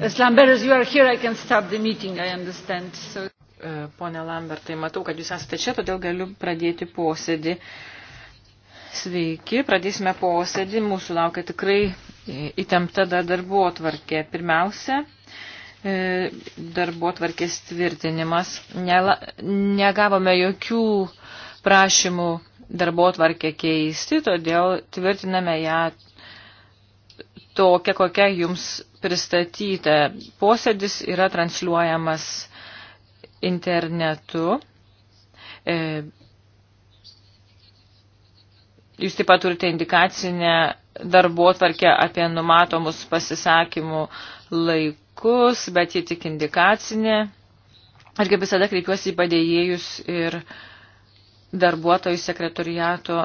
As Lambert, as you are here, I can start the meeting, I understand. So... E, Pone Lambertai, matau, kad jūs esate čia, todėl galiu pradėti posėdį. Sveiki, pradėsime posėdį. Mūsų laukia tikrai įtempta darbo atvarkė. Pirmiausia, e, darbo atvarkės tvirtinimas. Nela, negavome jokių prašymų darbo atvarkę keisti, todėl tvirtiname ją tokia, kokia jums pristatyta. Posėdis yra transliuojamas internetu. E, jūs taip pat turite indikacinę darbo tvarkę apie numatomus pasisakymų laikus, bet jie tik indikacinė. Aš kaip visada kreipiuosi į padėjėjus ir darbuotojų sekretoriato,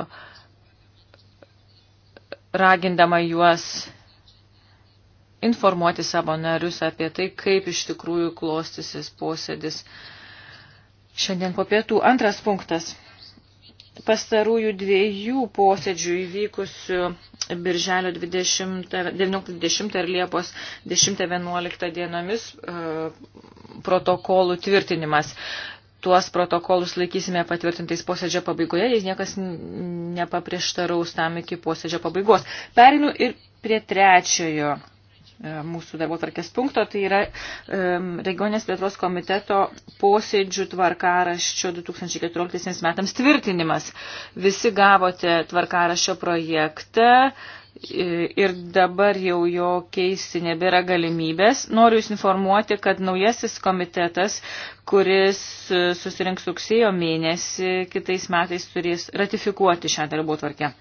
ragindama juos informuoti savo narius apie tai, kaip iš tikrųjų klostysis posėdis. Šiandien po pietų antras punktas. Pastarųjų dviejų posėdžių įvykusių Birželio 20, 20 ir Liepos 10-11 dienomis e, protokolų tvirtinimas. Tuos protokolus laikysime patvirtintais posėdžio pabaigoje, jei niekas nepaprieštaraus tam iki posėdžio pabaigos. Perinu ir prie trečiojo E, mūsų darbo tarkės punkto, tai yra e, regionės plėtros komiteto posėdžių tvarkaraščio 2014 metams tvirtinimas. Visi gavote tvarkaraščio projektą e, ir dabar jau jo keisti nebėra galimybės. Noriu Jūs informuoti, kad naujasis komitetas, kuris susirinks rugsėjo mėnesį, kitais metais turės ratifikuoti šią darbo tvarkę.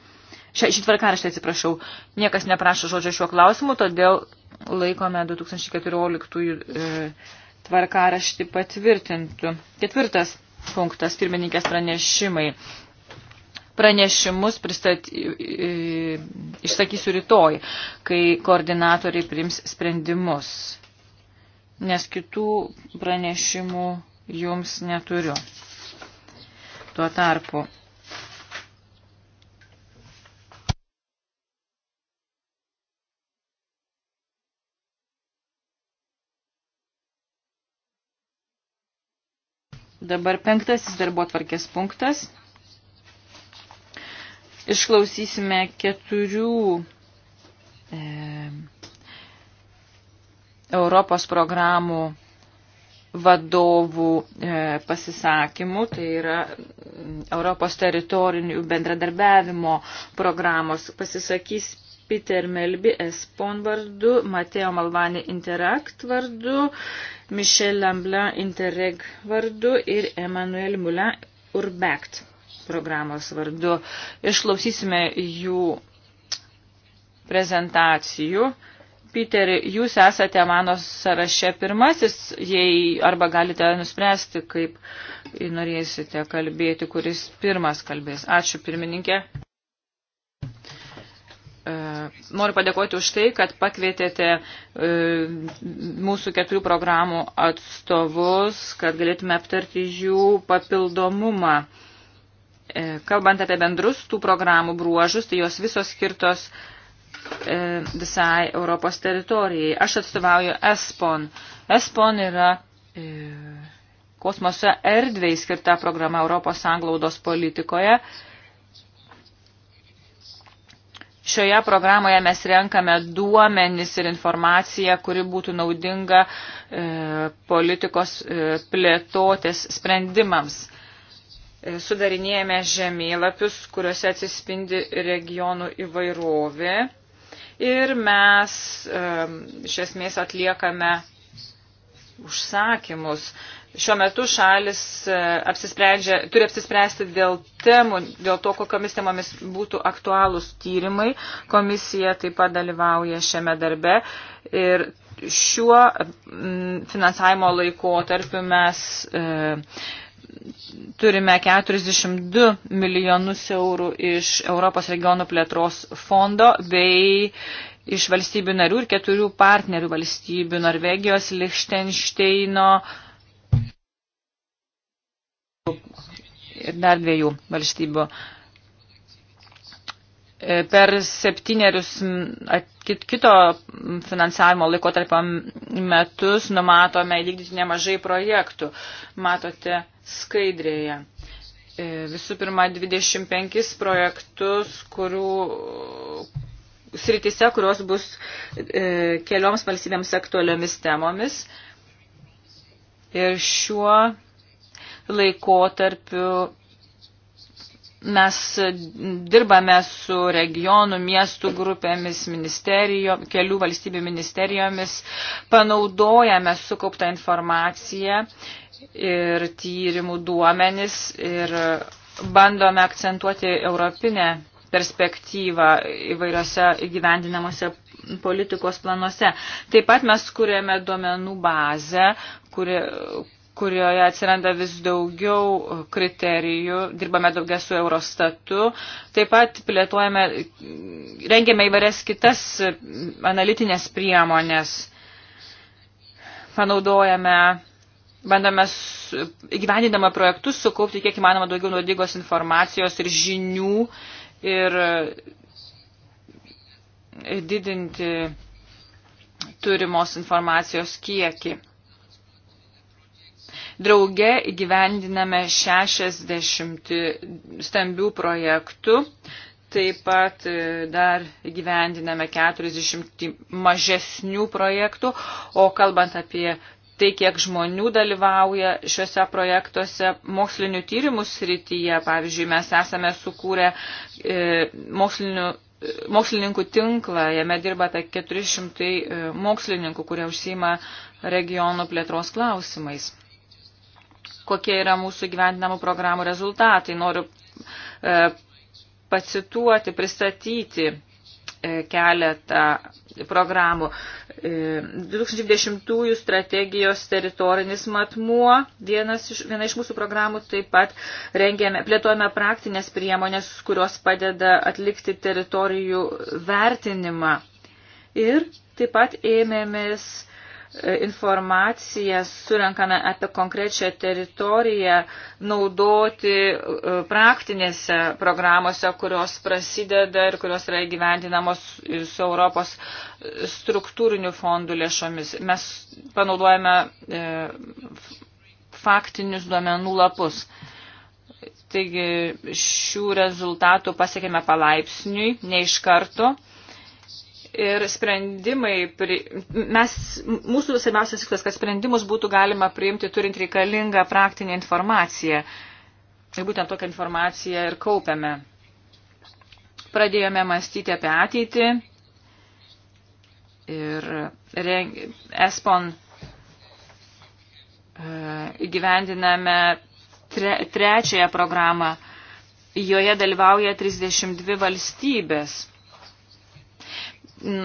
Šį tvarkaraštį atsiprašau, niekas neprašo žodžio šiuo klausimu, todėl laikome 2014 e, tvarkaraštį patvirtintų. Ketvirtas punktas – pirmininkės pranešimai. Pranešimus pristaty, e, e, išsakysiu rytoj, kai koordinatoriai priims sprendimus, nes kitų pranešimų jums neturiu. Tuo tarpu Dabar penktasis darbo tvarkės punktas. Išklausysime keturių e, Europos programų vadovų e, pasisakymų, tai yra mm, Europos teritorinių bendradarbiavimo programos pasisakys Peter Melby Espon vardu, Mateo Malvani Interact vardu, Michel Lamblin Interreg vardu ir Emmanuel Moulin Urbect programos vardu. Išklausysime jų prezentacijų. Piteri, jūs esate mano sąraše pirmasis, jei arba galite nuspręsti, kaip norėsite kalbėti, kuris pirmas kalbės. Ačiū pirmininkė. E, noriu padėkoti už tai, kad pakvietėte e, mūsų keturių programų atstovus, kad galėtume aptarti jų papildomumą. E, kalbant apie bendrus tų programų bruožus, tai jos visos skirtos visai Europos teritorijai. Aš atstovauju ESPON. ESPON yra kosmose erdvei skirta programa Europos sanglaudos politikoje Šioje programoje mes renkame duomenis ir informaciją, kuri būtų naudinga e, politikos e, plėtotės sprendimams. E, sudarinėjame žemėlapius, kuriuose atsispindi regionų įvairovė ir mes e, iš esmės atliekame užsakymus. E, šiuo metu šalis e, apsisprendžia, turi apsispręsti dėl temų, dėl to, kokiamis temomis būtų aktualūs tyrimai. Komisija taip pat dalyvauja šiame darbe ir šiuo finansavimo laikotarpiu mes e, turime 42 milijonus eurų iš Europos regionų plėtros fondo bei iš valstybių narių ir keturių partnerių valstybių Norvegijos, Lichtensteino, ir dar dviejų valstybių. E, per septynerius kito finansavimo laikotarpio metus numatome įvykdyti nemažai projektų. Matote skaidrėje e, visų pirma 25 projektus, kurių sritise, kurios bus e, kelioms valstybėms aktualiomis temomis. Ir šiuo laikotarpiu mes dirbame su regionų, miestų grupėmis, ministerijo, kelių valstybių ministerijomis, panaudojame sukauptą informaciją ir tyrimų duomenis ir bandome akcentuoti europinę perspektyvą įvairiose įgyvendinamuose politikos planuose. Taip pat mes kuriame duomenų bazę, kuri, kurioje atsiranda vis daugiau kriterijų, dirbame daugia su Eurostatu, taip pat plėtojame, rengiame įvairias kitas analitinės priemonės, panaudojame, bandome įgyvendinamą projektus sukaupti kiek įmanoma daugiau nuodygos informacijos ir žinių ir didinti turimos informacijos kiekį. Drauge įgyvendiname 60 stambių projektų, taip pat e, dar įgyvendiname 40 mažesnių projektų, o kalbant apie tai, kiek žmonių dalyvauja šiuose projektuose mokslinių tyrimų srityje. Pavyzdžiui, mes esame sukūrę e, mokslinių, e, mokslininkų tinklą, jame dirba apie 400 mokslininkų, kurie užsima regionų plėtros klausimais kokie yra mūsų gyventinamų programų rezultatai. Noriu e, pacituoti, pristatyti e, keletą programų. 2020 e, strategijos teritorinis matmuo, vienas iš, viena iš mūsų programų taip pat rengėme, plėtojame praktinės priemonės, kurios padeda atlikti teritorijų vertinimą. Ir taip pat ėmėmės informaciją surenkame apie konkrečią teritoriją naudoti e, praktinėse programuose, kurios prasideda ir kurios yra įgyvendinamos su Europos struktūrinių fondų lėšomis. Mes panaudojame e, faktinius duomenų lapus. Taigi šių rezultatų pasiekėme palaipsniui, ne iš karto ir sprendimai, mes, mūsų svarbiausias tikslas, kad sprendimus būtų galima priimti turint reikalingą praktinę informaciją. Ir būtent tokią informaciją ir kaupiame. Pradėjome mąstyti apie ateitį ir ESPON e, įgyvendiname tre, trečiąją programą. Joje dalyvauja 32 valstybės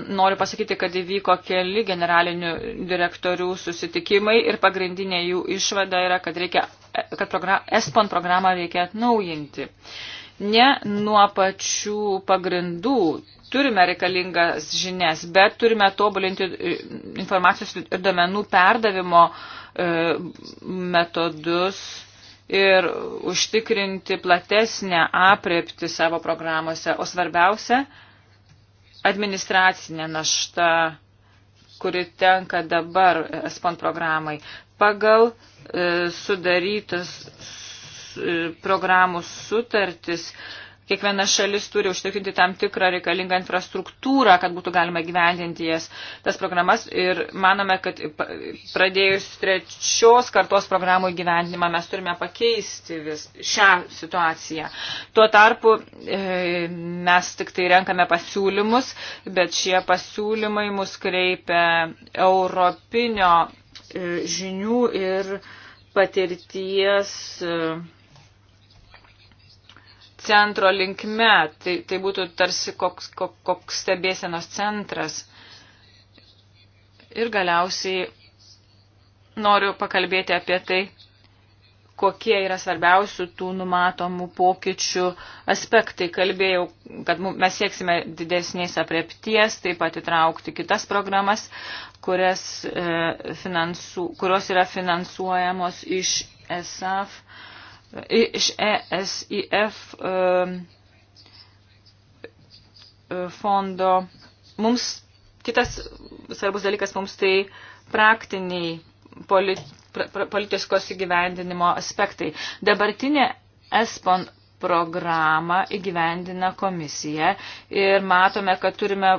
noriu pasakyti, kad įvyko keli generalinių direktorių susitikimai ir pagrindinė jų išvada yra, kad, reikia, kad program, ESPON programą reikia atnaujinti. Ne nuo pačių pagrindų turime reikalingas žinias, bet turime tobulinti e, informacijos ir domenų perdavimo e, metodus ir užtikrinti platesnę apriepti savo programuose. O svarbiausia, administracinė našta, kuri tenka dabar ESPON programai, pagal e, sudarytas e, programų sutartis, e, Kiekviena šalis turi užtikrinti tam tikrą reikalingą infrastruktūrą, kad būtų galima gyvendinti jas tas programas ir manome, kad pradėjus trečios kartos programų gyvendinimą mes turime pakeisti vis šią situaciją. Tuo tarpu e, mes tik tai renkame pasiūlymus, bet šie pasiūlymai mus kreipia europinio e, žinių ir patirties. E, centro linkme, tai, tai būtų tarsi koks, koks, koks stebėsenos centras. Ir galiausiai noriu pakalbėti apie tai, kokie yra svarbiausių tų numatomų pokyčių aspektai. Kalbėjau, kad mes sieksime didesnės aprepties, taip pat įtraukti kitas programas, kurias, e, finansu, kurios yra finansuojamos iš ESAF. E, iš ESIF fondo. Mums kitas svarbus dalykas mums tai praktiniai polit, pra, politiškos įgyvendinimo aspektai. Dabartinė ESPON programą įgyvendina komisija ir matome, kad turime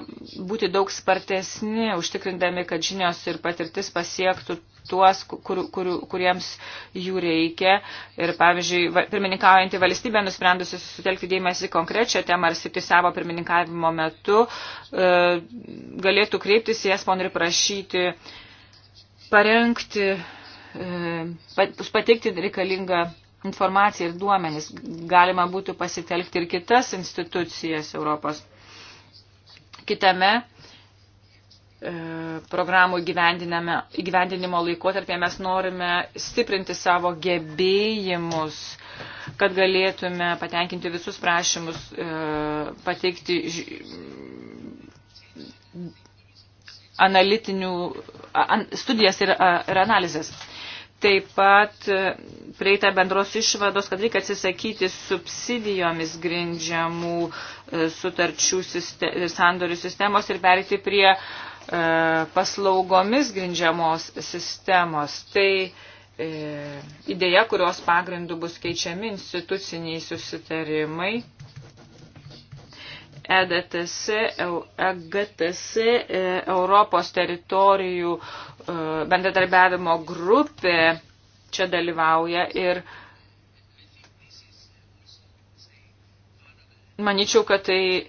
būti daug spartesni, užtikrindami, kad žinios ir patirtis pasiektų tuos, kur, kur, kuriems jų reikia. Ir, pavyzdžiui, pirmininkaujantį valstybę nusprendusi sutelkti dėmesį konkrečią temą ar sitį savo pirmininkavimo metu, e, galėtų kreiptis į ESPON ir prašyti parengti, e, pateikti reikalingą informaciją ir duomenis. Galima būtų pasitelkti ir kitas institucijas Europos. Kitame E, programų įgyvendinimo laikotarpėje mes norime stiprinti savo gebėjimus, kad galėtume patenkinti visus prašymus, e, pateikti analitinių studijas ir, ir analizės. Taip pat e, prieita bendros išvados, kad reikia atsisakyti subsidijomis grindžiamų sutarčių sistem, sandorių sistemos ir perėti prie uh, E, paslaugomis grindžiamos sistemos. Tai e, idėja, kurios pagrindų bus keičiami instituciniai susitarimai. EDTC, EGTC, e, Europos teritorijų bendradarbiavimo grupė čia dalyvauja ir manyčiau, kad tai,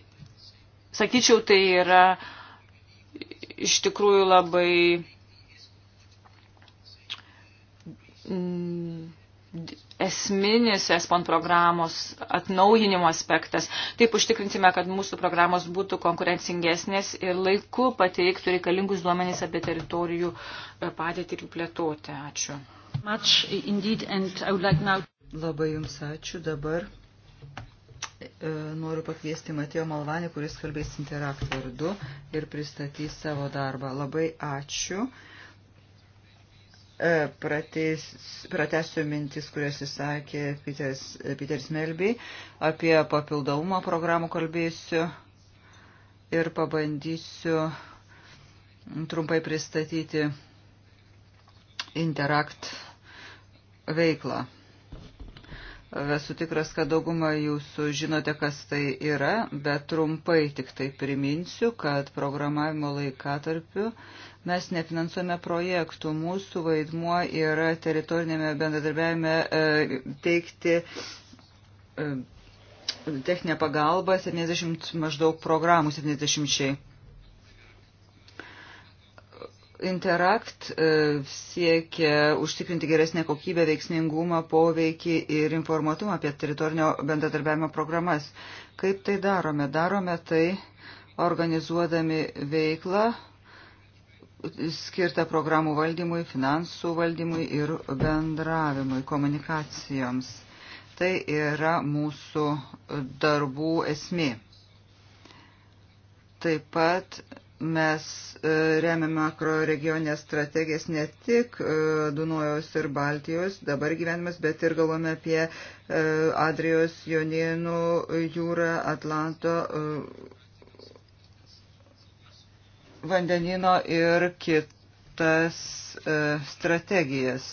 sakyčiau, tai yra uh, iš tikrųjų labai mm, esminis ESPON programos atnaujinimo aspektas. Taip užtikrinsime, kad mūsų programos būtų konkurencingesnės ir laiku pateiktų reikalingus duomenys apie teritorijų e, padėtį ir plėtotę. Ačiū. Much, indeed, like now... Labai Jums ačiū dabar. E, noriu pakviesti Matėjo Malvanį, kuris kalbės Interakt vardu ir pristatys savo darbą. Labai ačiū. E, Pratės, pratesiu mintis, kurias įsakė Peters, Peters Melby, apie papildomumą programų kalbėsiu ir pabandysiu trumpai pristatyti Interact veiklą. Esu tikras, kad dauguma jūsų žinote, kas tai yra, bet trumpai tik tai priminsiu, kad programavimo laikatarpiu mes nefinansuojame projektų. Mūsų vaidmuo yra teritorinėme bendradarbiavime e, teikti e, techninę pagalbą 70 maždaug programų 70. -šiai. Interact e, siekia užtikrinti geresnę kokybę, veiksmingumą, poveikį ir informatumą apie teritorinio bendradarbiavimo programas. Kaip tai darome? Darome tai organizuodami veiklą skirtą programų valdymui, finansų valdymui ir bendravimui, komunikacijoms. Tai yra mūsų darbų esmė. Taip pat Mes e, remiam makro regionės strategijas ne tik e, Dunojos ir Baltijos dabar gyvenimas, bet ir galvome apie e, Adrijos, Jonėnų jūrą, Atlanto vandenino ir kitas strategijas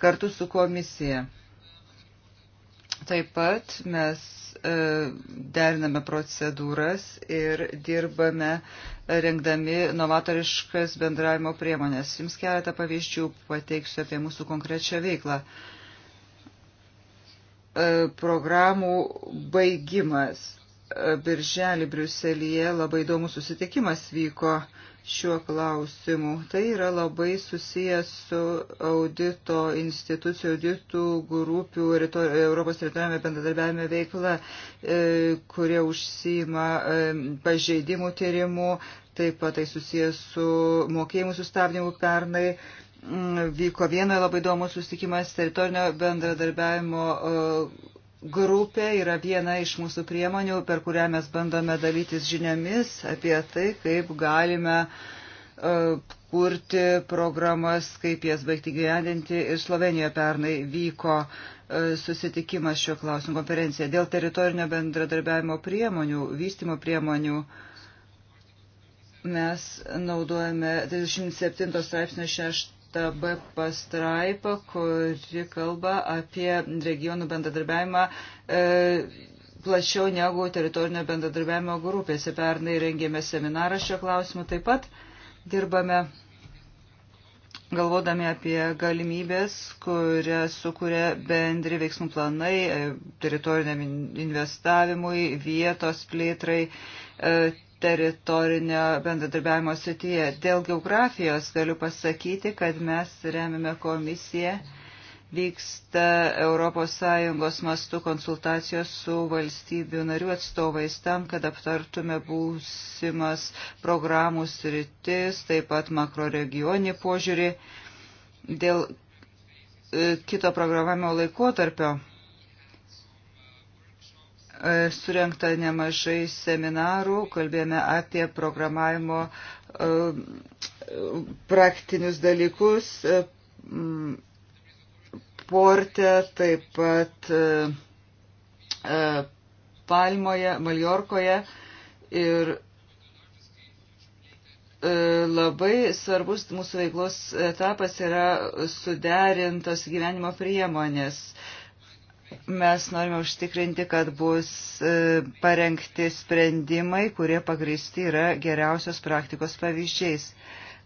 kartu su komisija. Taip pat mes E, deriname procedūras ir dirbame e, rengdami novatoriškas bendravimo priemonės. Jums keletą pavyzdžių pateiksiu apie mūsų konkrečią veiklą. E, programų baigimas. Birželį Briuselyje labai įdomus susitikimas vyko šiuo klausimu. Tai yra labai susijęs su audito institucijų, auditų grupių teritori Europos teritorijame bendradarbiavime veikla, e, kurie užsima e, pažeidimų tyrimų, taip pat tai susijęs su mokėjimų sustabdymu pernai. Mm, vyko vienoje labai įdomus susitikimas teritorinio bendradarbiavimo e, grupė yra viena iš mūsų priemonių, per kurią mes bandome dalytis žiniomis apie tai, kaip galime e, kurti programas, kaip jas baigti gyvendinti. Ir Slovenijoje pernai vyko e, susitikimas šio klausimų konferencija dėl teritorinio bendradarbiavimo priemonių, vystimo priemonių mes naudojame 37 straipsnio 6 skirta B pastraipa, kuri kalba apie regionų bendradarbiavimą. E, plačiau negu teritorinio bendradarbiavimo grupėse. Pernai rengėme seminarą šio klausimu, taip pat dirbame galvodami apie galimybės, kurias sukuria bendri veiksmų planai e, teritoriniam investavimui, vietos plėtrai, e, teritorinio bendradarbiavimo srityje. Dėl geografijos galiu pasakyti, kad mes remiame komisiją, vyksta ES mastų konsultacijos su valstybių narių atstovais tam, kad aptartume būsimas programų sritis, taip pat makroregionį požiūrį dėl e, kito programavimo laikotarpio E, Surenkta nemažai seminarų, kalbėjome apie programavimo e, praktinius dalykus. E, porte taip pat Palmoje, Maljorkoje ir labai svarbus mūsų veiklos etapas yra suderintos gyvenimo priemonės mes norime užtikrinti, kad bus e, parengti sprendimai, kurie pagristi yra geriausios praktikos pavyzdžiais.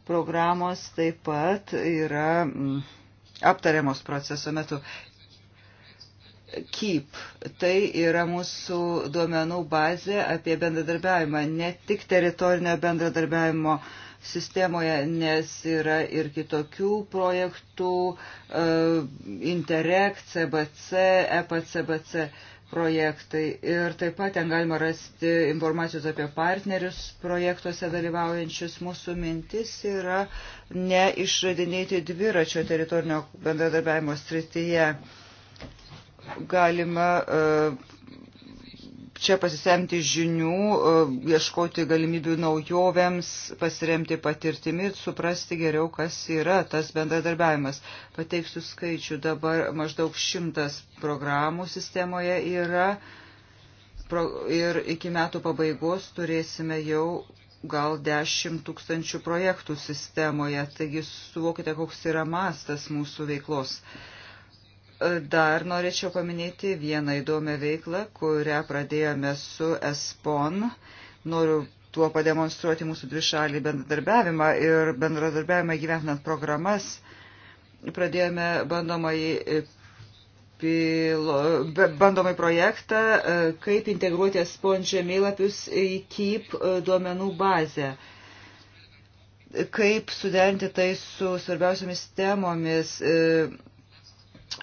Programos taip pat yra aptariamos proceso metu. KEEP. Tai yra mūsų duomenų bazė apie bendradarbiavimą, ne tik teritorinio bendradarbiavimo uh, sistemoje, nes yra ir kitokių projektų, e, Interreg, CBC, EPCBC projektai. Ir taip pat ten galima rasti informacijos apie partnerius projektuose dalyvaujančius. Mūsų mintis yra neišradinėti dviračio teritorinio bendradarbiavimo srityje. Galima uh, čia pasisemti žinių, e, ieškoti galimybių naujovėms, pasiremti patirtimi ir suprasti geriau, kas yra tas bendradarbiavimas. Pateiksiu skaičių, dabar maždaug šimtas programų sistemoje yra ir iki metų pabaigos turėsime jau gal 10 tūkstančių projektų sistemoje, taigi suvokite, koks yra mastas mūsų veiklos. Uh, Dar norėčiau paminėti vieną įdomią veiklą, kurią pradėjome su ESPON. Noriu tuo pademonstruoti mūsų dvišalį bendradarbiavimą ir bendradarbiavimą gyventinant programas. Pradėjome bandomąjį, e, pilo, bandomąjį projektą, e, kaip integruoti ESPON žemėlapius į KIP e, duomenų bazę kaip suderinti tai su svarbiausiamis temomis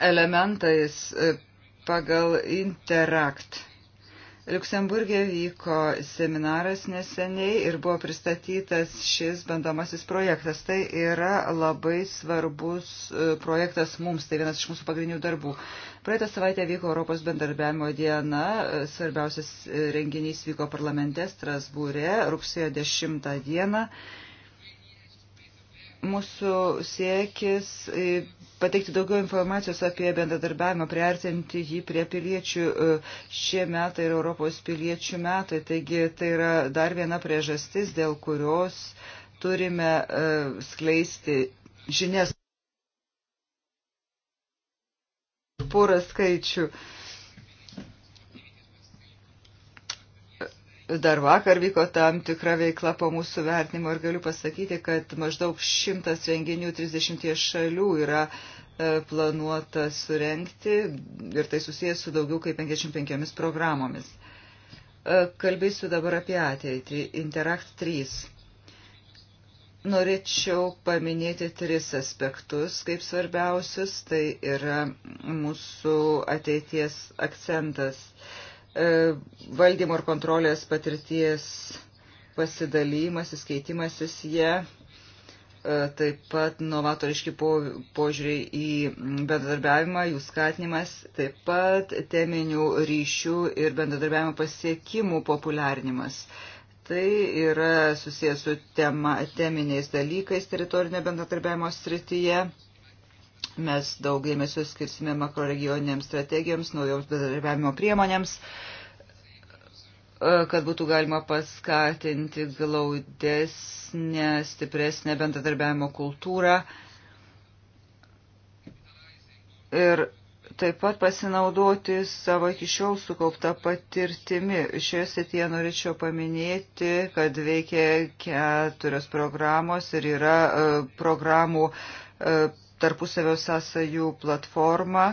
elementais e, pagal Interact. Liuksemburgė vyko seminaras neseniai ir buvo pristatytas šis bandomasis projektas. Tai yra labai svarbus e, projektas mums, tai vienas iš mūsų pagrindinių darbų. Praeitą savaitę vyko Europos bendarbiavimo diena, e, svarbiausias renginys vyko parlamente Strasbūre rugsėjo 10 dieną. Mūsų siekis e, pateikti daugiau informacijos apie bendradarbiavimą, priartinti jį prie piliečių. E, šie metai yra Europos piliečių metai, taigi tai yra dar viena priežastis, dėl kurios turime e, skleisti žinias. Porą skaičių. Uh, Dar vakar vyko tam tikra veikla po mūsų vertinimo ir galiu pasakyti, kad maždaug šimtas renginių 30 šalių yra e, planuota surenkti ir tai susijęs su daugiau kaip 55 programomis. E, kalbėsiu dabar apie ateitį. Interact 3. Norėčiau paminėti tris aspektus kaip svarbiausius. Tai yra mūsų ateities akcentas. E, valdymo ir kontrolės patirties pasidalymasis, keitimasis jie, e, taip pat novatoriški požiūriai į bendradarbiavimą, jų skatinimas, taip pat teminių ryšių ir bendradarbiavimo pasiekimų populiarinimas. Tai yra susijęs su tema, teminiais dalykais teritorinio bendradarbiavimo srityje Mes daug dėmesio skirsime makroregioniniams strategijoms, naujoms bedarbiavimo priemonėms, e, kad būtų galima paskatinti glaudesnę, stipresnę bendradarbiavimo kultūrą. Ir taip pat pasinaudoti savo iki šiol sukauptą patirtimi. Šioje srityje norėčiau paminėti, kad veikia keturios programos ir yra e, programų e, tarpusavio sąsajų platforma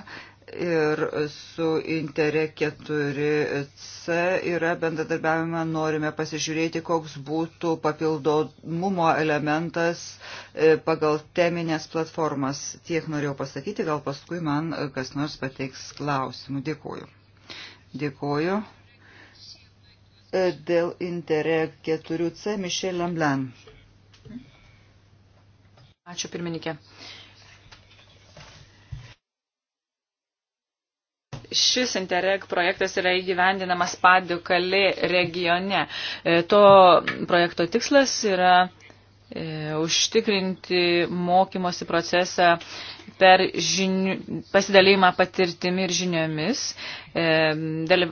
ir su Interė 4C yra bendradarbiavimą, norime pasižiūrėti, koks būtų papildomumo elementas e, pagal teminės platformas. Tiek norėjau pasakyti, gal paskui man e, kas nors pateiks klausimų. Dėkuoju. Dėkuoju. E, dėl Interė 4C Mišel Lamblan. Ačiū pirmininkė. Uh, šis Interreg projektas yra įgyvendinamas Padių kalė regione. E, to projekto tikslas yra e, užtikrinti mokymosi procesą per žinių, pasidalymą patirtimi ir žiniomis. E, dėl,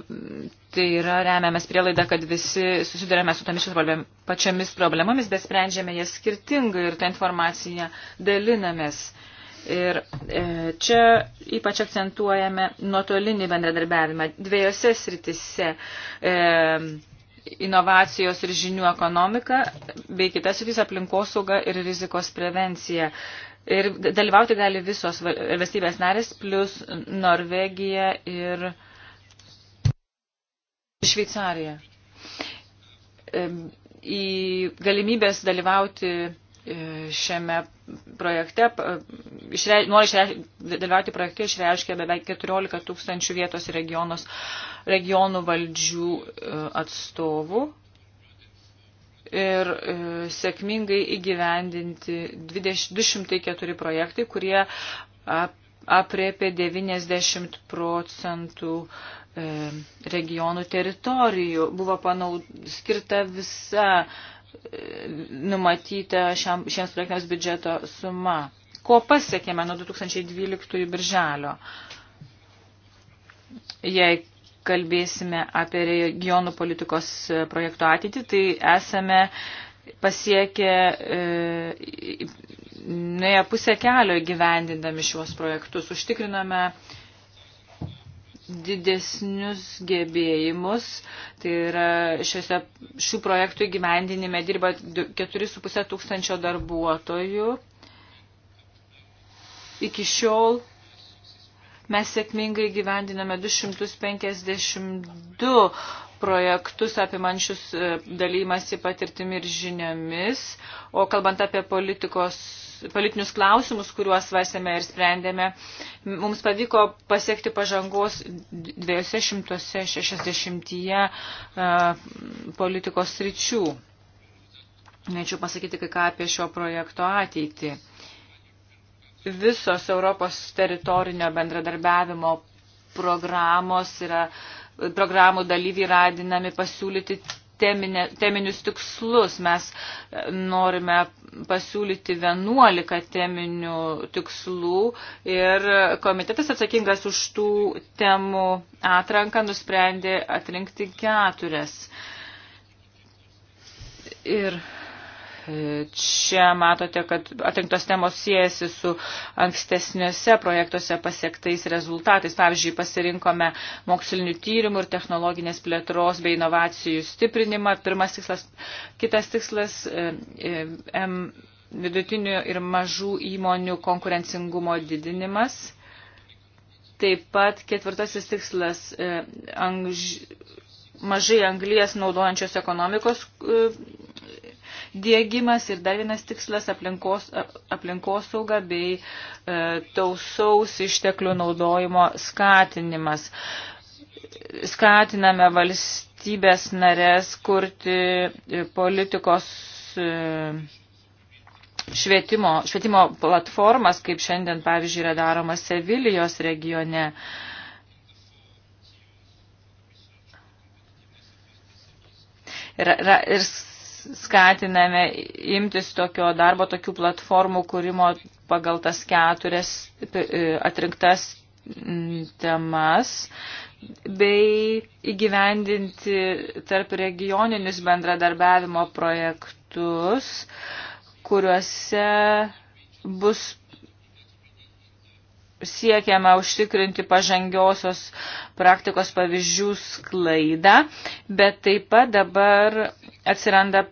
tai yra remiamės prielaida, kad visi susidurėme su tomis problem, pačiomis problemomis, bet sprendžiame jas skirtingai ir tą informaciją dalinamės. E, Ir e, čia ypač akcentuojame nuotolinį bendradarbiavimą dviejose sritise e, inovacijos ir žinių ekonomika, bei kitas sritis aplinkosauga ir rizikos prevencija. Ir dalyvauti gali visos valstybės narės, plus Norvegija ir Šveicarija. E, į galimybės dalyvauti E, šiame projekte, e, išre, nori išre, dalyvauti projekte išreiškė beveik 14 tūkstančių vietos regionos, regionų valdžių e, atstovų ir e, sėkmingai įgyvendinti 20, 204 projektai, kurie ap, apriepė 90 procentų e, regionų teritorijų. Buvo panaud, skirta visa numatyta šiam, šiems projektams biudžeto suma. Ko pasiekėme nuo 2012 birželio? Jei kalbėsime apie regionų politikos e, projektų ateitį, tai esame pasiekę e, nuėję pusę kelio įgyvendindami šiuos projektus. Užtikriname e, didesnius gebėjimus. Tai yra šiuose, šių projektų įgyvendinime dirba 4,5 tūkstančio darbuotojų. Iki šiol mes sėkmingai gyvendiname 252 projektus apimančius e, dalymasi patirtimi ir žiniomis, o kalbant apie politikos, politinius klausimus, kuriuos svarstėme ir sprendėme, mums pavyko pasiekti pažangos 260 e, politikos sričių. Norėčiau pasakyti kai ką apie šio projekto ateitį. Visos Europos teritorinio bendradarbiavimo programos yra uh, programų dalyviai radinami pasiūlyti teminė, teminius tikslus. Mes e, norime pasiūlyti 11 teminių tikslų ir komitetas atsakingas už tų temų atranką nusprendė atrinkti keturias. Ir Čia matote, kad atrinktos temos siejasi su ankstesniuose projektuose pasiektais rezultatais. Pavyzdžiui, pasirinkome mokslinių tyrimų ir technologinės plėtros bei inovacijų stiprinimą. Pirmas tikslas, kitas tikslas. E, e, M, vidutinių ir mažų įmonių konkurencingumo didinimas. Taip pat ketvirtasis tikslas e, angž, mažai anglijas naudojančios ekonomikos dėgymas ir dar vienas tikslas aplinkos, aplinkosauga bei e, tausaus išteklių naudojimo skatinimas. Skatiname valstybės narės kurti e, politikos e, švietimo, švietimo platformas, kaip šiandien, pavyzdžiui, yra daroma Sevilijos regione. Ir, ir, ir skatiname imtis tokio darbo, tokių platformų kūrimo pagal tas keturias e, atrinktas temas bei įgyvendinti tarp regioninius bendradarbiavimo projektus, kuriuose bus siekiama užtikrinti pažangiosios praktikos pavyzdžių sklaidą, bet taip pat dabar atsiranda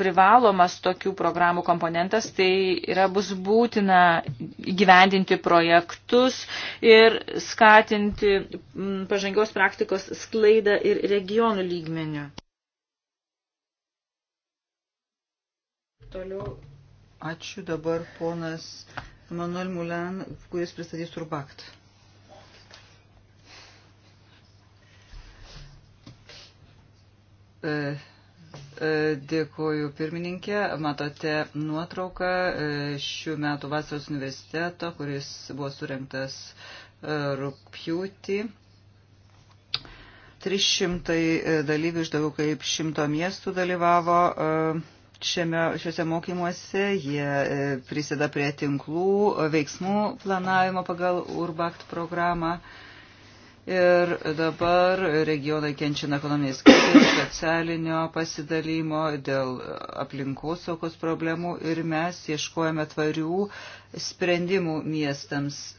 privalomas tokių programų komponentas, tai yra bus būtina gyvendinti projektus ir skatinti mm, pažangios praktikos sklaidą ir regionų lygmenių. Toliau. Ačiū dabar ponas Emanuel Mulan, kuris pristatys Urbakt. E, e Dėkuoju pirmininkė. Matote nuotrauką e, šių metų vasaros universiteto, kuris buvo surinktas e, rūpjūtį. 300 dalyvių iš daugiau kaip 100 miestų dalyvavo šiame, šiuose mokymuose, jie e, prisėda prie tinklų, veiksmų planavimo pagal URBACT programą. Ir dabar regionai kenčia ekonominės krizės, socialinio pasidalymo, dėl aplinkos saugos problemų ir mes ieškojame tvarių sprendimų miestams. E,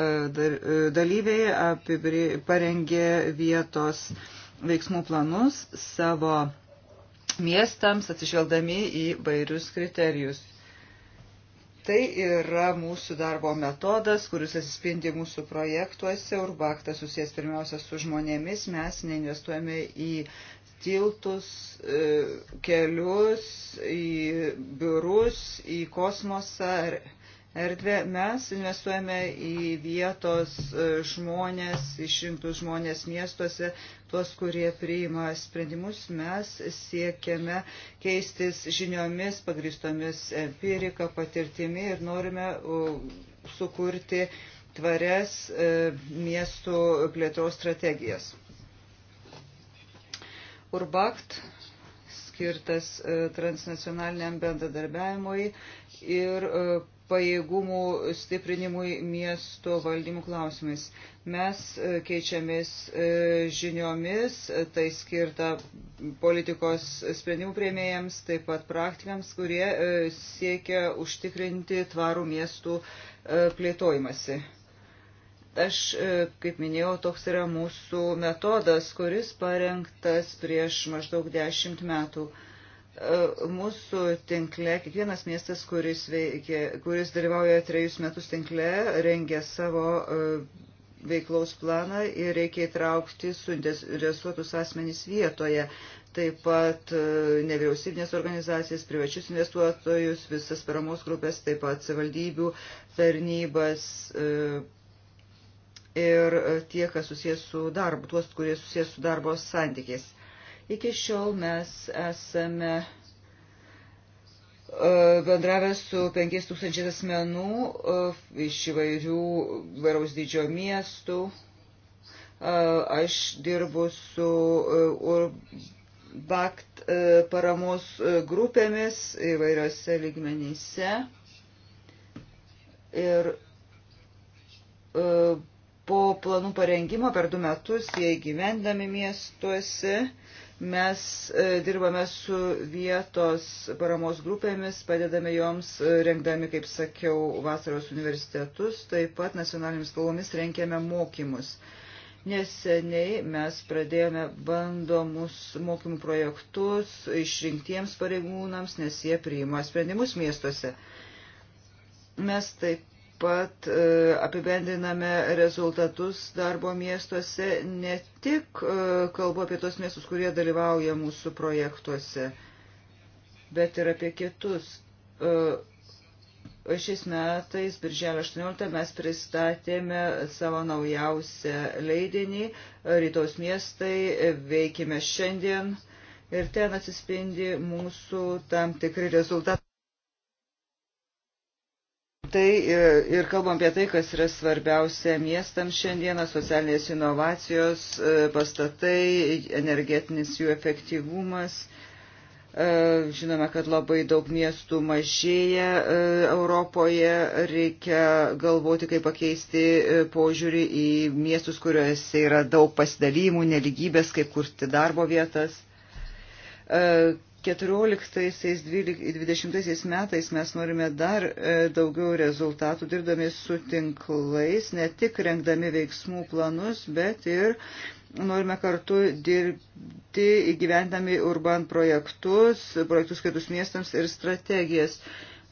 e, dalyviai apibri, parengė vietos veiksmų planus savo miestams, atsižvelgdami į vairius kriterijus. Tai yra mūsų darbo metodas, kuris atsispindi mūsų projektuose. Urbaktas susijęs pirmiausia su žmonėmis. Mes neinvestuojame į tiltus, e, kelius, į biurus, į kosmosą. Ar erdvę. Mes investuojame į vietos e, žmonės, išrinktus žmonės miestuose, tuos, kurie priima sprendimus. Mes siekiame keistis žiniomis, pagristomis empirika, patirtimi ir norime sukurti tvarias e, miestų plėtros strategijas. Urbakt skirtas e, transnacionaliniam bendradarbiavimui ir pajėgumų stiprinimui miesto valdymų klausimais. Mes e, keičiamis e, žiniomis, tai skirta politikos sprendimų prieimėjams, taip pat praktikams, kurie e, siekia užtikrinti tvarų miestų plėtojimąsi. Aš, kaip minėjau, toks yra mūsų metodas, kuris parengtas prieš maždaug dešimt metų. E, mūsų tinkle, kiekvienas miestas, kuris, veikia, kuris dalyvauja trejus metus tinkle, rengia savo e, veiklaus planą ir reikia įtraukti suinteresuotus asmenys vietoje, taip pat e, nevyriausybinės organizacijas, privačius investuotojus, visas paramos grupės, taip pat savivaldybių tarnybas ir tie, kas susijęs su darbu, tuos, kurie susijęs su darbo santykiais. Iki šiol mes esame e, bendravęs su 5000 asmenų e, iš įvairių vairaus dydžio miestų. E, aš dirbu su BACT paramos grupėmis įvairiose lygmenyse. Ir po planų parengimo per du metus jie įgyvendami miestuose Mes e, dirbame su vietos paramos grupėmis, padedame joms, e, rengdami, kaip sakiau, vasaros universitetus, taip pat nacionalinėmis kalbomis rengiame mokymus. Neseniai mes pradėjome bandomus mokymų projektus išrinktiems pareigūnams, nes jie priima sprendimus miestuose. Mes taip pat e, apibendiname rezultatus darbo miestuose, ne tik e, kalbu apie tos miestus, kurie dalyvauja mūsų projektuose, bet ir apie kitus. E, šiais metais, birželio 18, mes pristatėme savo naujausią leidinį Rytaus miestai, veikime šiandien ir ten atsispindi mūsų tam tikri rezultatai tai e, ir kalbam apie tai, kas yra svarbiausia miestams šiandieną - socialinės inovacijos, e, pastatai, energetinis jų efektyvumas. E, žinome, kad labai daug miestų mažėja Europoje, reikia galvoti, kaip pakeisti požiūrį į miestus, kuriuose yra daug pasidalymų, neligybės, kaip kurti darbo vietas 14-20 metais mes norime dar e, daugiau rezultatų dirbdami su tinklais, ne tik rengdami veiksmų planus, bet ir norime kartu dirbti įgyvendami urban projektus, projektus skirtus miestams ir strategijas.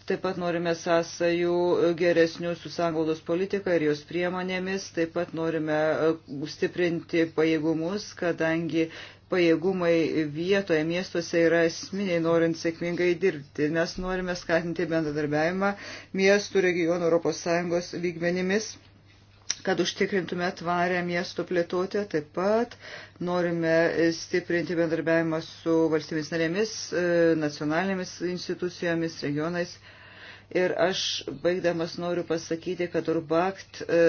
Taip pat norime sąsajų geresnių su sanglaudos politika ir jos priemonėmis, taip pat norime e, stiprinti pajėgumus, kadangi pajėgumai vietoje miestuose yra esminiai, norint sėkmingai dirbti. Mes norime skatinti bendradarbiavimą miestų regionų ES lygmenimis kad užtikrintume tvarę miesto plėtotę, taip pat norime stiprinti bendarbiavimą su valstybės narėmis, nacionalinėmis institucijomis, regionais. Ir aš baigdamas noriu pasakyti, kad Urbakt e,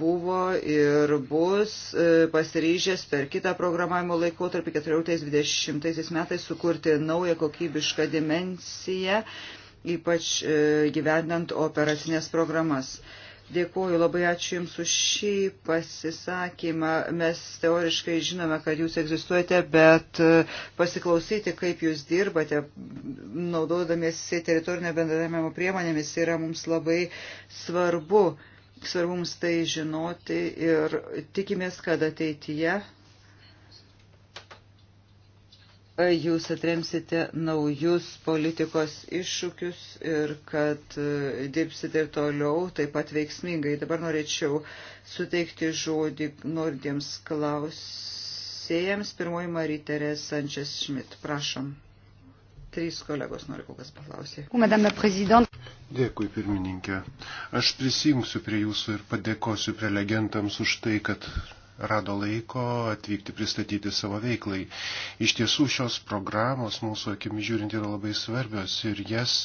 buvo ir bus e, pasiryžęs per kitą programavimo laikotarpį 14-20 metais sukurti naują kokybišką dimensiją, ypač e, gyvendant operacinės programas. Dėkuoju, labai ačiū Jums už šį pasisakymą. Mes teoriškai žinome, kad Jūs egzistuojate, bet e, pasiklausyti, kaip Jūs dirbate, naudodamiesi teritorinio bendradarbiavimo priemonėmis, yra mums labai svarbu. Svarbu mums tai žinoti ir tikimės, kad ateityje jūs atremsite naujus politikos iššūkius ir kad e, dirbsite ir toliau taip pat veiksmingai. Dabar norėčiau suteikti žodį norintiems klausėjams. Pirmoji Marija Teresa Sančias Šmit. Prašom. Trys kolegos nori kol kas paklausyti. Dėkui, pirmininkė. Aš prisijungsiu prie jūsų ir padėkosiu prelegentams už tai, kad rado laiko atvykti pristatyti savo veiklai. Iš tiesų šios programos mūsų akimi žiūrint yra labai svarbios ir jas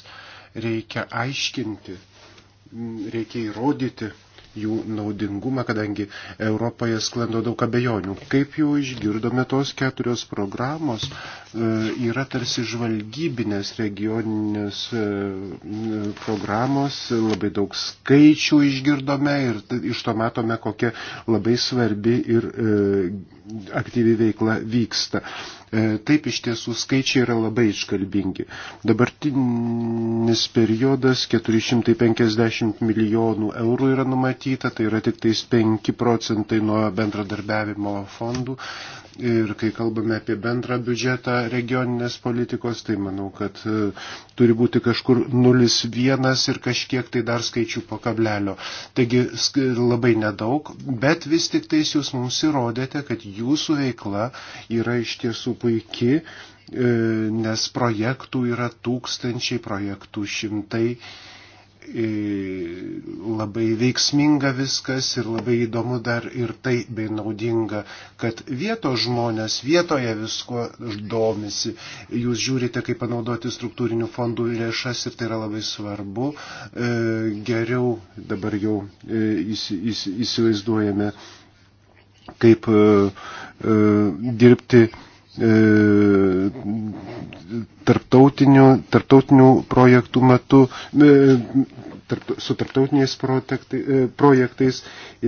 reikia aiškinti, reikia įrodyti jų naudingumą, kadangi Europoje sklando daug abejonių. Kaip jau išgirdome, tos keturios programos e, yra tarsi žvalgybinės regioninės e, programos, labai daug skaičių išgirdome ir iš to matome, kokia labai svarbi ir e, aktyvi veikla vyksta. E, taip iš tiesų skaičiai yra labai iškalbingi. Dabartinis periodas 450 milijonų eurų yra numatyta, tai yra tik tais 5 procentai nuo bendradarbiavimo fondų. Ir kai kalbame apie bendrą biudžetą regioninės politikos, tai manau, kad e, turi būti kažkur 0,1 ir kažkiek tai dar skaičių po kablelio. Taigi labai nedaug, bet vis tik tais jūs mums įrodėte, kad jūsų veikla yra iš tiesų puikia e, nes projektų yra tūkstančiai, projektų šimtai labai veiksminga viskas ir labai įdomu dar ir tai bei naudinga, kad vietos žmonės vietoje visko domisi. Jūs žiūrite, kaip panaudoti struktūrinių fondų lėšas ir tai yra labai svarbu. E, geriau dabar jau e, įsivaizduojame, kaip e, dirbti E, tarptautinių, tarptautinių projektų metu, e, su tarptautiniais e, projektais.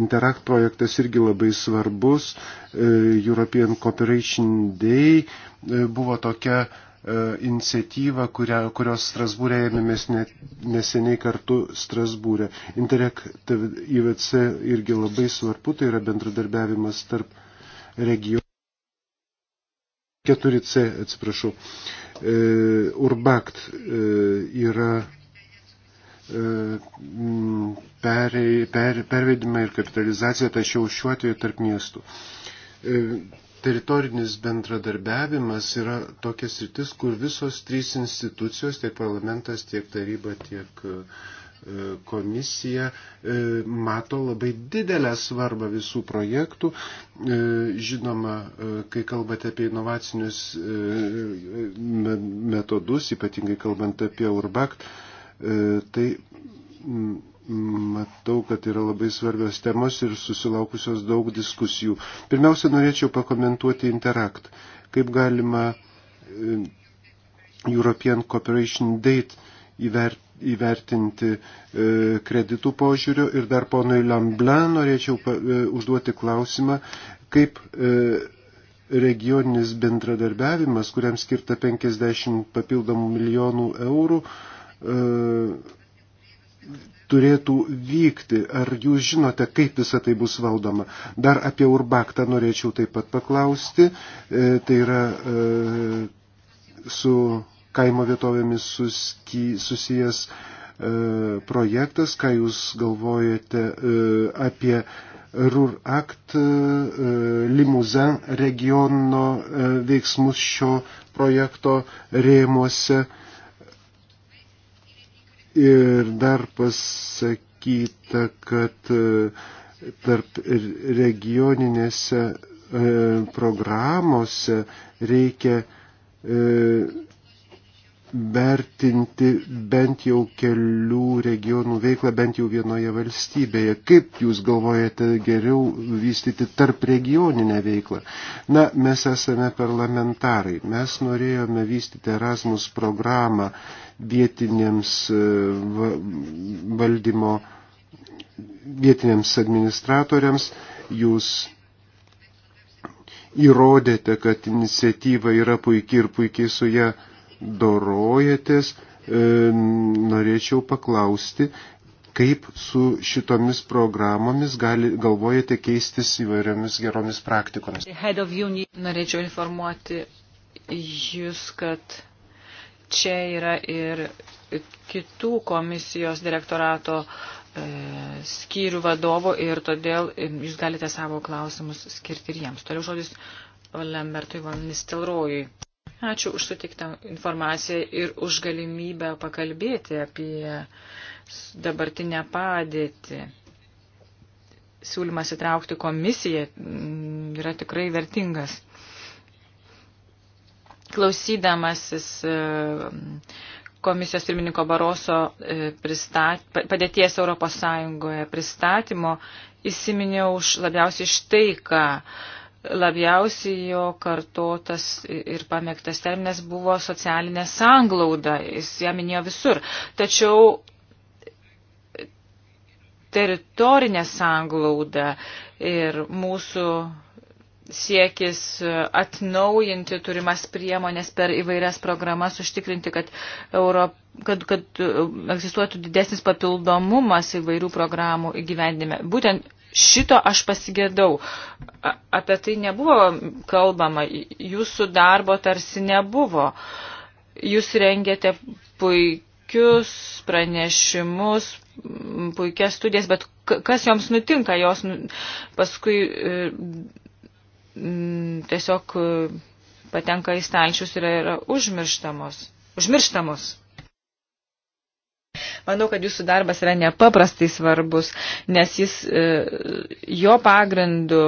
Interact projektas irgi labai svarbus. European Cooperation Day buvo tokia iniciatyva, kurią, kurios Strasbūrė ėmėmės neseniai kartu Strasbūrė. Interact IVC irgi labai svarbu, tai yra bendradarbiavimas tarp regionų 4C, atsiprašau, e, Urbakt e, yra e, per, per, pervedimai ir kapitalizacija, tačiau šiuo atveju tarp miestų. Teritorinis bendradarbiavimas yra tokias rytis, kur visos trys institucijos, tiek parlamentas, tiek taryba, tiek uh, E, komisija e, mato labai didelę svarbą visų projektų. E, žinoma, kai kalbate apie inovacinius metodus, ypatingai kalbant apie Urbakt, tai matau, kad yra labai svarbios temos ir susilaukusios daug diskusijų. Pirmiausia, norėčiau pakomentuoti Interact. Kaip galima European Cooperation Date įvertinti e, kreditų požiūriu. Ir dar ponui Lamblen norėčiau e, užduoti klausimą, kaip e, regioninis bendradarbiavimas, kuriam skirta 50 papildomų milijonų eurų, turėtų vykti. Ar jūs žinote, kaip visa tai bus valdoma? Dar apie urbaktą norėčiau taip pat paklausti. E, tai yra e, su kaimo vietovėmis susijęs e, projektas, ką jūs galvojate e, apie RURACT e, Limuzin regiono veiksmus šio projekto rėmuose. Ir dar pasakyta, kad tarp regioninėse programuose reikia vertinti bent jau kelių regionų veiklą bent jau vienoje valstybėje. Kaip jūs galvojate geriau vystyti tarp regioninę veiklą? Na, mes esame parlamentarai. Mes norėjome vystyti Erasmus programą vietinėms e, valdymo, vietinėms administratoriams. Jūs įrodėte, kad iniciatyva yra puikiai ir puikiai su ją dorojatės, e, norėčiau paklausti, kaip su šitomis programomis gali, galvojate keistis įvairiomis geromis praktikomis. Norėčiau informuoti Jūs, kad čia yra ir kitų komisijos direktorato e, skyrių vadovų ir todėl e, Jūs galite savo klausimus skirti ir jiems. Toliau žodis Lembertui Van Nistelrojui. Ačiū už sutiktą informaciją ir už galimybę pakalbėti apie dabartinę padėtį. Siūlymas įtraukti komisiją mm, yra tikrai vertingas. Klausydamasis e, komisijos pirmininko Baroso e, pristat, padėties Europos Sąjungoje pristatymo, įsiminiau už labiausiai štai, ką labiausiai jo kartotas ir pamėgtas terminas buvo socialinė sanglauda, jis ją minėjo visur. Tačiau teritorinė sanglauda ir mūsų siekis atnaujinti turimas priemonės per įvairias programas, užtikrinti, kad, Europ, kad, kad e, egzistuotų didesnis papildomumas įvairių programų įgyvendime. Būtent Šito aš pasigėdau. Apie tai nebuvo kalbama, jūsų darbo tarsi nebuvo. Jūs rengėte puikius pranešimus, puikias studijas, bet kas joms nutinka, jos nu-, paskui e, tiesiog e, patenka į stalčius ir yra užmirštamos. Užmirštamos. Manau, kad jūsų darbas yra nepaprastai svarbus, nes jis e, jo pagrindu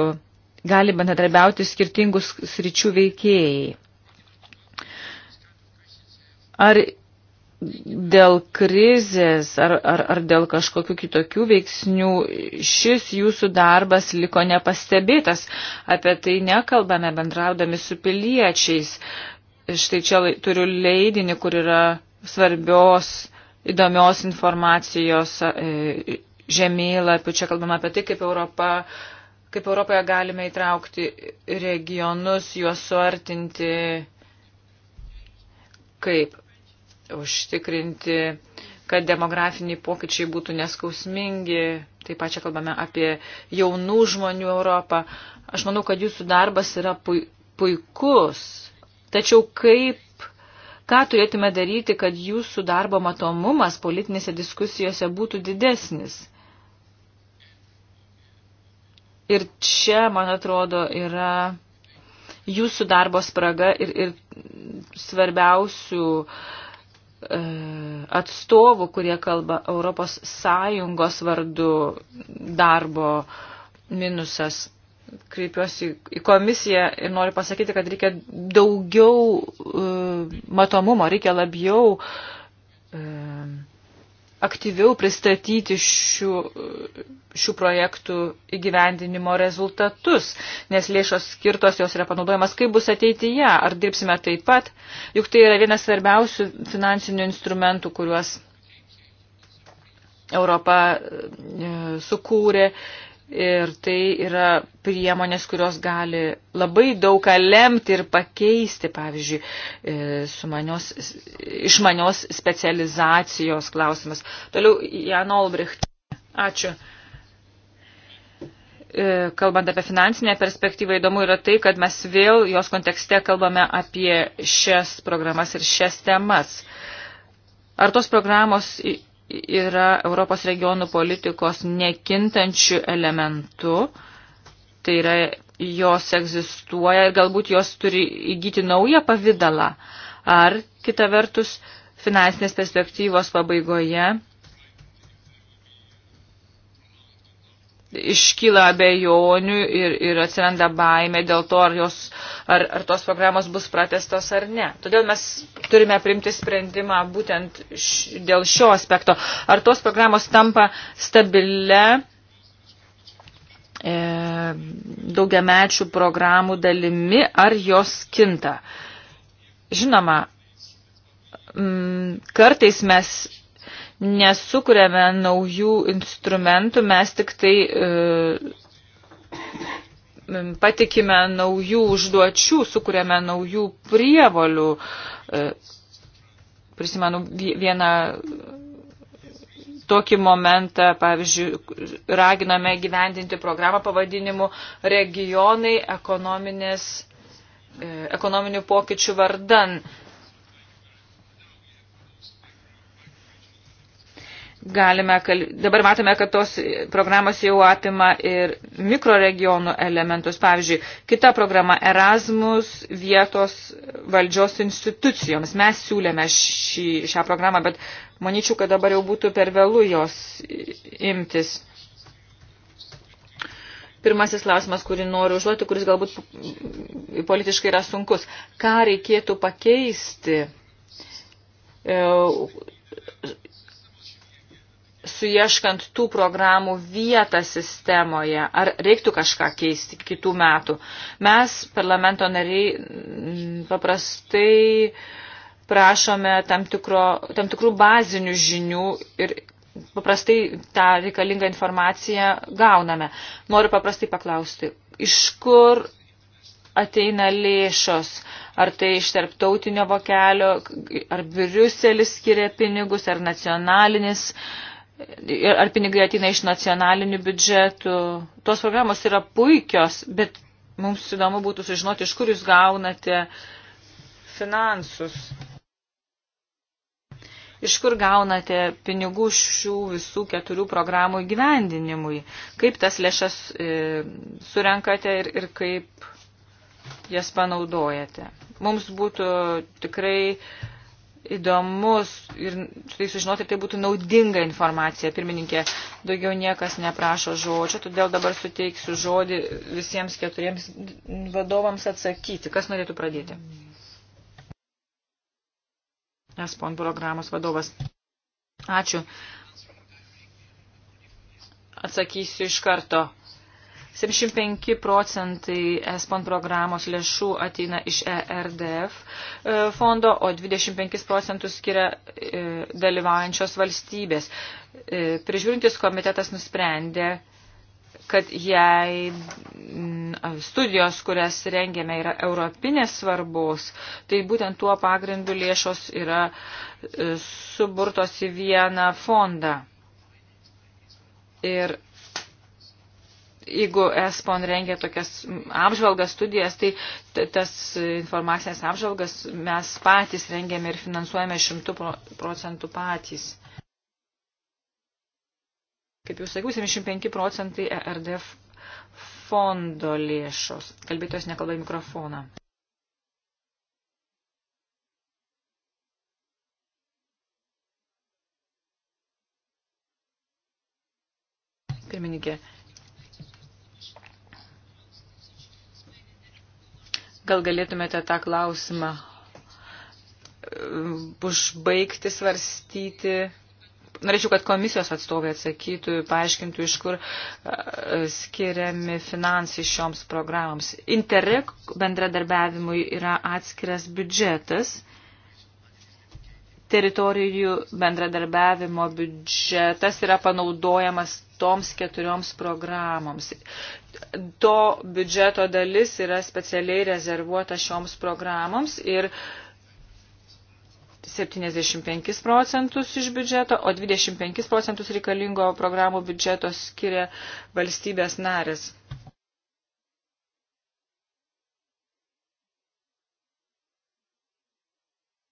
gali bendradarbiauti skirtingus sričių veikėjai. Ar dėl krizės ar, ar, ar dėl kažkokių kitokių veiksnių šis jūsų darbas liko nepastebėtas. Apie tai nekalbame bendraudami su piliečiais. Štai čia turiu leidinį, kur yra svarbios įdomios informacijos e, žemėlapių. Čia kalbame apie tai, kaip, Europa, kaip Europoje galime įtraukti regionus, juos suartinti, kaip užtikrinti, kad demografiniai pokyčiai būtų neskausmingi. Taip pat čia kalbame apie jaunų žmonių Europą. Aš manau, kad jūsų darbas yra puikus. Tačiau kaip Ką turėtume daryti, kad jūsų darbo matomumas politinėse diskusijose būtų didesnis? Ir čia, man atrodo, yra jūsų darbo spraga ir, ir svarbiausių e, atstovų, kurie kalba Europos Sąjungos vardu darbo minusas kreipiuosi į komisiją ir noriu pasakyti, kad reikia daugiau uh, matomumo, reikia labiau uh, aktyviau pristatyti šių, šių projektų įgyvendinimo rezultatus, nes lėšos skirtos jos yra panaudojamas, kaip bus ateityje, ar dirbsime taip pat, juk tai yra vienas svarbiausių finansinių instrumentų, kuriuos Europa e, sukūrė Ir tai yra priemonės, kurios gali labai daug ką lemti ir pakeisti, pavyzdžiui, e, manios, išmanios specializacijos klausimas. Toliau, Jan Olbricht. Ačiū. E, kalbant apie finansinę perspektyvą, įdomu yra tai, kad mes vėl jos kontekste kalbame apie šias programas ir šias temas. Ar tos programos yra Europos regionų politikos nekintančių elementų, tai yra jos egzistuoja ir galbūt jos turi įgyti naują pavydalą. Ar kita vertus, finansinės perspektyvos pabaigoje iškyla abejonių ir, ir atsiranda baimė dėl to, ar, jos, ar, ar tos programos bus pratestos ar ne. Todėl mes turime primti sprendimą būtent š, dėl šio aspekto. Ar tos programos tampa stabile e, daugiamečių programų dalimi, ar jos kinta. Žinoma, m, kartais mes nesukuriame naujų instrumentų, mes tik tai e, patikime naujų užduočių, sukuriame naujų prievolių. E, prisimenu vieną tokį momentą, pavyzdžiui, raginame gyvendinti programą pavadinimu regionai ekonominės, e, ekonominių pokyčių vardan. E, Galime, kal... dabar matome, kad tos programos jau apima ir mikroregionų elementus. Pavyzdžiui, kita programa Erasmus vietos valdžios institucijoms. Mes siūlėme šį, šią programą, bet manyčiau, kad dabar jau būtų per vėlų jos imtis. Pirmasis klausimas, kurį noriu užduoti, kuris galbūt politiškai yra sunkus. Ką reikėtų pakeisti? E, suieškant tų programų vietą sistemoje? Ar reiktų kažką keisti kitų metų? Mes, parlamento nariai, mm, paprastai prašome tam, tikro, tam tikrų bazinių žinių ir paprastai tą reikalingą informaciją gauname. Noriu paprastai paklausti, iš kur ateina lėšos, ar tai iš tarptautinio vokelio, ar Briuselis skiria pinigus, ar nacionalinis uh, ar pinigai ateina iš nacionalinių biudžetų. Tos programos yra puikios, bet mums įdomu būtų sužinoti, iš kur jūs gaunate finansus. Iš kur gaunate pinigų šių visų keturių programų įgyvendinimui? Kaip tas lėšas e, surenkate ir, ir kaip jas panaudojate? Mums būtų tikrai įdomus ir tai sužinoti, tai būtų naudinga informacija. Pirmininkė, daugiau niekas neprašo žodžio, todėl dabar suteiksiu žodį visiems keturiems vadovams atsakyti. Kas norėtų pradėti? Espon programos vadovas. Ačiū. Atsakysiu iš karto. 75 procentai ESPON programos lėšų ateina iš ERDF e, fondo, o 25 procentus skiria e, dalyvaujančios valstybės. E, prižiūrintis komitetas nusprendė, kad jei studijos, kurias rengėme, yra europinės svarbos, tai būtent tuo pagrindu lėšos yra suburtos į vieną fondą. Ir jeigu ESPON rengia tokias apžvalgas, studijas, tai tas informacinės apžvalgas mes patys rengiame ir finansuojame šimtų procentų patys. Kaip jau sakiau, 75 procentai ERDF fondo lėšos. Kalbėtojas nekalba į mikrofoną. Pirmininkė, Gal galėtumėte tą klausimą e, užbaigti svarstyti? Norėčiau, kad komisijos atstovai atsakytų, paaiškintų, iš kur e, skiriami finansai šioms programoms. Interreg bendradarbiavimui yra atskiras biudžetas teritorijų bendradarbiavimo biudžetas yra panaudojamas toms keturioms programoms. To biudžeto dalis yra specialiai rezervuota šioms programoms ir 75 procentus iš biudžeto, o 25 procentus reikalingo programų biudžeto skiria valstybės narės.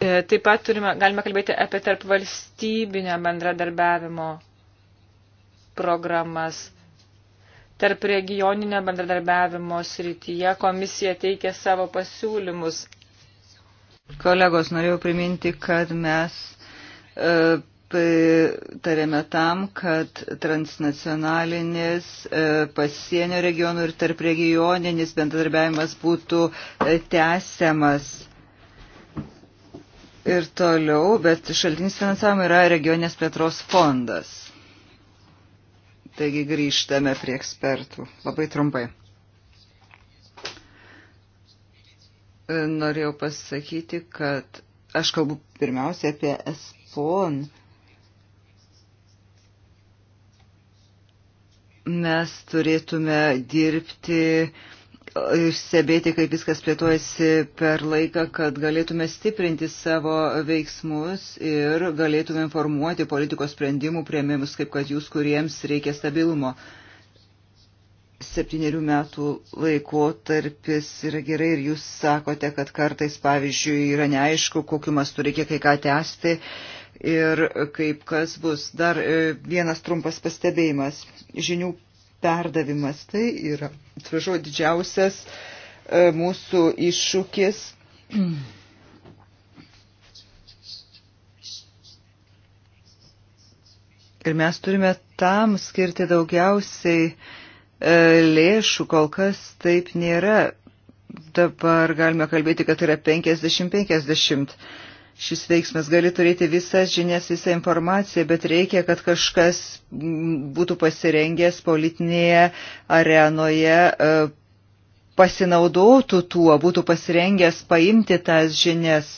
E, taip pat turime, galime kalbėti apie tarp valstybinio bendradarbiavimo programas. Tarp regioninio bendradarbiavimo srityje komisija teikia savo pasiūlymus. Kolegos, norėjau priminti, kad mes e, tarėme tam, kad transnacionalinis e, pasienio regionų ir tarp regioninis bendradarbiavimas būtų e, tęsiamas. Ir toliau, bet šaltinis finansavimo yra regioninės plėtros fondas. Taigi grįžtame prie ekspertų. Labai trumpai. E, norėjau pasakyti, kad aš kalbu pirmiausia apie ESPON. Mes turėtume dirbti uh, stebėti, kaip viskas plėtojasi per laiką, kad galėtume stiprinti savo veiksmus ir galėtume informuoti politikos sprendimų prieimimus, kaip kad jūs, kuriems reikia stabilumo. Septyniarių metų laikotarpis yra gerai ir jūs sakote, kad kartais, pavyzdžiui, yra neaišku, kokiu mastu reikia kai ką tęsti ir kaip kas bus. Dar e, vienas trumpas pastebėjimas. Žinių perdavimas. Tai yra, atsiprašau, didžiausias e, mūsų iššūkis. Ir mes turime tam skirti daugiausiai e, lėšų, kol kas taip nėra. Dabar galime kalbėti, kad yra 50-50 šis veiksmas gali turėti visas žinias, visą informaciją, bet reikia, kad kažkas būtų pasirengęs politinėje arenoje, e, pasinaudotų tuo, būtų pasirengęs paimti tas žinias.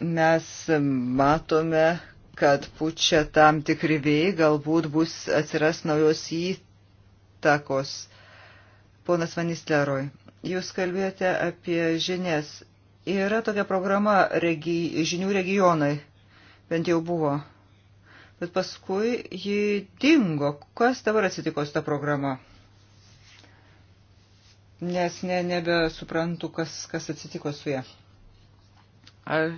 Mes matome, kad pučia tam tikri vėjai, galbūt bus atsiras naujos įtakos. Ponas Vanisleroj, jūs kalbėjote apie žinias Yra tokia programa regi, žinių regionai, bent jau buvo. Bet paskui ji dingo. Kas dabar atsitiko su ta programa? Nes ne, nebesuprantu, kas, kas atsitiko su ją. Ar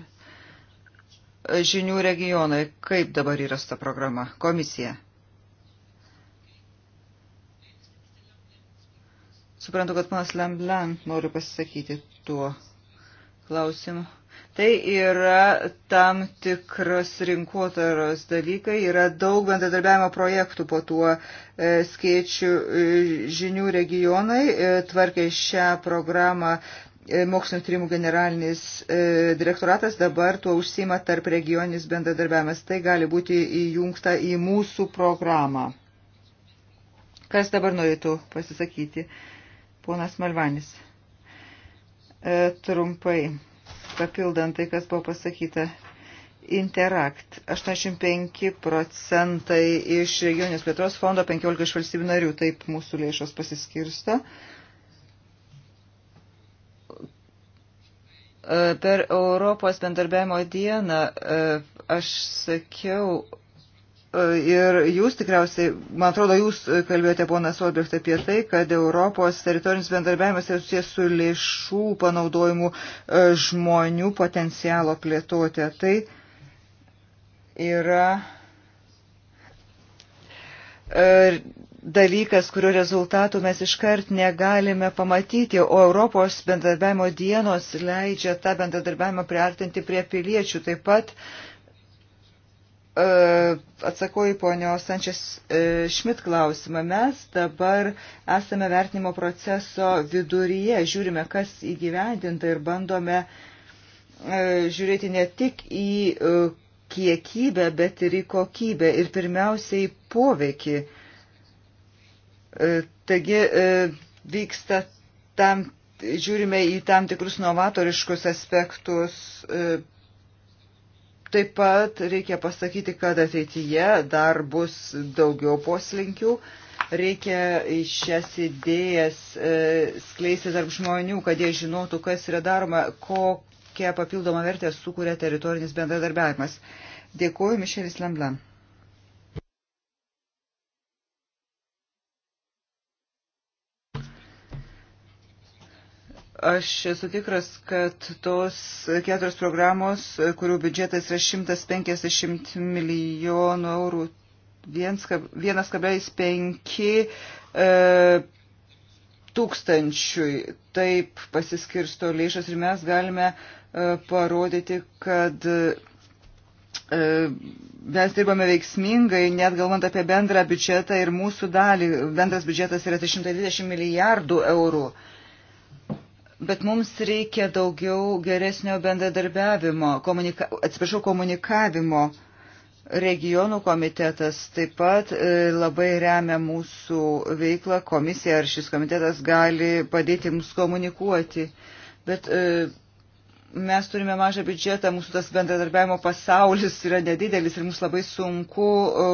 žinių regionai, kaip dabar yra su ta programa? Komisija. Suprantu, kad panas Lemblen nori pasisakyti tuo klausimų. Tai yra tam tikros rinkotaros dalykai, yra daug bendradarbiavimo projektų po tuo e, skėčių e, žinių regionai, e, tvarkė šią programą e, mokslinio tyrimų generalinis e, direktoratas, dabar tuo užsima tarp regioninis bendradarbiavimas. Tai gali būti įjungta į mūsų programą. Kas dabar norėtų pasisakyti? Ponas Malvanis. E, trumpai, papildant tai, kas buvo pasakyta. Interact 85 procentai iš regionės plėtros fondo, 15 iš valstybių narių, taip mūsų lėšos pasiskirsto. E, per Europos bendarbiavimo dieną e, aš sakiau Ir jūs tikriausiai, man atrodo, jūs kalbėjote, ponas Olbricht, apie tai, kad Europos teritorinis bendarbiavimas yra susijęs su lėšų panaudojimu e, žmonių potencialo plėtoti. Tai yra e, dalykas, kurio rezultatų mes iškart negalime pamatyti, o Europos bendradarbiavimo dienos leidžia tą bendradarbiavimą priartinti prie piliečių. Taip pat uh, E, atsakoju ponios Sančias e, Šmit klausimą. Mes dabar esame vertinimo proceso viduryje, žiūrime, kas įgyvendinta ir bandome e, žiūrėti ne tik į kiekybę, bet ir į kokybę ir pirmiausiai poveikį. Taigi vyksta tam, žiūrime į tam tikrus novatoriškus aspektus Taip pat reikia pasakyti, kad ateityje dar bus daugiau poslinkių. Reikia šias idėjas e, skleisti tarp žmonių, kad jie žinotų, kas yra daroma, kokią papildomą vertę sukuria teritorinis bendradarbiavimas. Dėkuoju, Mišelis Lemblan. Aš esu tikras, kad tos keturios programos, kurių biudžetas yra 150 milijonų eurų, 1,5 e, tūkstančiui taip pasiskirsto lėšas ir mes galime e, parodyti, kad e, mes dirbame veiksmingai, net galvant apie bendrą biudžetą ir mūsų dalį, bendras biudžetas yra 320 milijardų eurų. Bet mums reikia daugiau geresnio bendradarbiavimo, komunika, atsiprašau, komunikavimo. Regionų komitetas taip pat e, labai remia mūsų veiklą, komisija ar šis komitetas gali padėti mums komunikuoti. Bet e, mes turime mažą biudžetą, mūsų tas bendradarbiavimo pasaulis yra nedidelis ir mums labai sunku e,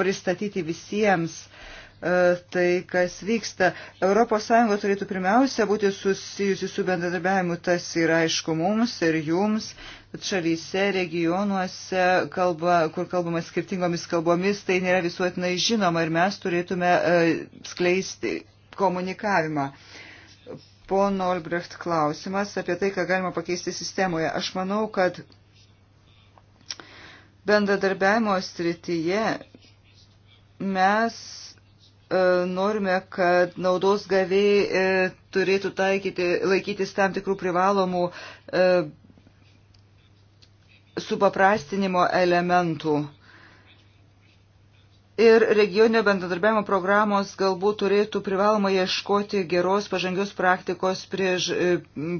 pristatyti visiems uh, E, tai, kas vyksta. ES turėtų pirmiausia būti susijusi su bendradarbiavimu, tas yra aišku mums ir jums, šalyse, regionuose, kalba, kur kalbama skirtingomis kalbomis, tai nėra visuotinai žinoma ir mes turėtume e, skleisti komunikavimą. Pono Olbrecht klausimas apie tai, ką galima pakeisti sistemoje. Aš manau, kad bendradarbiavimo srityje mes E, norime, kad naudos gavėjai e, turėtų taikyti, laikytis tam tikrų privalomų e, supaprastinimo elementų. Ir regioninio bendradarbiavimo programos galbūt turėtų privaloma ieškoti geros pažangios praktikos prieš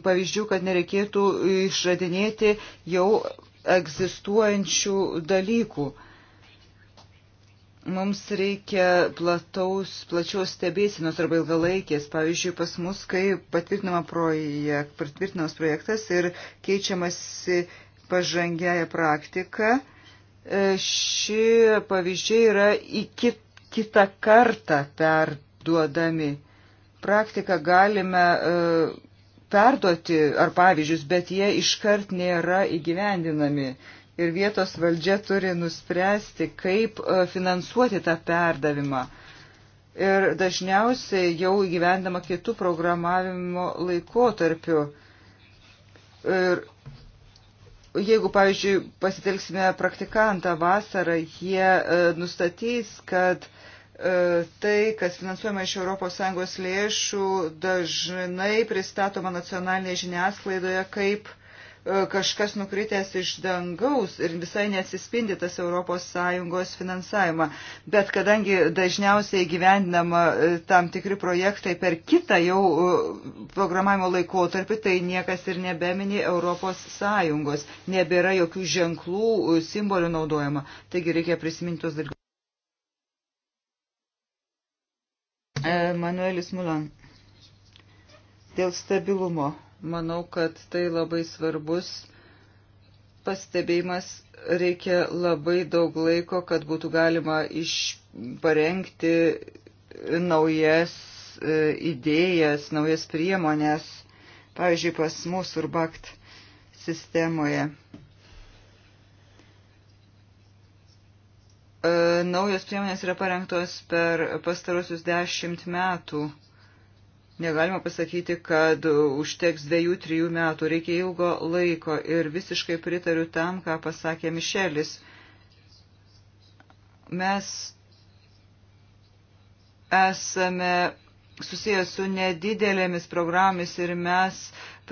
pavyzdžių, kad nereikėtų išradinėti jau egzistuojančių dalykų. Mums reikia plataus, plačios stebėsinos arba ilgalaikės. Pavyzdžiui, pas mus, kai patvirtinama projekt, patvirtinamas projektas ir keičiamasi pažangiaja praktika, e, šie pavyzdžiai yra į kit, kitą kartą perduodami. Praktiką galime e, perduoti ar pavyzdžius, bet jie iškart nėra įgyvendinami ir vietos valdžia turi nuspręsti, kaip e, finansuoti tą perdavimą. Ir dažniausiai jau gyvendama kitų programavimo laikotarpių. Ir jeigu, pavyzdžiui, pasitelksime praktikantą vasarą, jie e, nustatys, kad e, tai, kas finansuojama iš ES lėšų, dažnai pristatoma nacionalinėje žiniasklaidoje kaip uh, E, kažkas nukritęs iš dangaus ir visai neatsispindi tas ES finansavimą. Bet kadangi dažniausiai gyvendinama e, tam tikri projektai per kitą jau e, programavimo laikotarpį, tai niekas ir nebemini ES. Nebėra jokių ženklų, simbolių naudojama. Taigi reikia prisiminti tos dalykus. Manuelis Mulan. Dėl stabilumo Manau, kad tai labai svarbus pastebėjimas. Reikia labai daug laiko, kad būtų galima iš parengti naujas e, idėjas, naujas priemonės, pavyzdžiui, pas mūsų urbakt sistemoje. E, naujos priemonės yra parengtos per pastarosius dešimt metų. Negalima pasakyti, kad užteks dviejų, trijų metų, reikia ilgo laiko ir visiškai pritariu tam, ką pasakė Mišelis. Mes esame susijęs su nedidelėmis programomis ir mes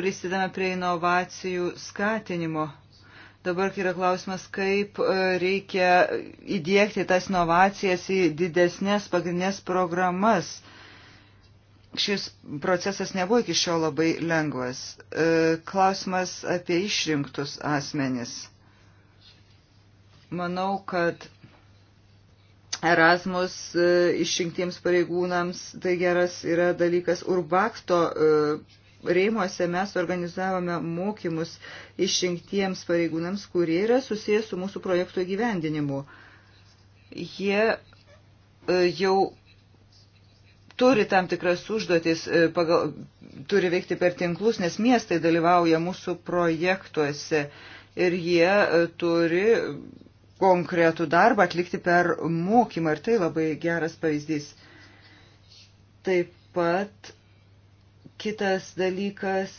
prisidame prie inovacijų skatinimo. Dabar yra klausimas, kaip e, reikia įdėkti tas inovacijas į didesnės pagrindinės programas šis procesas nebuvo iki šiol labai lengvas. E, klausimas apie išrinktus asmenis. Manau, kad Erasmus e, išrinktiems pareigūnams tai geras yra dalykas. Urbakto e, Reimuose mes organizavome mokymus išrinktiems pareigūnams, kurie yra susijęs su mūsų projekto gyvendinimu. Jie jau turi tam tikras užduotis, e, pagal, turi veikti per tinklus, nes miestai dalyvauja mūsų projektuose ir jie e, turi konkretų darbą atlikti per mokymą ir tai labai geras pavyzdys. Taip pat kitas dalykas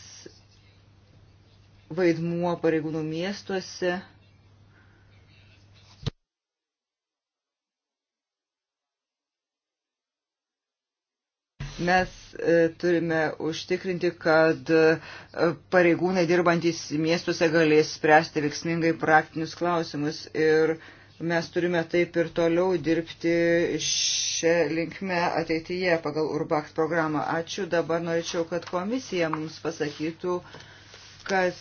vaidmuo pareigūnų miestuose – Mes e, turime užtikrinti, kad e, pareigūnai dirbantys miestuose galės spręsti veiksmingai praktinius klausimus ir mes turime taip ir toliau dirbti šią linkmę ateityje pagal URBACT programą. Ačiū, dabar norėčiau, kad komisija mums pasakytų, kas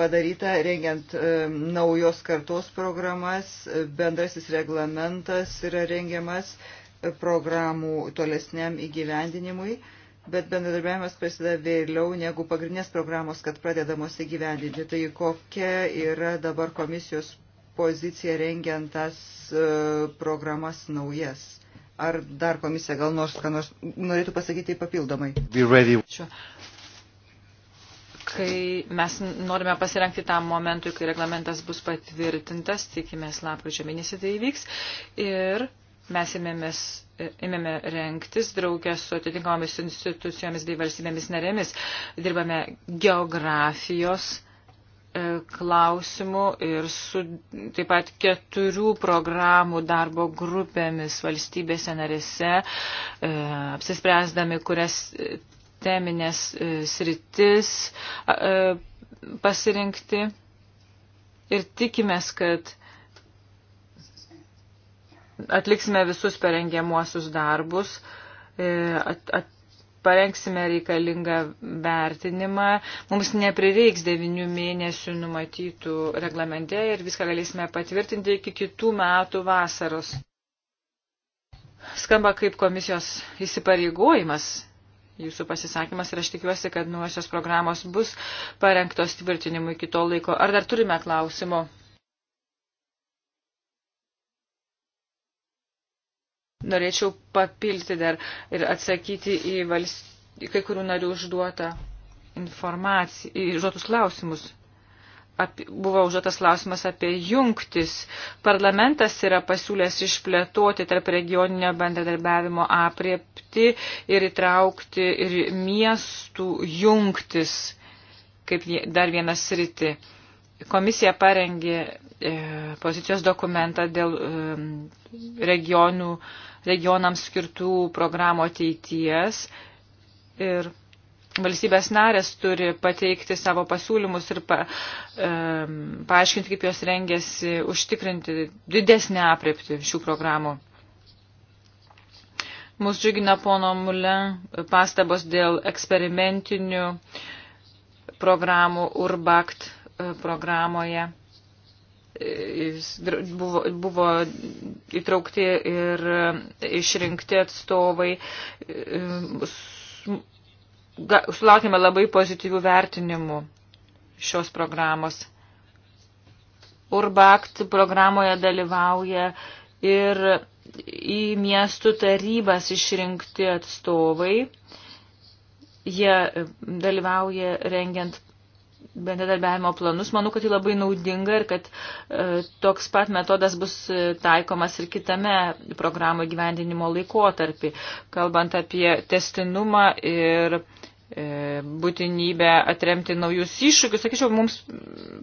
padaryta rengiant e, naujos kartos programas, bendrasis reglamentas yra rengiamas programų tolesniam įgyvendinimui, bet bendradarbiavimas prasideda vėliau negu pagrindinės programos, kad pradedamos įgyvendinti. Tai kokia yra dabar komisijos pozicija rengiant tas e, programas naujas? Ar dar komisija gal nors, ką nors norėtų pasakyti papildomai? kai mes norime pasirengti tam momentui, kai reglamentas bus patvirtintas, tikimės lapkričio mėnesį tai įvyks. Ir mes ėmėmės, e, ėmėme renktis draugę su atitinkamomis institucijomis bei valstybėmis narėmis. Dirbame geografijos e, klausimų ir su taip pat keturių programų darbo grupėmis valstybėse narėse, e, apsispręsdami, kurias teminės sritis pasirinkti. Ir tikimės, kad atliksime visus parengiamuosius darbus, e, at, at, parengsime reikalingą vertinimą. Mums neprireiks devinių mėnesių numatytų reglamente ir viską galėsime patvirtinti iki kitų metų vasaros. Skamba kaip komisijos įsipareigojimas. Jūsų pasisakymas ir aš tikiuosi, kad nuosios programos bus parengtos tvirtinimui iki to laiko. Ar dar turime klausimų? Norėčiau papilti dar ir atsakyti į valst... kai kurių narių užduotą informaciją, užduotus klausimus. Apie, buvo užduotas klausimas apie jungtis. Parlamentas yra pasiūlęs išplėtoti tarp regioninio bendradarbiavimo apriepti ir įtraukti ir miestų jungtis kaip dar vienas sritį. Komisija parengė e, pozicijos dokumentą dėl e, regionų e, regionams skirtų programų ateities ir valstybės narės turi pateikti savo pasiūlymus ir pa, e, paaiškinti, kaip jos rengiasi užtikrinti didesnį aprepti šių programų. Mūsų džiugina pono Mulen pastabos dėl eksperimentinių programų URBACT e, programoje buvo, buvo įtraukti ir išrinkti atstovai. Sulaukime labai pozityvių vertinimų šios programos. Urbakt programoje dalyvauja ir į miestų tarybas išrinkti atstovai. Jie dalyvauja rengiant bendradarbiavimo planus. Manau, kad tai labai naudinga ir kad e, toks pat metodas bus e, taikomas ir kitame programų gyvendinimo laikotarpį, kalbant apie testinumą ir e, būtinybę atremti naujus iššūkius. Sakyčiau, mums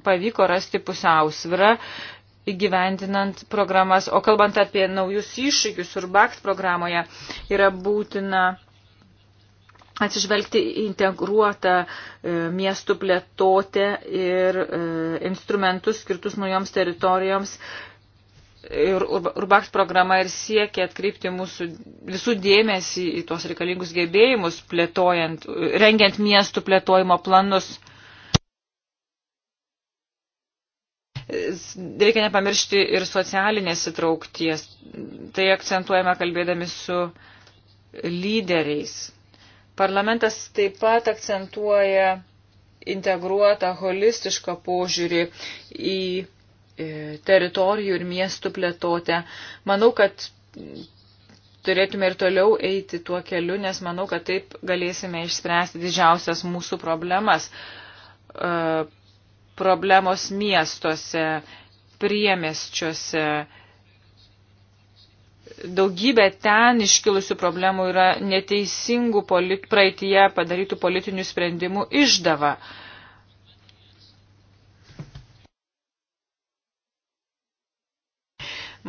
pavyko rasti pusiausvirą įgyvendinant programas, o kalbant apie naujus iššūkius, URBAX programoje yra būtina atsižvelgti integruotą e, miestų plėtotę ir e, instrumentus skirtus naujoms teritorijoms. Ir Urbaks programa ir siekia atkreipti mūsų visų dėmesį į tuos reikalingus gebėjimus, plėtojant, rengiant miestų plėtojimo planus. Reikia nepamiršti ir socialinės įtraukties. Tai akcentuojame kalbėdami su lyderiais. Parlamentas taip pat akcentuoja integruotą, holistišką požiūrį į e, teritorijų ir miestų plėtotę. Manau, kad turėtume ir toliau eiti tuo keliu, nes manau, kad taip galėsime išspręsti didžiausias mūsų problemas. E, problemos miestuose, priemesčiuose, daugybė ten iškilusių problemų yra neteisingų polit, praeitie padarytų politinių sprendimų išdava.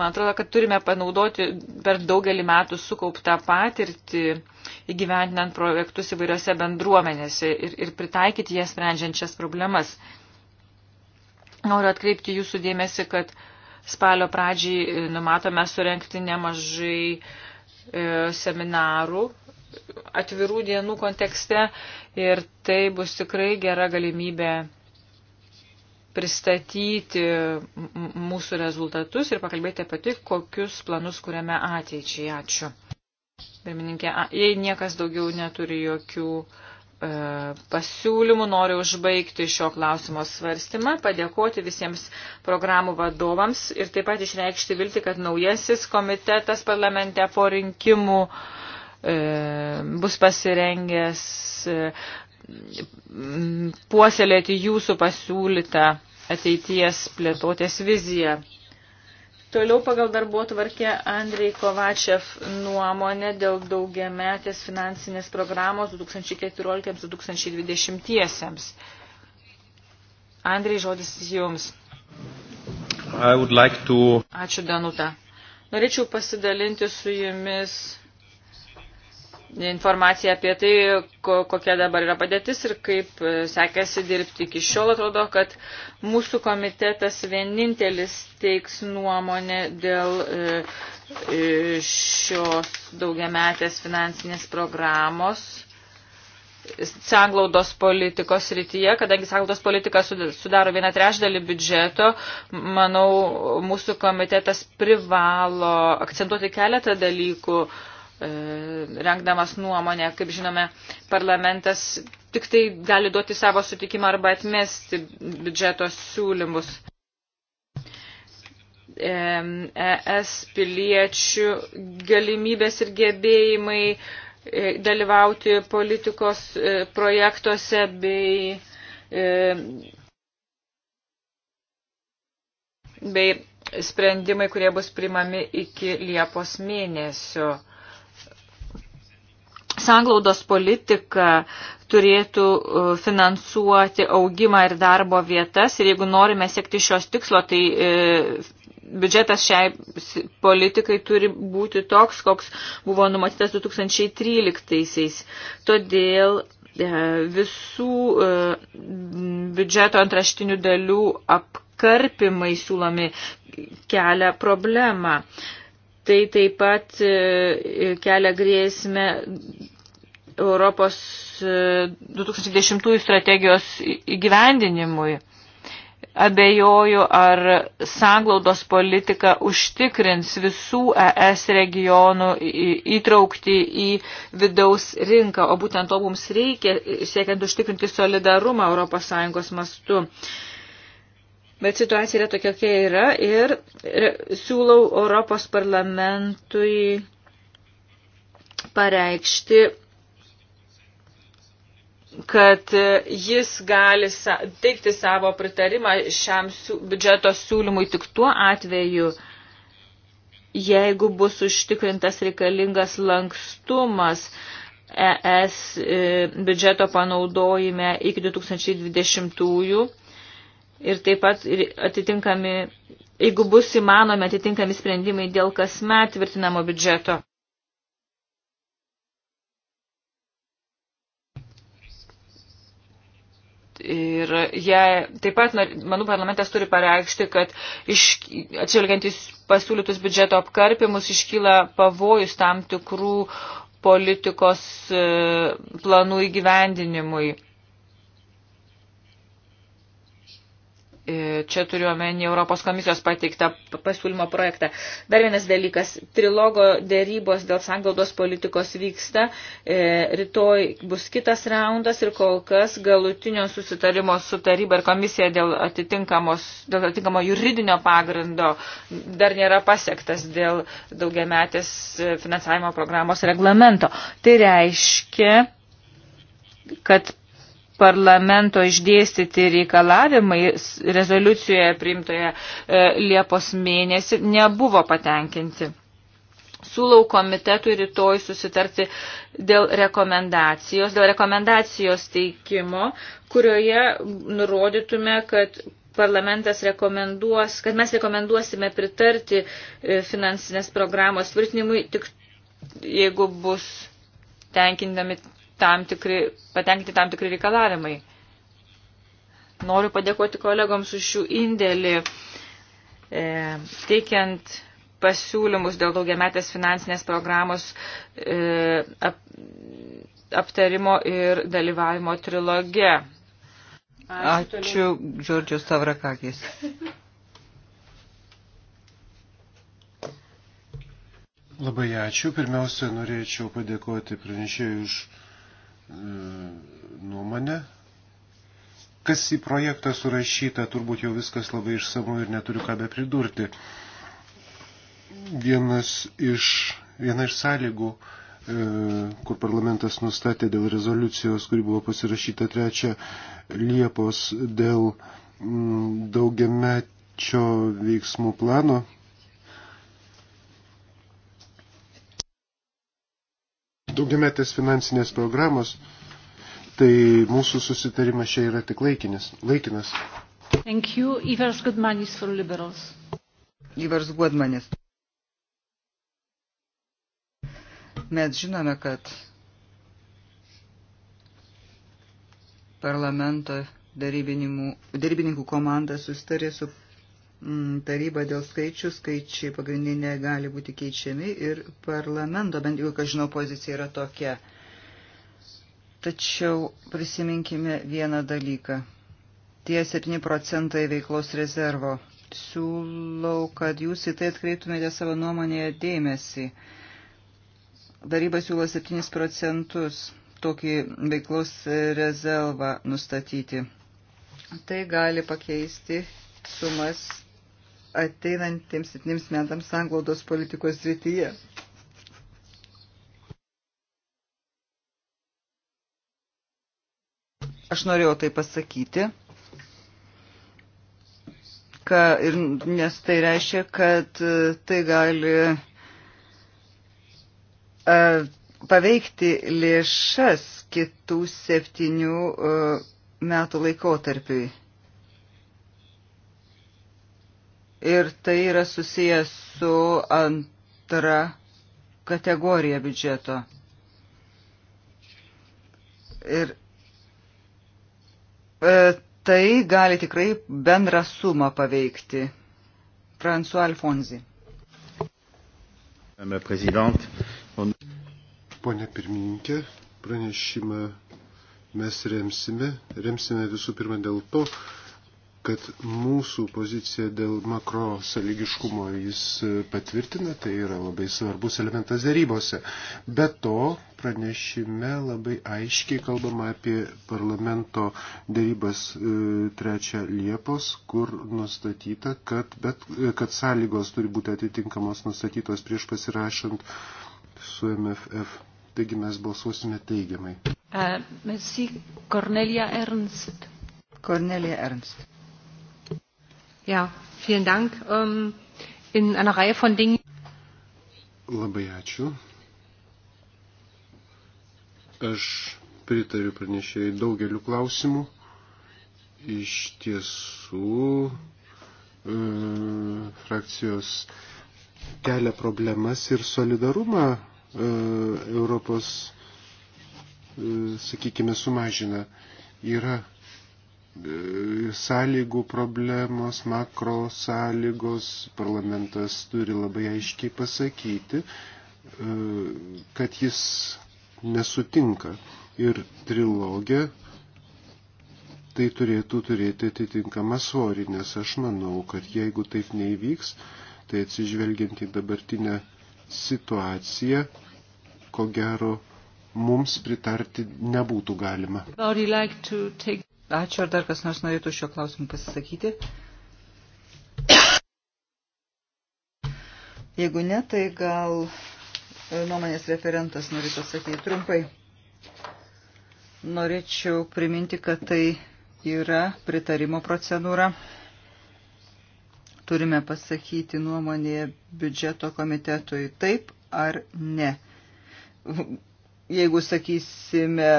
Man atrodo, kad turime panaudoti per daugelį metų sukauptą patirtį įgyventinant projektus įvairiose bendruomenėse ir, ir pritaikyti jas sprendžiančias problemas. Noriu atkreipti jūsų dėmesį, kad uh, Spalio pradžiai e, numatome surenkti nemažai e, seminarų atvirų dienų kontekste ir tai bus tikrai gera galimybė pristatyti mūsų rezultatus ir pakalbėti apie tai, kokius planus kuriame ateičiai. Ačiū. Pirmininkė, jei niekas daugiau neturi jokių uh, E, pasiūlymų. Noriu užbaigti šio klausimo svarstymą, padėkoti visiems programų vadovams ir taip pat išreikšti vilti, kad naujasis komitetas parlamente po rinkimų e, bus pasirengęs e, puoselėti jūsų pasiūlytą ateities plėtotės viziją. Toliau pagal darbo tvarkę Andrei Kovačev nuomonė dėl daugiametės finansinės programos 2014-2020. Andrei, žodis jums. Like to... Ačiū, Danuta. Norėčiau pasidalinti su jumis informaciją apie tai, kokia dabar yra padėtis ir kaip e, sekėsi dirbti iki šiol. Atrodo, kad mūsų komitetas vienintelis teiks nuomonę dėl e, e, šios daugiametės finansinės programos sanglaudos politikos rytyje, kadangi sanglaudos politika sudaro vieną trešdalį biudžeto, manau, mūsų komitetas privalo akcentuoti keletą dalykų, uh, E, rengdamas nuomonę. Kaip žinome, parlamentas tik tai gali duoti savo sutikimą arba atmesti biudžeto siūlymus. ES e piliečių galimybės ir gebėjimai e, dalyvauti politikos projektuose bei, bei sprendimai, kurie bus primami iki Liepos mėnesio sanglaudos politika turėtų e, finansuoti augimą ir darbo vietas ir jeigu norime siekti šios tikslo, tai e, biudžetas šiai politikai turi būti toks, koks buvo numatytas 2013-aisiais. Todėl e, visų biudžeto antraštinių dalių apkarpimai siūlomi kelia problemą. Tai taip pat kelia grėsmę Europos 2010 e, strategijos įgyvendinimui. Abejoju, ar sanglaudos politika užtikrins visų ES regionų įtraukti į vidaus rinką, o būtent to mums reikia, siekiant užtikrinti solidarumą ES mastu. Bet situacija yra tokia, kokia yra ir siūlau Europos parlamentui pareikšti kad jis gali teikti savo pritarimą šiam biudžeto siūlymui tik tuo atveju, jeigu bus užtikrintas reikalingas lankstumas ES e, biudžeto panaudojime iki 2020-ųjų ir taip pat atitinkami, jeigu bus įmanomi atitinkami sprendimai dėl kasmet tvirtinamo biudžeto. Ir jie taip pat, manau, parlamentas turi pareikšti, kad iš, atsižvelgiantis pasiūlytus biudžeto apkarpimus iškyla pavojus tam tikrų politikos e, planų įgyvendinimui. E, čia turiuomenį Europos komisijos pateiktą pasiūlymo projektą. Dar vienas dalykas. Trilogo dėrybos dėl sanglaudos politikos vyksta. E, rytoj bus kitas raundas ir kol kas galutinio susitarimo su taryba ir komisija dėl, dėl atitinkamo juridinio pagrindo dar nėra pasiektas dėl daugiametės e, finansavimo programos reglamento. Tai reiškia, kad parlamento išdėstyti reikalavimai rezoliucijoje priimtoje e, Liepos mėnesį nebuvo patenkinti. Sūlau komitetui rytoj susitarti dėl rekomendacijos, dėl rekomendacijos teikimo, kurioje nurodytume, kad parlamentas rekomenduos, kad mes rekomenduosime pritarti e, finansinės programos tvirtinimui, tik jeigu bus tenkindami tam tikri, patenkinti tam tikri reikalavimai. Noriu padėkoti kolegoms už šių indėlį, e, teikiant pasiūlymus dėl daugiametės finansinės programos e, ap, aptarimo ir dalyvavimo triloge. Ačiū, Ačiū Džordžius Savrakakis. Labai ačiū. Pirmiausia, norėčiau padėkoti pranešėjui už Mm, nuomonę. Kas į projektą surašyta, turbūt jau viskas labai išsamu ir neturiu ką be pridurti. Vienas iš, viena iš sąlygų, e, kur parlamentas nustatė dėl rezoliucijos, kuri buvo pasirašyta 3 Liepos dėl mm, daugiamečio veiksmų plano daugiametės finansinės programos, tai mūsų susitarimas čia yra tik laikinis. laikinas. Thank you. Ivers Goodmanis for Liberals. Ivers Goodmanis. Mes žinome, kad parlamento darybininkų komanda sustarė su Mm, taryba dėl skaičių, skaičiai pagrindinė gali būti keičiami ir parlamento, bent jau, ką žinau, pozicija yra tokia. Tačiau prisiminkime vieną dalyką. Tie 7 procentai veiklos rezervo. Siūlau, kad jūs į tai atkreiptumėte savo nuomonėje dėmesį. Daryba siūlo 7 procentus tokį veiklos rezervą nustatyti. Tai gali pakeisti sumas ateinantiems septynims metams sanglaudos politikos srityje. Aš norėjau tai pasakyti, ka, ir, nes tai reiškia, kad e, tai gali a, e, paveikti lėšas kitų septynių a, e, metų laikotarpiui. ir tai yra susijęs su antra kategorija biudžeto. Ir e, tai gali tikrai bendrą sumą paveikti. François Alfonzi. Pone pirmininkė, pranešimą mes remsime. Remsime visų pirma dėl to, kad mūsų pozicija dėl makro sąlygiškumo jis e, patvirtina, tai yra labai svarbus elementas darybose. Be to, pranešime labai aiškiai kalbama apie parlamento darybas 3 e, Liepos, kur nustatyta, kad, bet, e, kad sąlygos turi būti atitinkamos nustatytos prieš pasirašant su MFF. Taigi mes balsuosime teigiamai. Uh, Kornelija Ernst. Kornelija Ernst. Ja, vielen Dank. Um, in einer Reihe von Dingen. Labai ačiū. Aš pritariu pranešėjai daugeliu klausimų. Iš tiesų, e, frakcijos kelia problemas ir solidarumą e, Europos, e, sakykime, sumažina. Yra sąlygų problemos, makro sąlygos, parlamentas turi labai aiškiai pasakyti, e, kad jis nesutinka. Ir trilogė tai turėtų turėti atitinkamą svorį, nes aš manau, kad jeigu taip neįvyks, tai atsižvelgiant į dabartinę situaciją, ko gero mums pritarti nebūtų galima. Like take... Ačiū, ar dar kas nors norėtų šio klausimu pasisakyti? Jeigu ne, tai gal nuomonės referentas norėtų sakyti trumpai. Norėčiau priminti, kad tai yra pritarimo procedūra. Turime pasakyti nuomonėje biudžeto komitetui taip ar ne. Jeigu sakysime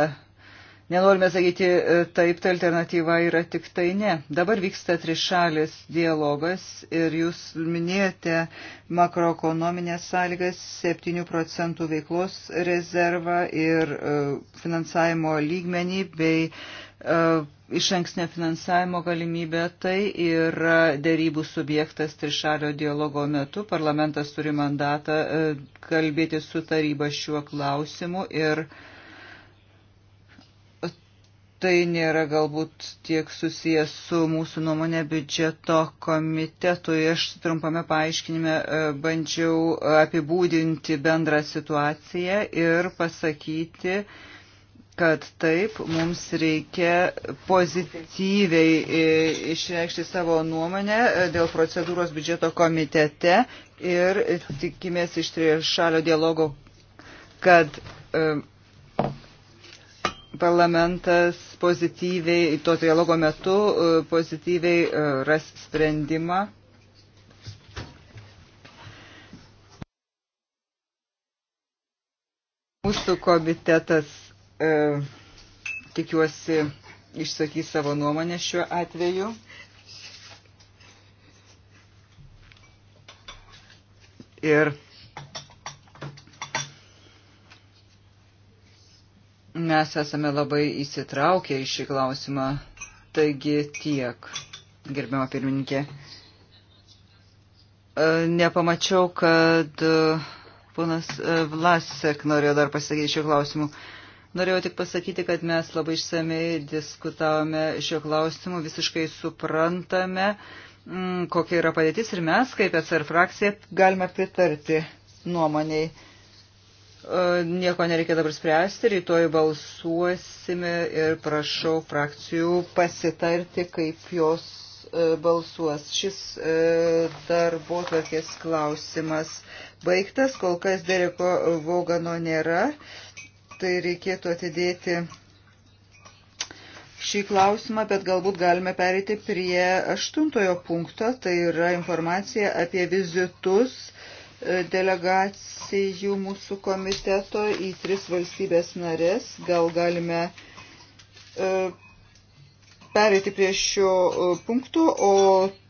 Nenorime sakyti, e, taip, ta alternatyva yra tik tai ne. Dabar vyksta trišalis dialogas ir jūs minėjote makroekonominės sąlygas, 7 procentų veiklos rezervą ir e, finansavimo lygmenį bei e, iš anksnio finansavimo galimybę, tai yra dėrybų subjektas trišalio dialogo metu. Parlamentas turi mandatą kalbėti su taryba šiuo klausimu ir uh, tai nėra galbūt tiek susijęs su mūsų nuomonė biudžeto komitetui. Aš trumpame paaiškinime e, bandžiau apibūdinti bendrą situaciją ir pasakyti, kad taip, mums reikia pozityviai e, išreikšti savo nuomonę e, dėl procedūros biudžeto komitete ir tikimės iš trišalio dialogo, kad parlamentas pozityviai, to dialogo metu e, pozityviai e, ras sprendimą. Mūsų komitetas, e, tikiuosi, išsakys savo nuomonę šiuo atveju. Ir Mes esame labai įsitraukę į šį klausimą. Taigi tiek, gerbiama pirmininkė. E, nepamačiau, kad e, ponas e, Vlasek norėjo dar pasakyti šiuo klausimu. Norėjau tik pasakyti, kad mes labai išsamei diskutavome šio klausimu, visiškai suprantame, mm, kokia yra padėtis ir mes, kaip ECR frakcija, galime pritarti nuomoniai. E, nieko nereikia dabar spręsti, rytoj balsuosime ir prašau frakcijų pasitarti, kaip jos e, balsuos. Šis e, darbo tvarkės klausimas baigtas, kol kas Dereko Vaugano nėra, tai reikėtų atidėti šį klausimą, bet galbūt galime pereiti prie aštuntojo punkto, tai yra informacija apie vizitus delegacijų misijų mūsų komiteto į tris valstybės narės. Gal galime e, pereiti prie šio e, punktų, o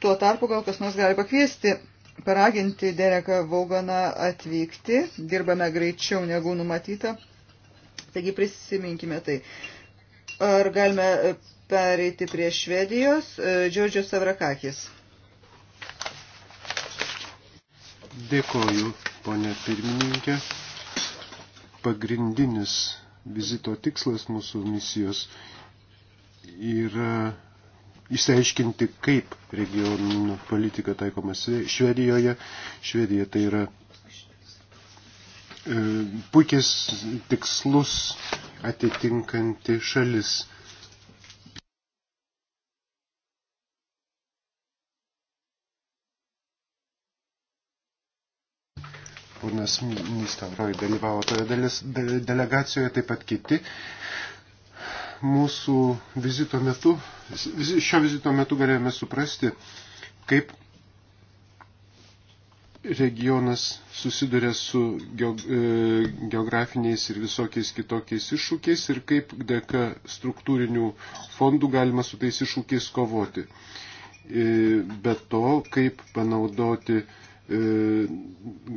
tuo tarpu gal kas nors gali pakviesti, paraginti Dereką Vauganą atvykti. Dirbame greičiau negu numatyta. Taigi prisiminkime tai. Ar galime e, pereiti prie Švedijos? Džiodžio Savrakakis. Dėkoju, ponė pirmininkė. Pagrindinis vizito tikslas mūsų misijos yra išsiaiškinti, kaip regionų politika taikoma Švedijoje. Švedija tai yra e, puikis tikslus atitinkanti šalis. ponas Nistavroj dalyvavo toje dalis, de, delegacijoje, taip pat kiti. Mūsų vizito metu, šio vizito metu galėjome suprasti, kaip regionas susiduria su e, geografiniais ir visokiais kitokiais iššūkiais ir kaip dėka struktūrinių fondų galima su tais iššūkiais kovoti. E, be to, kaip panaudoti E,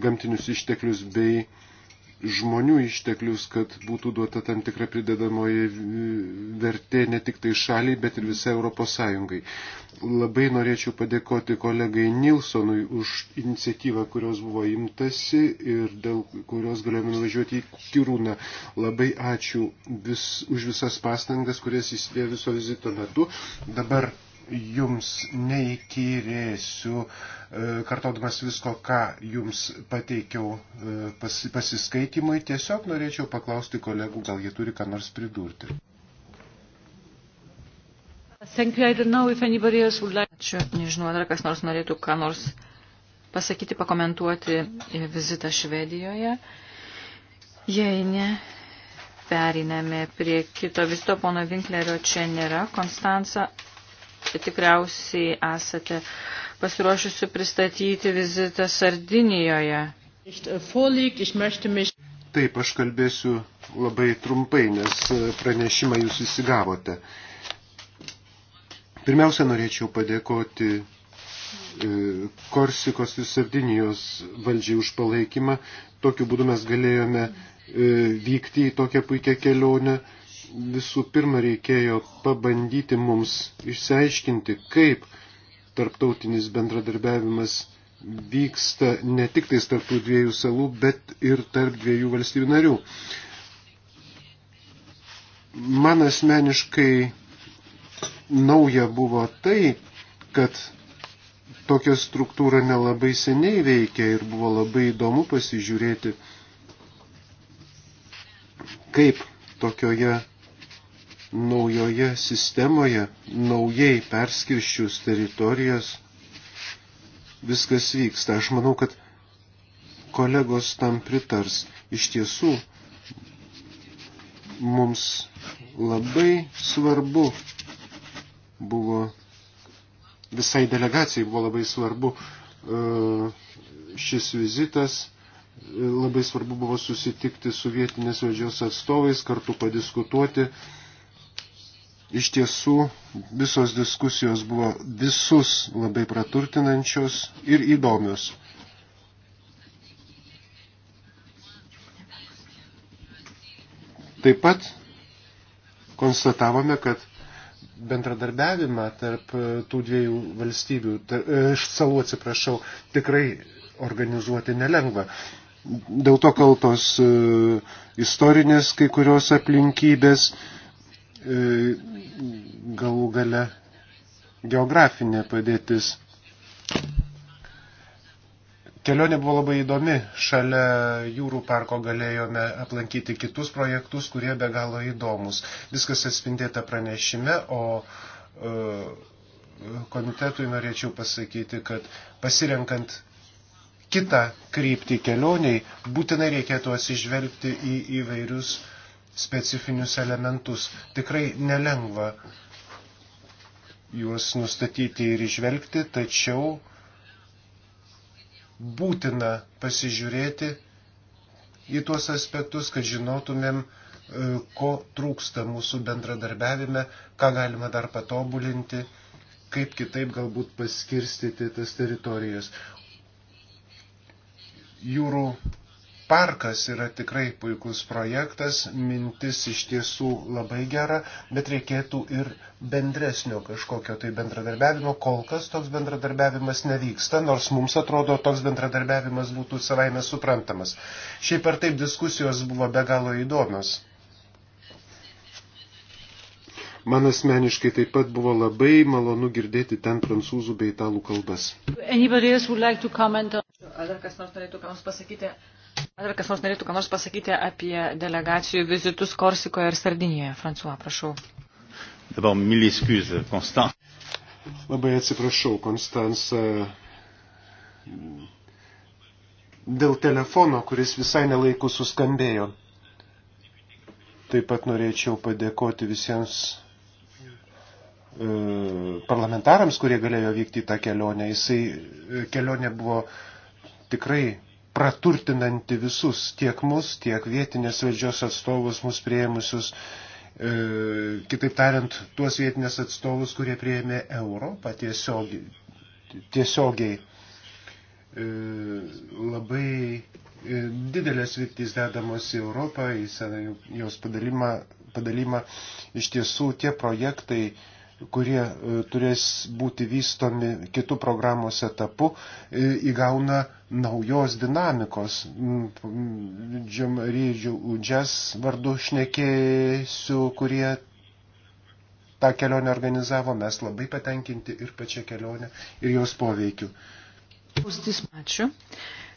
gamtinius išteklius bei žmonių išteklius, kad būtų duota tam tikra pridedamoji vertė ne tik tai šaliai, bet ir visai Europos Sąjungai. Labai norėčiau padėkoti kolegai Nilsonui už iniciatyvą, kurios buvo imtasi ir dėl kurios galėjome nuvažiuoti į Kirūną. Labai ačiū vis, už visas pastangas, kurias įsidėjo viso vizito metu. Dabar jums neįkyrėsiu, e, kartodamas visko, ką jums pateikiau e, pasiskaitimui. Tiesiog norėčiau paklausti kolegų, gal jie turi ką nors pridurti. Ačiū. Nežinau, ar kas nors norėtų ką nors pasakyti, pakomentuoti vizitą Švedijoje. Jei ne, periname prie kito visto. Pono Vinklerio čia nėra. Konstanca Tai tikriausiai esate pasiruošusi pristatyti vizitą Sardinijoje. Äh, Taip, aš kalbėsiu labai trumpai, nes e, pranešimą jūs įsigavote. Pirmiausia, norėčiau padėkoti e, Korsikos ir Sardinijos valdžiai už palaikymą. Tokiu būdu mes galėjome e, vykti į tokią puikią kelionę visų pirma reikėjo pabandyti mums išsiaiškinti, kaip tarptautinis bendradarbiavimas vyksta ne tik tais tarp tų dviejų salų, bet ir tarp dviejų valstybių narių. Man asmeniškai nauja buvo tai, kad tokia struktūra nelabai seniai veikia ir buvo labai įdomu pasižiūrėti, kaip tokioje naujoje sistemoje, naujai perskirščius teritorijas, viskas vyksta. Aš manau, kad kolegos tam pritars. Iš tiesų, mums labai svarbu buvo, visai delegacijai buvo labai svarbu e, šis vizitas e, labai svarbu buvo susitikti su vietinės valdžios atstovais, kartu padiskutuoti, Iš tiesų visos diskusijos buvo visus labai praturtinančios ir įdomios. Taip pat konstatavome, kad bendradarbiavimą tarp tų dviejų valstybių, iš e, salų atsiprašau, tikrai organizuoti nelengva. Dėl to kaltos e, istorinės kai kurios aplinkybės, E, galų gale geografinė padėtis. Kelionė buvo labai įdomi. Šalia jūrų parko galėjome aplankyti kitus projektus, kurie be galo įdomus. Viskas atspindėta pranešime, o e, komitetui norėčiau pasakyti, kad pasirenkant kitą kryptį kelioniai, būtinai reikėtų atsižvelgti į įvairius uh, specifinius elementus. Tikrai nelengva juos nustatyti ir išvelgti, tačiau būtina pasižiūrėti į tuos aspektus, kad žinotumėm, e, ko trūksta mūsų bendradarbiavime, ką galima dar patobulinti, kaip kitaip galbūt paskirstyti tas teritorijas. Jūrų Parkas yra tikrai puikus projektas, mintis iš tiesų labai gera, bet reikėtų ir bendresnio kažkokio tai bendradarbiavimo. Kol kas toks bendradarbiavimas nevyksta, nors mums atrodo toks bendradarbiavimas būtų savaime suprantamas. Šiaip ar taip diskusijos buvo be galo įdomios. Man asmeniškai taip pat buvo labai malonu girdėti ten prancūzų bei italų kalbas. Ar dar kas nors norėtų ką nors pasakyti Ar kas nors norėtų ką nors pasakyti apie delegacijų vizitus Korsikoje ir Sardinijoje? Fransuo, prašau. Dabar mille excuse, Konstant. Labai atsiprašau, Konstans, dėl telefono, kuris visai nelaikų suskambėjo. Taip pat norėčiau padėkoti visiems e, parlamentarams, kurie galėjo vykti į tą kelionę. Jisai e, kelionė buvo tikrai praturtinanti visus, tiek mus, tiek vietinės valdžios atstovus, mus prieimusius, e, kitaip tariant, tuos vietinės atstovus, kurie prieėmė Europą tiesiogiai. tiesiogiai. E, labai e, didelės viltys dedamos į Europą, į seną jos padalimą, padalimą. Iš tiesų tie projektai, e, kurie e, turės būti vystomi kitų programos etapų, e, įgauna naujos dinamikos. Mm, mm, Džemrydžių Udžes vardu šnekėsiu, kurie tą kelionę organizavo, mes labai patenkinti ir pačią kelionę, ir jos poveikiu. Ačiū.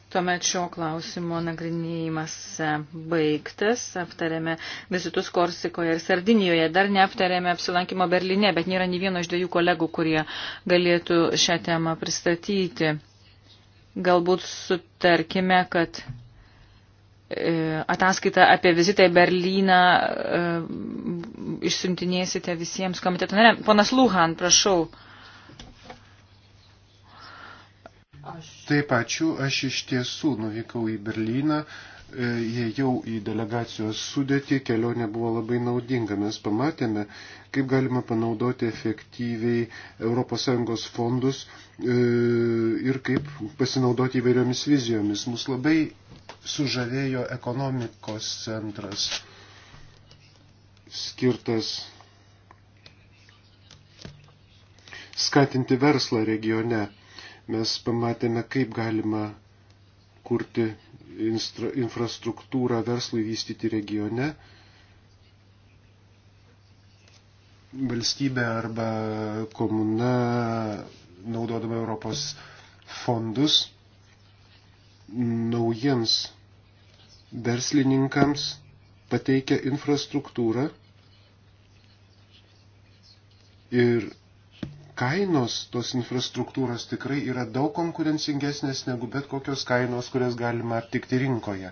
Tuomet šio klausimo nagrinėjimas e, baigtas. Aptarėme vizitus Korsikoje ir Sardinijoje. Dar neaptarėme apsilankimo Berlyne, bet nėra nei vieno iš dviejų kolegų, kurie galėtų šią temą pristatyti. Galbūt sutarkime, kad e, ataskaitą apie vizitą į Berlyną e, išsiuntinėsite visiems komiteto nariams. Ponas Luhan, prašau. Taip ačiū, aš iš tiesų nuvykau į Berliną, e, įėjau į delegacijos sudėtį, kelionė buvo labai naudinga, mes pamatėme, kaip galima panaudoti efektyviai ES fondus e, ir kaip pasinaudoti įvairiomis vizijomis. Mus labai sužavėjo ekonomikos centras skirtas skatinti verslą regione Mes pamatėme, kaip galima kurti instra, infrastruktūrą verslui vystyti regione. Valstybė arba komuna, naudodama Europos fondus, naujiems verslininkams pateikia infrastruktūrą ir kainos tos infrastruktūros tikrai yra daug konkurencingesnės negu bet kokios kainos, kurias galima aptikti rinkoje.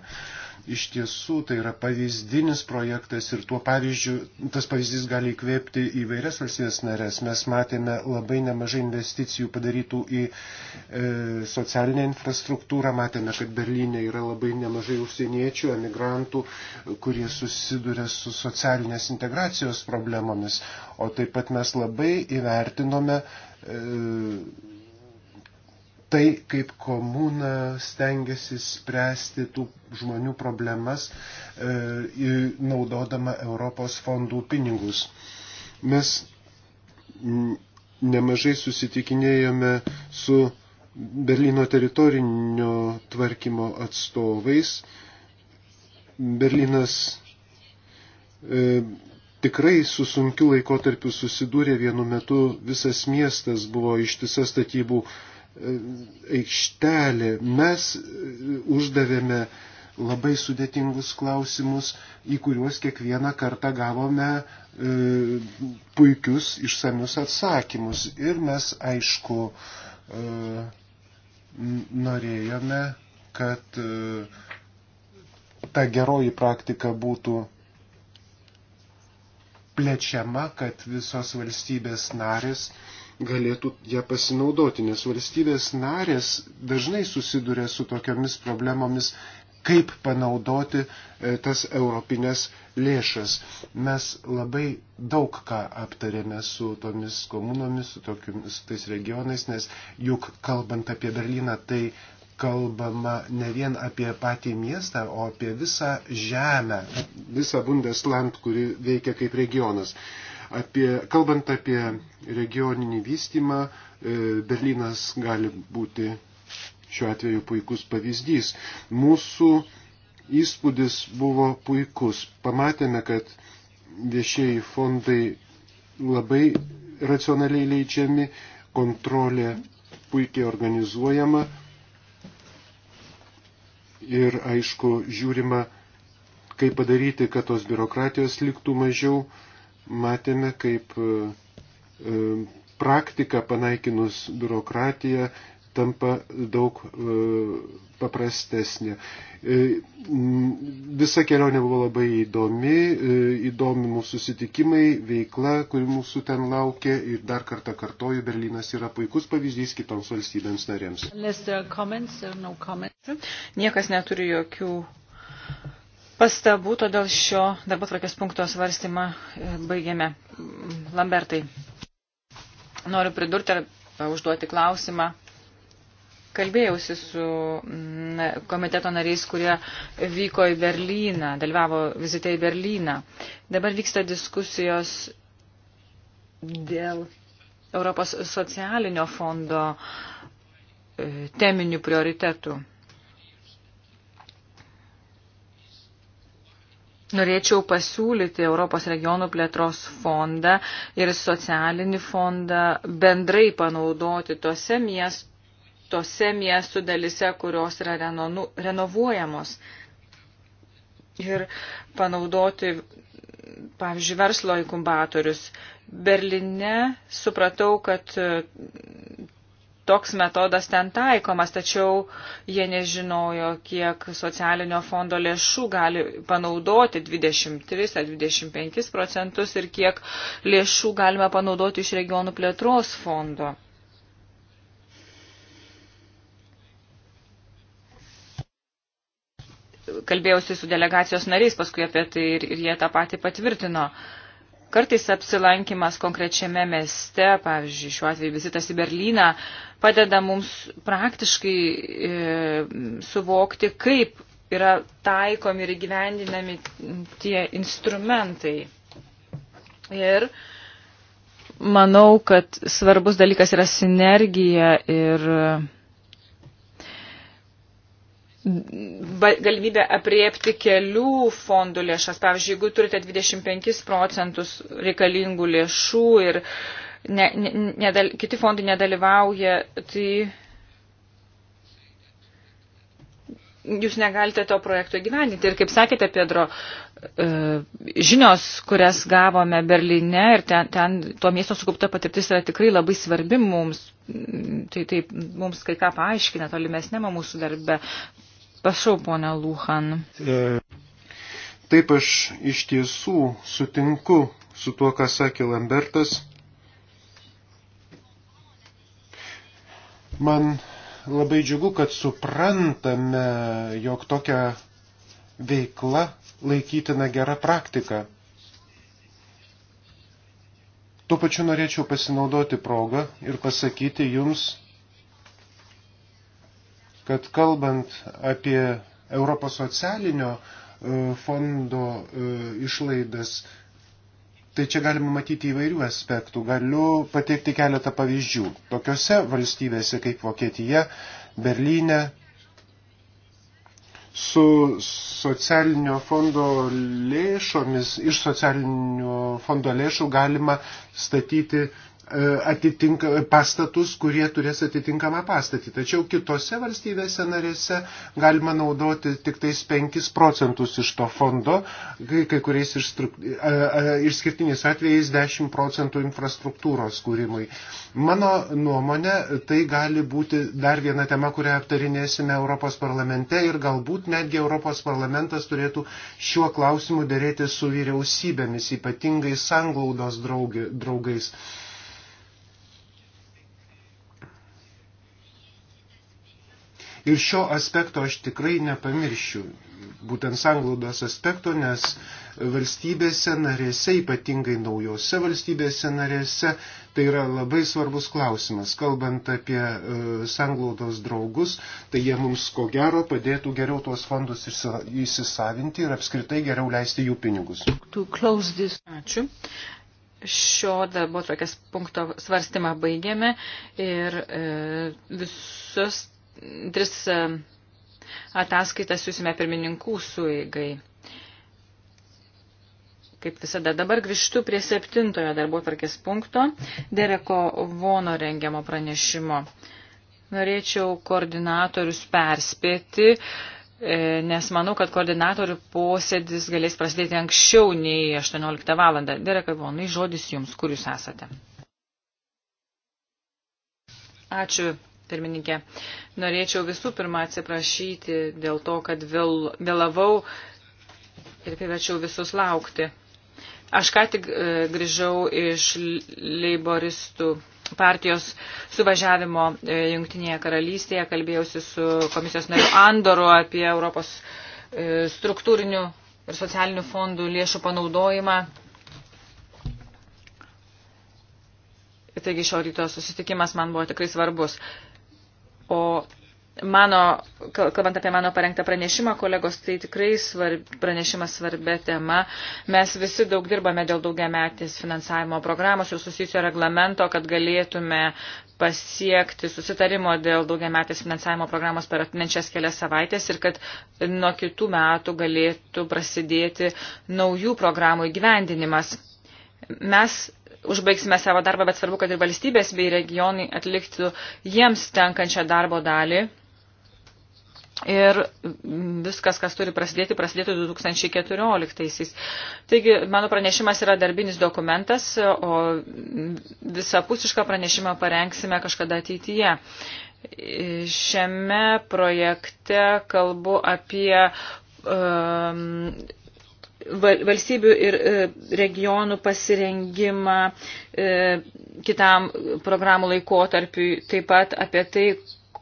Iš tiesų tai yra pavyzdinis projektas ir tuo pavyzdžiu tas pavyzdys gali įkvėpti įvairias valstybės narės. Mes matėme labai nemažai investicijų padarytų į e, socialinę infrastruktūrą, matėme, kad Berlyne yra labai nemažai užsieniečių, emigrantų, kurie susiduria su socialinės integracijos problemomis. O taip pat mes labai įvertinome e, tai, kaip komuna stengiasi spręsti tų žmonių problemas, e, naudodama Europos fondų pinigus. Mes nemažai susitikinėjome su Berlyno teritorinio tvarkymo atstovais. Berlynas e, tikrai su sunkiu laikotarpiu susidūrė vienu metu, visas miestas buvo ištisas statybų e, aikštelė. Mes e, uždavėme labai sudėtingus klausimus, į kuriuos kiekvieną kartą gavome e, puikius išsamius atsakymus. Ir mes, aišku, e, norėjome, kad e, ta geroji praktika būtų plečiama, kad visos valstybės narės e, galėtų ją pasinaudoti, nes valstybės narės dažnai susiduria su tokiamis problemomis, kaip panaudoti e, tas europinės lėšas. Mes labai daug ką aptarėme su tomis komunomis, su, tokiamis, su tais regionais, nes juk kalbant apie Berliną, tai kalbama ne vien apie patį miestą, o apie visą žemę, visą Bundesland, kuri veikia kaip regionas. Apie, kalbant apie regioninį vystymą, e, Berlynas gali būti šiuo atveju puikus pavyzdys. Mūsų įspūdis buvo puikus. Pamatėme, kad viešieji fondai labai racionaliai leidžiami, kontrolė puikiai organizuojama ir aišku žiūrima, kaip padaryti, kad tos biurokratijos liktų mažiau, matėme, kaip e, e, praktika panaikinus biurokratiją tampa daug e, paprastesnė. Visa kelionė buvo labai įdomi, įdomi mūsų susitikimai, veikla, kuri mūsų ten laukia ir dar kartą kartoju, Berlynas yra puikus pavyzdys kitoms valstybėms narėms. No Niekas neturi jokių pastabų, todėl šio darbo tvarkės punkto svarstymą e, baigėme. Lambertai, noriu pridurti ar užduoti klausimą. Kalbėjausi su komiteto nariais, kurie vyko į Berlyną, dalyvavo vizite į Berlyną. Dabar vyksta diskusijos dėl Europos socialinio fondo e, teminių prioritetų. Norėčiau pasiūlyti Europos regionų plėtros fondą ir socialinį fondą bendrai panaudoti tose, miest, tose miestų dalise, kurios yra renonu, renovuojamos. Ir panaudoti, pavyzdžiui, verslo inkubatorius. Berline supratau, kad toks metodas ten taikomas, tačiau jie nežinojo, kiek socialinio fondo lėšų gali panaudoti 23 ar 25 procentus ir kiek lėšų galime panaudoti iš regionų plėtros fondo. Kalbėjausi su delegacijos nariais paskui apie tai ir, ir jie tą patį patvirtino. Uh, Kartais apsilankimas konkrečiame mieste, pavyzdžiui, šiuo atveju vizitas į Berliną, padeda mums praktiškai e, suvokti, kaip yra taikomi ir gyvendinami tie instrumentai. Ir manau, kad svarbus dalykas yra sinergija ir. E, galimybę apriepti kelių fondų lėšas. Pavyzdžiui, jeigu turite 25 procentus reikalingų lėšų ir ne, ne, nedal, kiti fondai nedalyvauja, tai jūs negalite to projekto gyveninti. Ir kaip sakėte, Pedro, e, žinios, kurias gavome Berlyne ir ten, ten to miesto sukaupta patirtis yra tikrai labai svarbi mums. Tai taip mums kai ką paaiškina tolimesnėma mūsų darbe Prašau, ponia Lūhan. E, taip aš iš tiesų sutinku su tuo, ką sakė Lambertas. Man labai džiugu, kad suprantame, jog tokia veikla laikytina gera praktika. Tuo pačiu norėčiau pasinaudoti progą ir pasakyti jums, kad kalbant apie Europos socialinio e, fondo e, išlaidas, tai čia galima matyti įvairių aspektų. Galiu pateikti keletą pavyzdžių. Tokiose valstybėse kaip Vokietija, Berlyne, su socialinio fondo lėšomis, iš socialinio fondo lėšų galima statyti uh, E, atitinka, pastatus, kurie turės atitinkamą pastatį. Tačiau kitose valstybėse narėse galima naudoti tik tais 5 procentus iš to fondo, kai, kai kuriais e, e, išskirtiniais atvejais 10 procentų infrastruktūros kūrimui. Mano nuomonė, tai gali būti dar viena tema, kurią aptarinėsime Europos parlamente ir galbūt netgi Europos parlamentas turėtų šiuo klausimu dėrėti su vyriausybėmis, ypatingai sanglaudos draugais. Ir šio aspekto aš tikrai nepamiršiu, būtent sanglaudos aspekto, nes valstybėse narėse, ypatingai naujose valstybėse narėse, tai yra labai svarbus klausimas. Kalbant apie e, sanglaudos draugus, tai jie mums ko gero padėtų geriau tuos fondus įsisavinti ir apskritai geriau leisti jų pinigus. Ačiū. Šio darbo tokias punkto svarstymą baigėme ir e, visus tris e, ataskaitas siūsime pirmininkų suigai. Kaip visada, dabar grįžtu prie septintojo darbo tvarkės punkto, Dereko Vono rengiamo pranešimo. Norėčiau koordinatorius perspėti, e, nes manau, kad koordinatorių posėdis galės prasidėti anksčiau nei 18 valandą. Derekai Vonai, žodis jums, kur jūs esate. Ačiū, pirmininkė. Norėčiau visų pirma atsiprašyti dėl to, kad vėl, vėlavau ir priverčiau visus laukti. Aš ką tik e, grįžau iš leiboristų partijos suvažiavimo e, Junktinėje karalystėje, kalbėjausi su komisijos nariu Andoru apie Europos e, struktūrinių ir socialinių fondų lėšų panaudojimą. Taigi šio ryto susitikimas man buvo tikrai svarbus. O mano, kalbant apie mano parengtą pranešimą, kolegos, tai tikrai svarb, pranešimas svarbia tema. Mes visi daug dirbame dėl daugiametės finansavimo programos ir susijusio reglamento, kad galėtume pasiekti susitarimo dėl daugiametės finansavimo programos per atminčias kelias savaitės ir kad nuo kitų metų galėtų prasidėti naujų programų įgyvendinimas. Mes užbaigsime savo darbą, bet svarbu, kad ir valstybės bei regionai atliktų jiems tenkančią darbo dalį. Ir viskas, kas turi prasidėti, prasidėtų 2014-aisiais. Taigi, mano pranešimas yra darbinis dokumentas, o visapusišką pranešimą parengsime kažkada ateityje. Šiame projekte kalbu apie um, valstybių ir e, regionų pasirengimą e, kitam programų laikotarpiui, taip pat apie tai,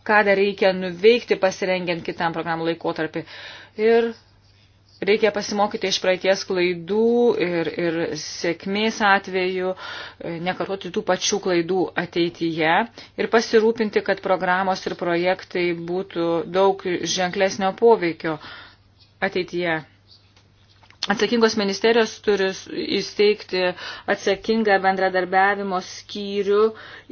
ką dar reikia nuveikti pasirengiant kitam programų laikotarpiui. Ir reikia pasimokyti iš praeities klaidų ir, ir sėkmės atveju, e, nekartoti tų pačių klaidų ateityje ir pasirūpinti, kad programos ir projektai būtų daug ženklesnio poveikio ateityje. Atsakingos ministerijos turi įsteigti atsakingą bendradarbiavimo skyrių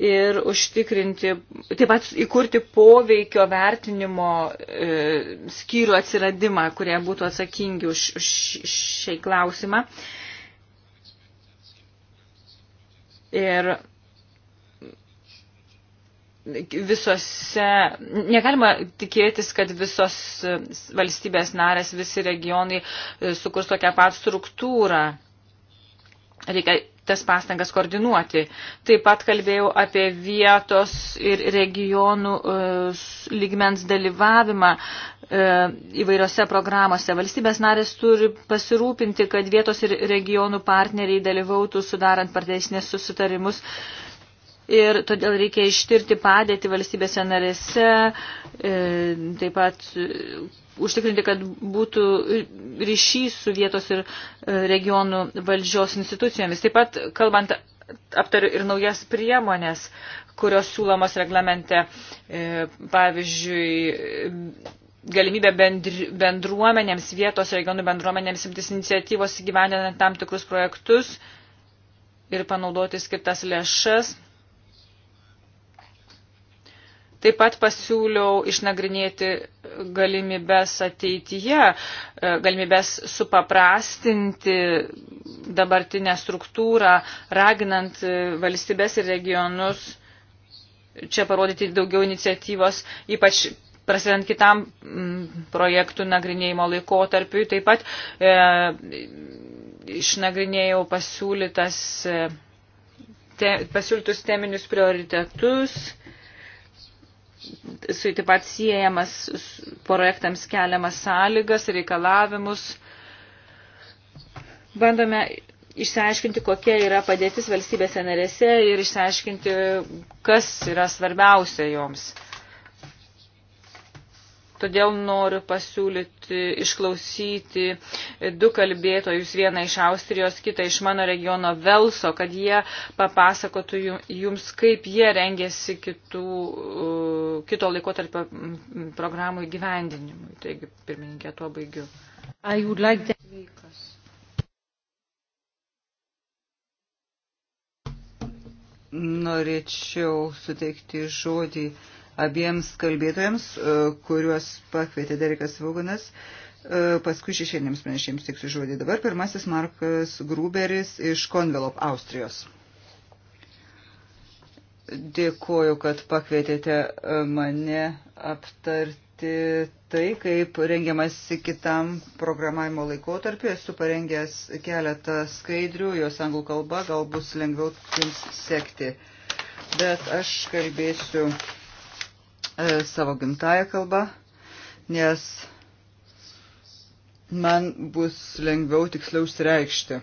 ir užtikrinti, taip pat įkurti poveikio vertinimo e, skyrių atsiradimą, kurie būtų atsakingi už, už šiai klausimą. Ir visose, negalima tikėtis, kad visos valstybės narės, visi regionai e, sukurs tokią pat struktūrą. Reikia tas pastangas koordinuoti. Taip pat kalbėjau apie vietos ir regionų e, lygmens dalyvavimą e, įvairiose programuose. Valstybės narės turi pasirūpinti, kad vietos ir regionų partneriai dalyvautų sudarant partnerysnės susitarimus ir todėl reikia ištirti padėti valstybėse narėse, e, taip pat e, užtikrinti, kad būtų ryšys su vietos ir e, regionų valdžios institucijomis. Taip pat, kalbant, aptariu ir naujas priemonės, kurios siūlomos reglamente, pavyzdžiui, galimybę bendri, bendruomenėms, vietos regionų bendruomenėms imtis iniciatyvos įgyvendinant tam tikrus projektus ir panaudoti skirtas lėšas Taip pat pasiūliau išnagrinėti galimybės ateityje, e, galimybės supaprastinti dabartinę struktūrą, raginant e, valstybės ir regionus čia parodyti daugiau iniciatyvos, ypač prasidant kitam projektų nagrinėjimo laikotarpiu. Taip pat e, išnagrinėjau pasiūlytas, e, te, pasiūlytus teminius prioritetus. E, su taip pat siejamas projektams keliamas sąlygas, reikalavimus. Bandome išsiaiškinti, kokia yra padėtis valstybėse narėse ir išsiaiškinti, kas yra svarbiausia joms. Todėl noriu pasiūlyti išklausyti du kalbėtojus, vieną iš Austrijos, kitą iš mano regiono Velso, kad jie papasakotų jums, kaip jie rengėsi kitų, uh, kito laikotarpio mm, programų įgyvendinimui. Taigi, pirmininkė, tuo baigiu. Like that... Norėčiau suteikti žodį uh, abiems kalbėtojams, e, kuriuos pakvietė Derikas Vauganas. E, paskui šešėlėms pranešėjams teiksiu žodį. Dabar pirmasis Markas Gruberis iš Konvelop Austrijos. Dėkoju, kad pakvietėte e, mane aptarti tai, kaip rengiamasi kitam programavimo laikotarpiu. Esu parengęs keletą skaidrių, jos anglų kalba, gal bus lengviau jums sekti. Bet aš kalbėsiu E, savo gimtają kalbą, nes man bus lengviau tiksliau išreikšti.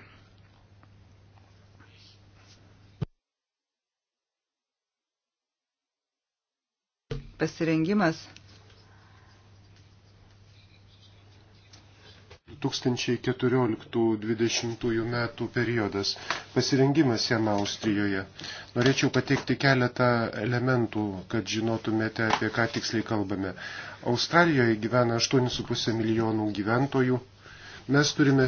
Pasirengimas 2014-2020 metų periodas. Pasirengimas jam Austrijoje. Norėčiau pateikti keletą elementų, kad žinotumėte, apie ką tiksliai kalbame. Australijoje gyvena 8,5 milijonų gyventojų. Mes turime e,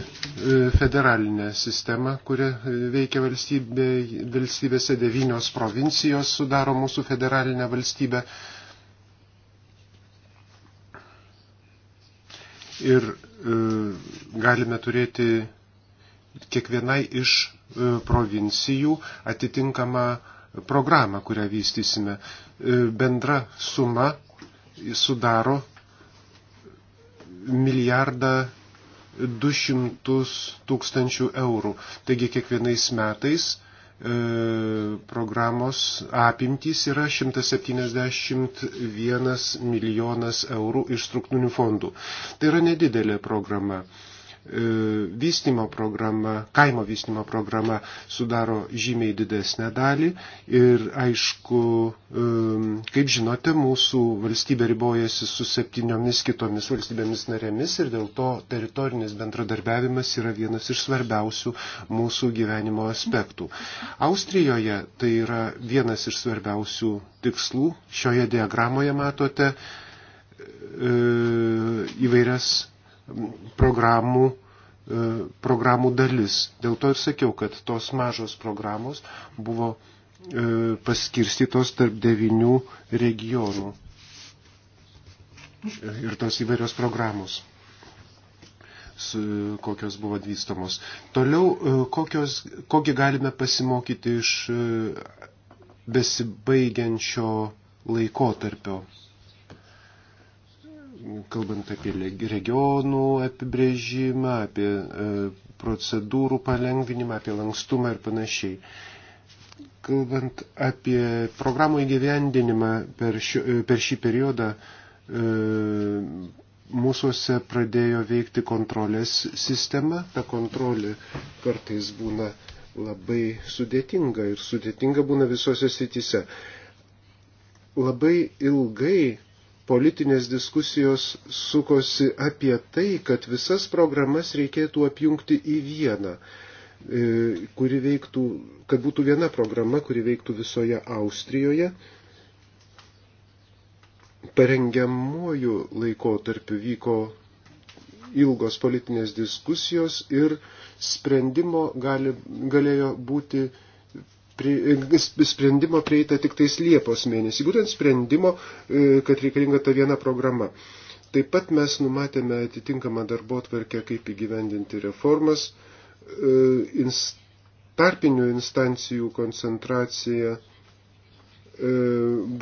federalinę sistemą, kuri e, veikia valstybė, valstybėse devynios provincijos sudaro mūsų federalinę valstybę. Ir E, galime turėti kiekvienai iš e, provincijų atitinkamą programą, kurią vystysime. E, bendra suma sudaro milijardą 200 tūkstančių eurų. Taigi kiekvienais metais E, programos apimtys yra 171 milijonas eurų iš struktūrinių fondų. Tai yra nedidelė programa. E, vystimo programa, kaimo vystimo programa sudaro žymiai didesnę dalį ir aišku, e, kaip žinote, mūsų valstybė ribojasi su septyniomis kitomis valstybėmis narėmis ir dėl to teritorinis bendradarbiavimas yra vienas iš svarbiausių mūsų gyvenimo aspektų. Austrijoje tai yra vienas iš svarbiausių tikslų. Šioje diagramoje matote e, įvairias programų, e, programų dalis. Dėl to ir sakiau, kad tos mažos programos buvo e, paskirstytos tarp devinių regionų ir tos įvairios programos kokios buvo vystomos. Toliau, e, kokios, kogi galime pasimokyti iš besibaigiančio laikotarpio kalbant apie regionų apibrėžimą, apie e, procedūrų palengvinimą, apie lankstumą ir panašiai. Kalbant apie programų įgyvendinimą per, šio, e, per šį periodą, e, mūsųse pradėjo veikti kontrolės sistema. Ta kontrolė kartais būna labai sudėtinga ir sudėtinga būna visose srityse. Labai ilgai politinės diskusijos sukosi apie tai, kad visas programas reikėtų apjungti į vieną, e, kuri veiktų, kad būtų viena programa, kuri veiktų visoje Austrijoje. Parengiamuoju laikotarpiu vyko ilgos politinės diskusijos ir sprendimo gali, galėjo būti E, sprendimo prieita tik tais Liepos mėnesį, būtent sprendimo, e, kad reikalinga ta viena programa. Taip pat mes numatėme atitinkamą darbo tvarkę, kaip įgyvendinti reformas, e, tarpinių instancijų koncentracija,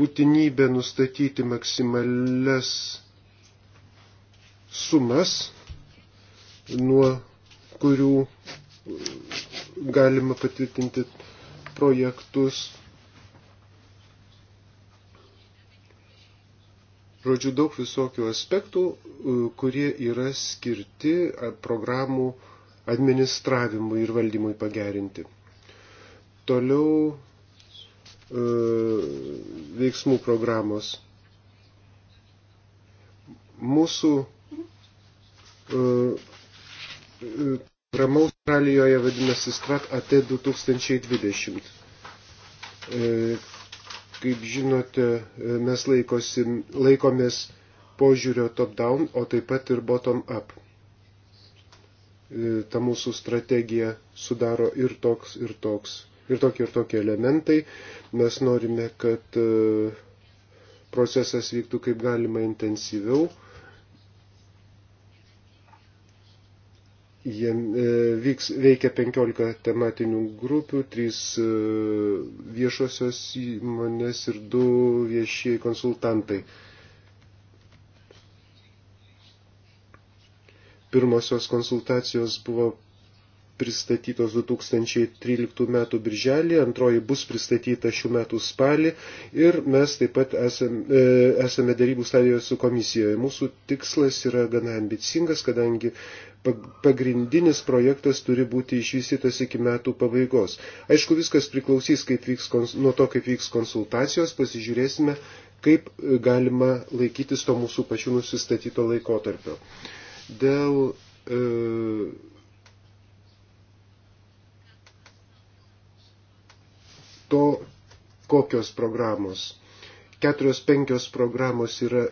būtinybė nustatyti maksimales sumas, nuo kurių galima patvirtinti projektus. Žodžiu, daug visokių aspektų, e, kurie yra skirti e, programų administravimui ir valdymui pagerinti. Toliau e, veiksmų programos. Mūsų Programa Australijoje vadinasi Strat AT 2020. E, kaip žinote, e, mes laikosim, laikomės požiūrio top-down, o taip pat ir bottom-up. E, ta mūsų strategija sudaro ir toks, ir toks, ir tokie, ir tokie elementai. Mes norime, kad procesas vyktų kaip galima intensyviau Jie e, vyks, veikia 15 tematinių grupių, 3 e, viešosios įmonės ir 2 viešieji konsultantai. Pirmosios konsultacijos buvo pristatytos 2013 m. birželį, antroji bus pristatyta šių metų spalį ir mes taip pat e, esame, esame darybų stadijoje su komisijoje. Mūsų tikslas yra gana ambicingas, kadangi pagrindinis projektas turi būti išvystytas iki metų pabaigos. Aišku, viskas priklausys vyks, nuo to, kaip vyks konsultacijos, pasižiūrėsime, kaip galima laikytis to mūsų pačių nusistatyto laikotarpio. Dėl e, to, kokios programos. Keturios, penkios programos yra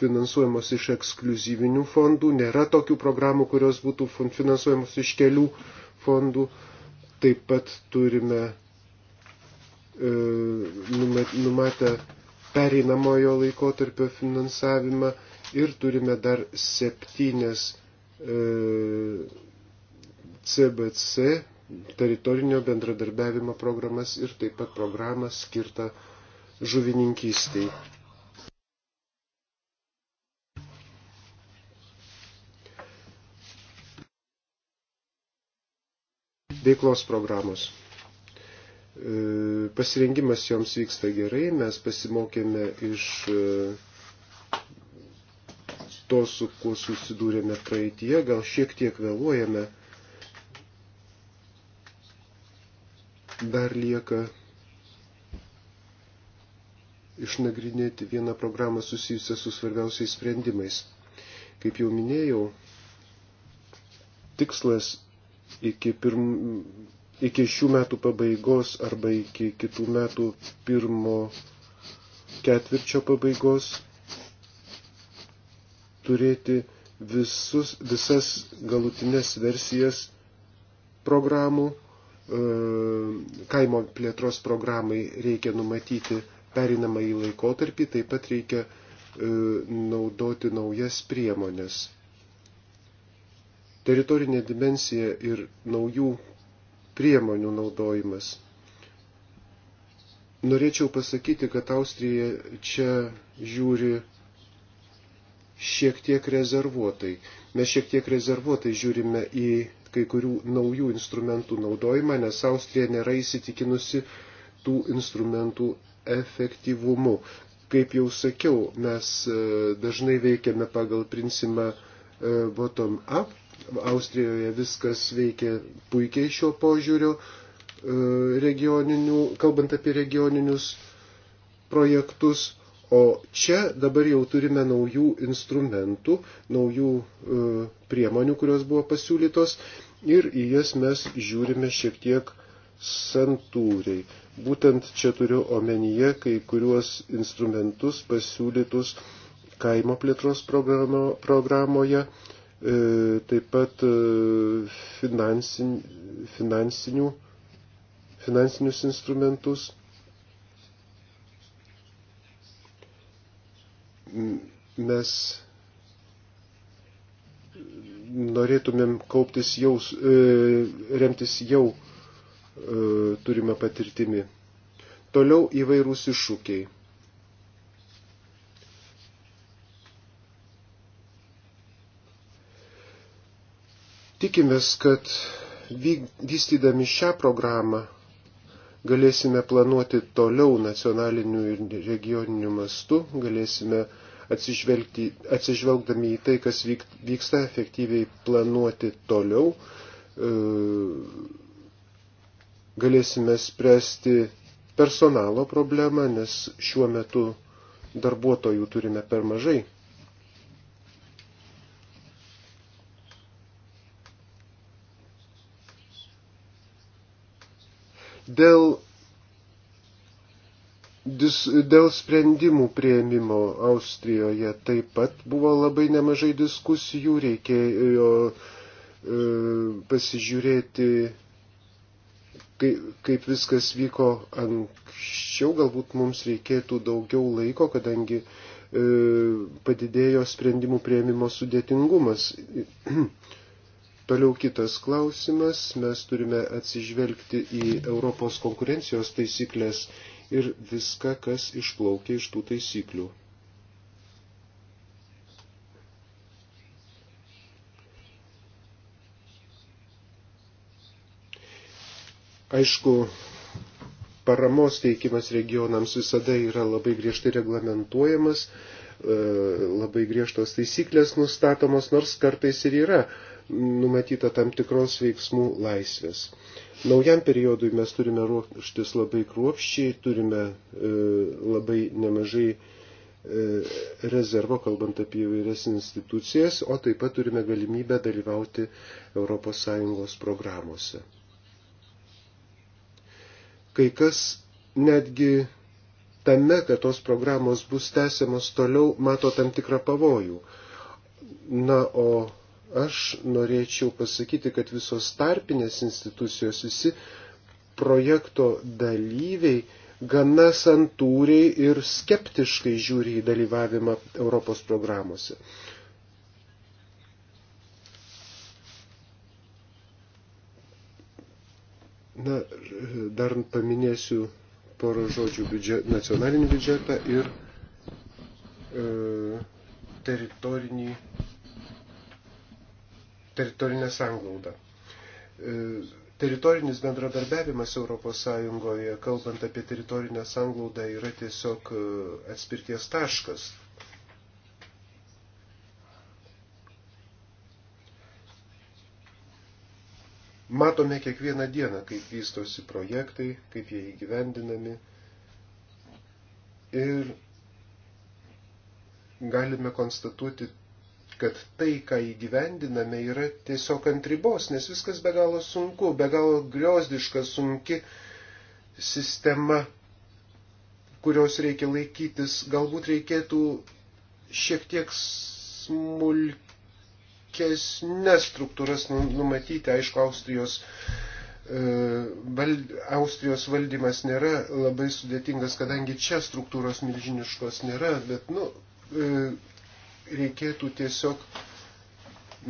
finansuojamos iš ekskluzyvinių fondų, nėra tokių programų, kurios būtų finansuojamos iš kelių fondų. Taip pat turime e, numatę pereinamojo laikotarpio finansavimą ir turime dar septynės e, CBC teritorinio bendradarbiavimo programas ir taip pat programą skirtą žuvininkystiai. Veiklos programos. E, pasirengimas joms vyksta gerai, mes pasimokėme iš e, to, su kuo susidūrėme praeitie, gal šiek tiek vėluojame Dar lieka išnagrinėti vieną programą susijusią su svarbiausiais sprendimais. Kaip jau minėjau, tikslas iki, pirm, iki šių metų pabaigos arba iki kitų metų pirmo ketvirčio pabaigos turėti visus, visas galutinės versijas programų E, kaimo plėtros programai reikia numatyti perinamą į laikotarpį, taip pat reikia e, naudoti naujas priemonės. Teritorinė dimensija ir naujų priemonių naudojimas. Norėčiau pasakyti, kad Austrija čia žiūri šiek tiek rezervuotai. Mes šiek tiek rezervuotai žiūrime į kai kurių naujų instrumentų naudojimą, nes Austrija nėra įsitikinusi tų instrumentų efektyvumu. Kaip jau sakiau, mes e, dažnai veikiame pagal principą e, bottom-up. Austrijoje viskas veikia puikiai šio požiūrio, e, regioninių, kalbant apie regioninius projektus, O čia dabar jau turime naujų instrumentų, naujų e, priemonių, kurios buvo pasiūlytos ir į jas mes žiūrime šiek tiek santūriai. Būtent čia turiu omenyje kai kuriuos instrumentus pasiūlytus kaimo plėtros programo, programoje, e, taip pat e, finansin, finansinius instrumentus mes norėtumėm kauptis jau, e, remtis jau e, turime patirtimi. Toliau įvairūs iššūkiai. Tikimės, kad vystydami šią programą galėsime planuoti toliau nacionaliniu ir regioniniu mastu, galėsime atsižvelgdami į tai, kas vyksta, efektyviai planuoti toliau, e, galėsime spręsti personalo problemą, nes šiuo metu darbuotojų turime per mažai. vis, dėl sprendimų prieimimo Austrijoje taip pat buvo labai nemažai diskusijų, reikėjo e, pasižiūrėti, kaip, kaip viskas vyko anksčiau, galbūt mums reikėtų daugiau laiko, kadangi e, padidėjo sprendimų prieimimo sudėtingumas. Toliau kitas klausimas, mes turime atsižvelgti į Europos konkurencijos taisyklės ir viską, kas išplaukia iš tų taisyklių. Aišku, paramos teikimas regionams visada yra labai griežtai reglamentuojamas, e, labai griežtos taisyklės nustatomos, nors kartais ir yra numatyta tam tikros veiksmų laisvės. Naujam periodui mes turime ruoštis labai kruopščiai, turime e, labai nemažai e, rezervo, kalbant apie įvairias institucijas, o taip pat turime galimybę dalyvauti ES programuose. Kai kas netgi tame, kad tos programos bus tęsiamos toliau, mato tam tikrą pavojų. Na, o Aš norėčiau pasakyti, kad visos tarpinės institucijos, visi projekto dalyviai gana santūriai ir skeptiškai žiūri į dalyvavimą Europos programuose. Na, dar paminėsiu porą žodžių biudžet, nacionalinį biudžetą ir e, teritorinį teritorinę sanglaudą. E, teritorinis bendradarbiavimas ES, kalbant apie teritorinę sanglaudą, yra tiesiog e, atspirties taškas. Matome kiekvieną dieną, kaip vystosi projektai, kaip jie įgyvendinami ir galime konstatuoti kad tai, ką įgyvendiname, yra tiesiog ant ribos, nes viskas be galo sunku, be galo griozdiška, sunki sistema, kurios reikia laikytis. Galbūt reikėtų šiek tiek smulkesnės struktūras nu, numatyti, aišku, Austrijos. E, Vald, Austrijos valdymas nėra labai sudėtingas, kadangi čia struktūros milžiniškos nėra, bet, nu, e, reikėtų tiesiog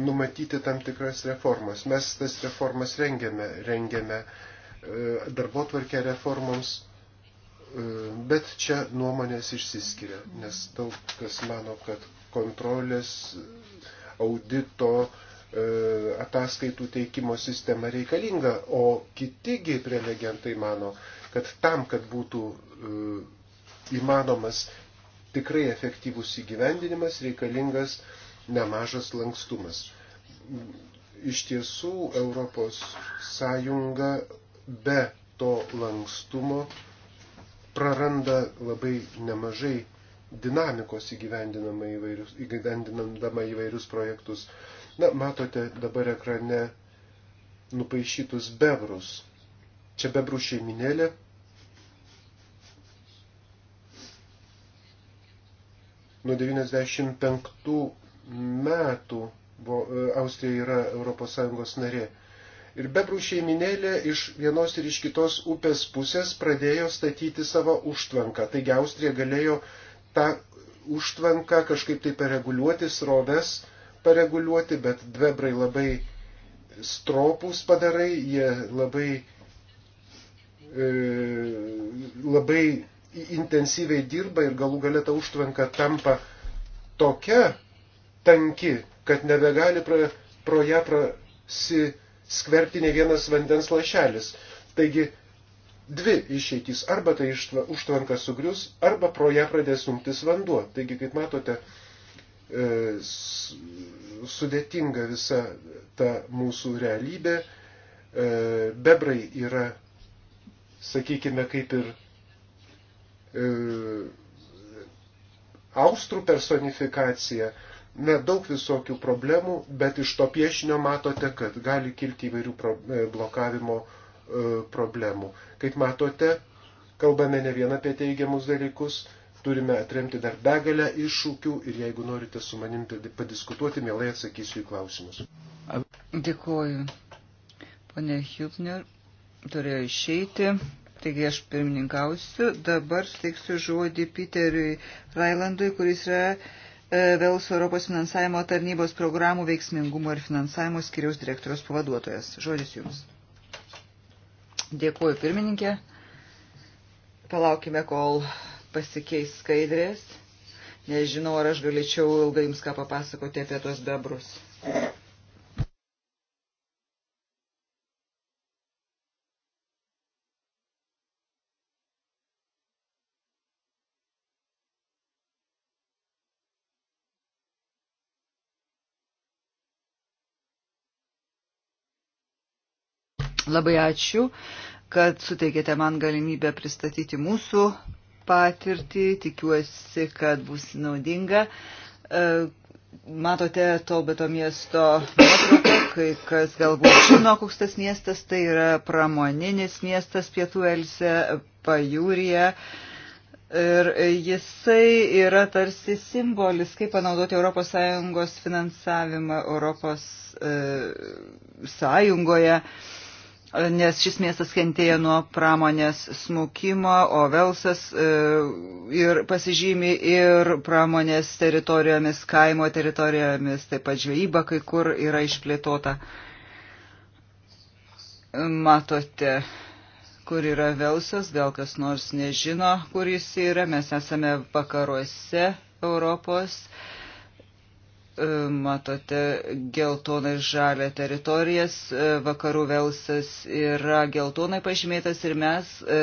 numatyti tam tikras reformas. Mes tas reformas rengiame, rengiame e, darbo tvarkę reformoms, e, bet čia nuomonės išsiskiria, nes daug kas mano, kad kontrolės, audito, e, ataskaitų teikimo sistema reikalinga, o kitigi prelegentai mano, kad tam, kad būtų įmanomas tikrai efektyvus įgyvendinimas reikalingas nemažas lankstumas. Iš tiesų Europos Sąjunga be to lankstumo praranda labai nemažai dinamikos įvairius, įgyvendinama įvairius projektus. Na, matote dabar ekrane nupaišytus bebrus. Čia bebrų šeiminėlė Nuo 95 metų e, Austrija yra ES narė. Ir bebrų šeiminėlė iš vienos ir iš kitos upės pusės pradėjo statyti savo užtvanką. Taigi Austrija galėjo tą užtvanką kažkaip tai pareguliuoti, sroves pareguliuoti, bet bebrai labai stropus padarai, jie labai, e, labai intensyviai dirba ir galų galę ta užtvanka tampa tokia tanki, kad nebegali pro, pro ją prasiskverti ne vienas vandens lašelis. Taigi dvi išeitys - arba tai ištva, užtvanka sugrius, arba pro ją pradės sumtis vanduo. Taigi, kaip matote, e, sudėtinga visa ta mūsų realybė. E, bebrai yra, sakykime, kaip ir E, austrų personifikacija, na, daug visokių problemų, bet iš to piešinio matote, kad gali kilti įvairių pro, e, blokavimo e, problemų. Kaip matote, kalbame ne vien apie teigiamus dalykus, turime atremti dar begalę iššūkių ir jeigu norite su manim padiskutuoti, mielai atsakysiu į klausimus. Dėkuoju. Pone Hübner turėjo išeiti. Taigi aš pirmininkausiu. Dabar steiksiu žodį Piteriui Railandui, kuris yra e, Velso Europos finansavimo tarnybos programų veiksmingumo ir finansavimo skiriaus direktoriaus pavaduotojas. Žodis jums. Dėkuoju pirmininkė. Palaukime, kol pasikeis skaidrės. Nežinau, ar aš galėčiau ilgai jums ką papasakoti apie tos bebrus. Labai ačiū, kad suteikėte man galimybę pristatyti mūsų patirtį. Tikiuosi, kad bus naudinga. E, matote Tolbeto miesto nuotrauką, kai kas galbūt žino, koks tas miestas, tai yra pramoninis miestas Pietų Else, pajūryje. Ir jisai yra tarsi simbolis, kaip panaudoti ES finansavimą ES e, sąjungoje. E, nes šis miestas kentėjo nuo pramonės smūkimo, o Velsas e, ir pasižymi ir pramonės teritorijomis, kaimo teritorijomis, taip pat žvejyba kai kur yra išplėtota. Matote, kur yra Velsas, gal kas nors nežino, kur jis yra, mes esame vakaruose Europos E, matote geltonai žalę teritorijas, e, vakarų Velsas yra geltonai pažymėtas ir mes e,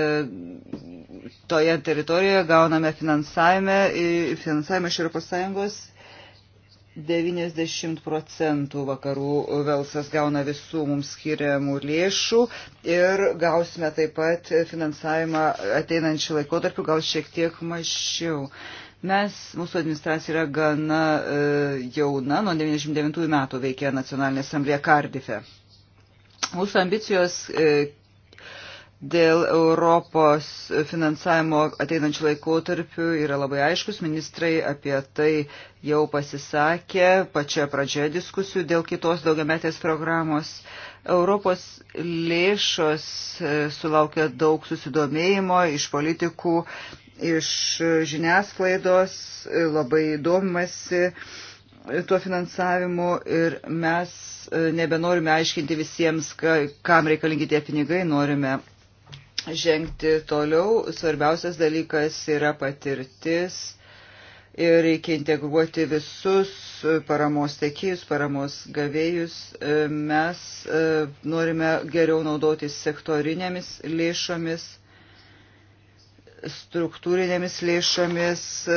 toje teritorijoje gauname finansavimą, finansavimą iš Europos Sąjungos 90 procentų vakarų Velsas gauna visų mums skiriamų lėšų ir gausime taip pat finansavimą ateinančių laikotarpių gal šiek tiek mažiau. E, Mes, mūsų administracija yra gana e, jauna, nuo 99 metų veikia Nacionalinė asamblėje Kardife. Mūsų ambicijos e, dėl Europos finansavimo ateinančių laikotarpių yra labai aiškus. Ministrai apie tai jau pasisakė pačioje pradžioje diskusijų dėl kitos daugiametės programos. Europos lėšos e, sulaukia daug susidomėjimo iš politikų, iš žiniasklaidos, labai domimasi tuo finansavimu ir mes e, nebenorime aiškinti visiems, kam reikalingi tie pinigai, norime žengti toliau. Svarbiausias dalykas yra patirtis ir reikia integruoti visus paramos tekėjus, paramos gavėjus. E, mes e, norime geriau naudotis sektorinėmis lėšomis struktūrinėmis lėšomis, e,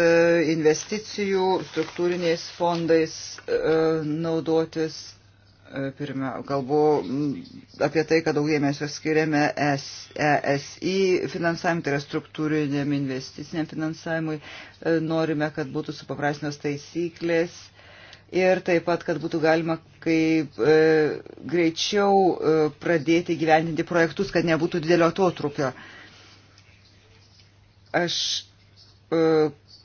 investicijų, struktūriniais fondais e, naudotis. E, pirmia, kalbu apie tai, kad daug dėmesio skiriame ESI finansavimui, tai yra struktūriniam investiciniam finansavimui. Norime, kad būtų supaprasnios taisyklės ir taip pat, kad būtų galima kaip e, greičiau e, pradėti gyvendinti projektus, kad nebūtų didelio atotrukio. E, Aš, e,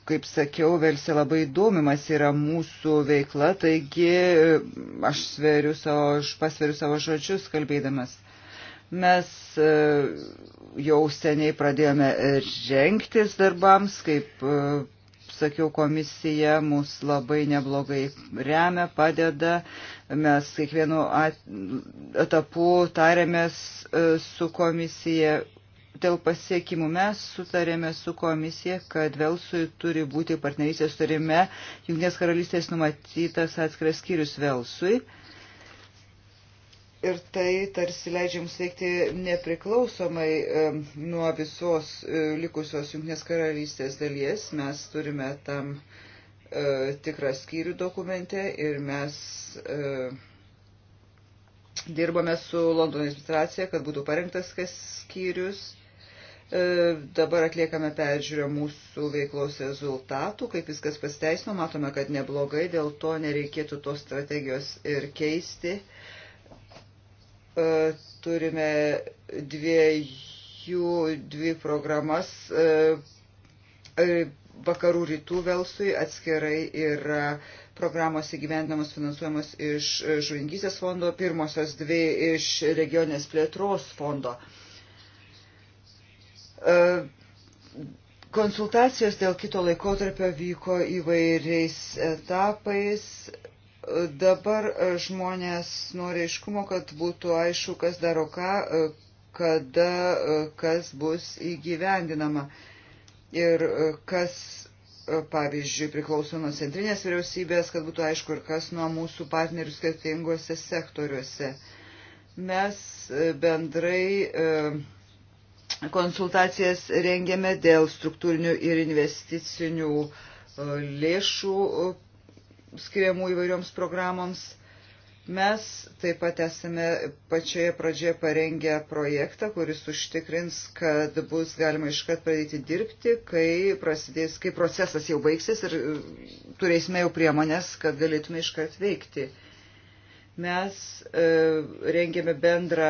kaip sakiau, Velsė labai domimas yra mūsų veikla, taigi e, aš, sveriu savo, aš pasveriu savo žodžius kalbėdamas. Mes e, jau seniai pradėjome žengtis darbams, kaip sakiau, komisija mus labai neblogai remia, padeda. Mes kiekvienu etapu tarėmės su komisija dėl pasiekimų mes sutarėme su komisija, kad Velsui turi būti partnerystės sutarime Junktinės karalystės numatytas atskiras skyrius Velsui. Ir tai tarsi leidžia mums veikti nepriklausomai e, nuo visos e, likusios Junktinės karalystės dalies. Mes turime tam e, tikrą skyrių dokumente ir mes. E, Dirbame su Londono administracija, kad būtų parengtas kas skyrius E, dabar atliekame peržiūrę mūsų veiklos rezultatų, kaip viskas pasiteisino, matome, kad neblogai, dėl to nereikėtų tos strategijos ir keisti. E, turime dviejų, dvi programas e, vakarų rytų Velsui atskirai yra programos įgyvendinamos finansuojamos iš žuvingysės fondo, pirmosios dvi iš regionės plėtros fondo. Uh, E, konsultacijos dėl kito laikotarpio vyko įvairiais etapais. E, dabar e, žmonės nori aiškumo, kad būtų aišku, kas daro ką, kada kas bus įgyvendinama ir kas, pavyzdžiui, priklauso nuo centrinės vyriausybės, kad būtų aišku ir kas nuo mūsų partnerių skirtinguose sektoriuose. Mes bendrai konsultacijas rengiame dėl struktūrinių ir investicinių e, lėšų e, skiriamų įvairioms programoms. Mes taip pat esame pačioje pradžioje parengę projektą, kuris užtikrins, kad bus galima iškart pradėti dirbti, kai, prasidės, kai procesas jau baigsis ir e, turėsime jau priemonės, kad galėtume iškart veikti. Uh, Mes e, rengėme bendrą